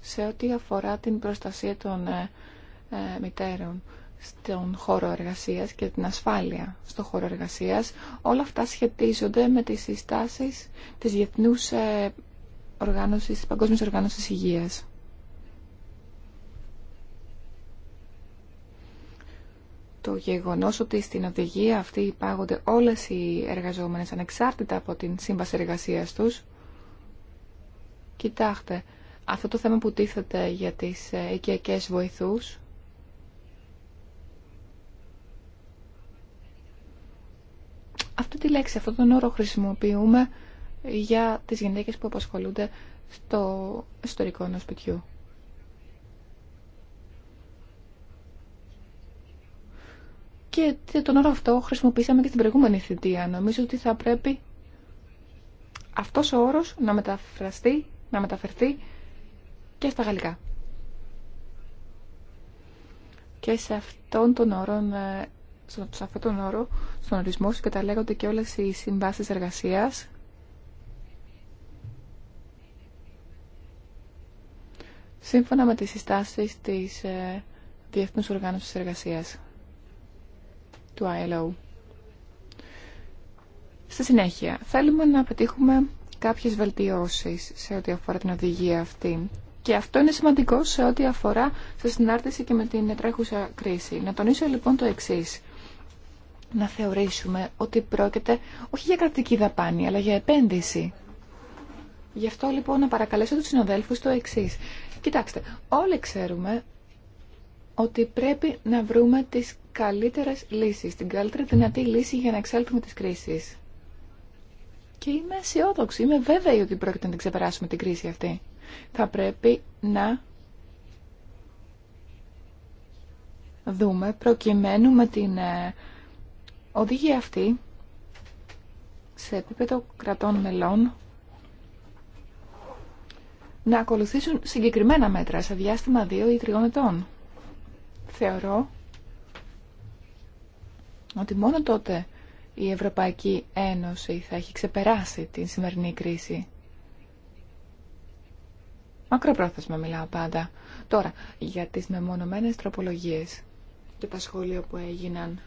Σε ό,τι αφορά την προστασία των ε, ε, μητέρων στον χώρο εργασίας και την ασφάλεια στο χώρο εργασίας, όλα αυτά σχετίζονται με τις συστάσεις της Διεθνούς ε, οργάνωσης, της Παγκόσμιας Οργάνωσης Υγείας. το γεγονός ότι στην οδηγία αυτή υπάγονται όλες οι εργαζόμενες ανεξάρτητα από την σύμβαση εργασίας τους Κοιτάξτε, αυτό το θέμα που τίθεται για τις ε, οικιακές βοηθούς αυτή τη λέξη, αυτόν τον όρο χρησιμοποιούμε για τις γυναίκες που απασχολούνται στο ιστορικό ενός Και τον όρο αυτό χρησιμοποίησαμε και στην προηγούμενη θητεία. Νομίζω ότι θα πρέπει αυτός ο όρος να μεταφραστεί να μεταφερθεί και στα γαλλικά. Και σε αυτόν τον όρο, ε, σε αυτόν τον όρο, στον ορισμό καταλέγονται και όλες οι συμβάσεις εργασίας σύμφωνα με τις συστάσεις της ε, Διεθνούς Οργάνωσης Εργασίας του ILO. Στη συνέχεια, θέλουμε να πετύχουμε κάποιες βελτιώσεις σε ό,τι αφορά την οδηγία αυτή. Και αυτό είναι σημαντικό σε ό,τι αφορά σε συνάρτηση και με την τρέχουσα κρίση. Να τονίσω λοιπόν το εξή. Να θεωρήσουμε ότι πρόκειται όχι για κρατική δαπάνη, αλλά για επένδυση. Γι' αυτό λοιπόν να παρακαλέσω τους συνοδέλφους το εξή. Κοιτάξτε, όλοι ξέρουμε ότι πρέπει να βρούμε τις καλύτερες λύσεις, την καλύτερη δυνατή λύση για να εξέλθουμε τις κρίσεις. Και είμαι αισιόδοξη, είμαι βέβαιη ότι πρόκειται να την ξεπεράσουμε την κρίση αυτή. Θα πρέπει να δούμε προκειμένου με την ε, οδηγία αυτή σε επίπεδο κρατών μελών να ακολουθήσουν συγκεκριμένα μέτρα σε διάστημα 2 ή 3 ετών. Θεωρώ ότι μόνο τότε η Ευρωπαϊκή Ένωση θα έχει ξεπεράσει την σημερινή κρίση. Μακροπρόθεσμα μιλάω πάντα. Τώρα, για τις μεμονωμένες τροπολογίες και τα σχόλια που έγιναν.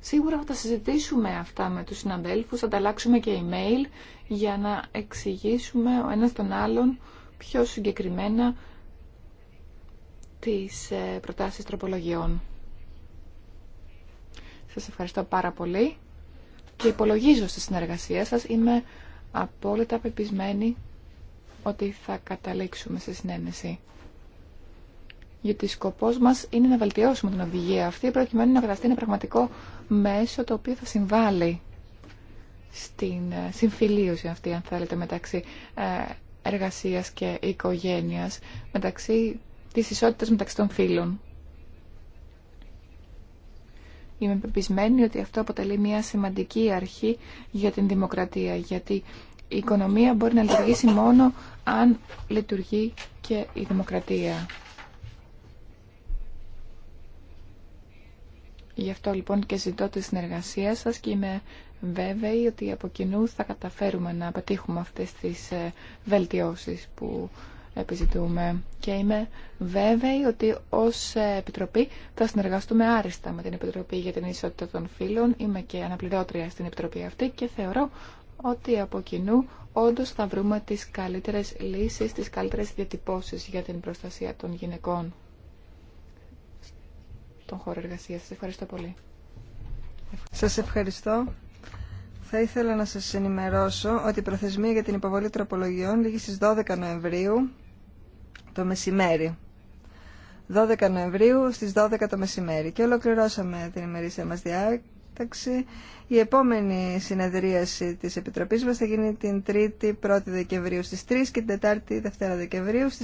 Σίγουρα θα τα συζητήσουμε αυτά με τους συναδέλφους, θα ανταλλάξουμε και email για να εξηγήσουμε ο ένας τον άλλον πιο συγκεκριμένα τις ε, προτάσεις τροπολογιών. Σας ευχαριστώ πάρα πολύ και υπολογίζω στη συνεργασία σας. Είμαι απόλυτα πεπισμένη ότι θα καταλήξουμε σε συνένεση. Γιατί σκοπός μας είναι να βελτιώσουμε την οδηγία αυτή προκειμένου να καταστεί ένα πραγματικό μέσο το οποίο θα συμβάλλει στην ε, συμφιλίωση αυτή, αν θέλετε, μεταξύ ε, εργασίας και οικογένειας, μεταξύ της ισότητας μεταξύ των φίλων. Είμαι πεπισμένη ότι αυτό αποτελεί μια σημαντική αρχή για την δημοκρατία, γιατί η οικονομία μπορεί να λειτουργήσει μόνο αν λειτουργεί και η δημοκρατία. Γι' αυτό λοιπόν και ζητώ τη συνεργασία σας και είμαι βέβαιη ότι από κοινού θα καταφέρουμε να πετύχουμε αυτές τις ε, βελτιώσεις που επιζητούμε και είμαι βέβαιη ότι ως Επιτροπή θα συνεργαστούμε άριστα με την Επιτροπή για την Ισότητα των Φύλων. Είμαι και αναπληρώτρια στην Επιτροπή αυτή και θεωρώ ότι από κοινού όντως θα βρούμε τις καλύτερες λύσεις, τις καλύτερες διατυπώσεις για την προστασία των γυναικών στον χώρο εργασία. Σας ευχαριστώ πολύ. Σας ευχαριστώ. Θα ήθελα να σας ενημερώσω ότι η προθεσμία για την υποβολή τροπολογιών λήγει στις 12 Νοεμβρίου το μεσημέρι. 12 Νοεμβρίου στις 12 το μεσημέρι. Και ολοκληρώσαμε την ημερήσια μας διάταξη. Η επόμενη συνεδρίαση της Επιτροπής μας θα γίνει την 3η 1η Δεκεμβρίου στις 3 και την 4η 2 Δεκεμβρίου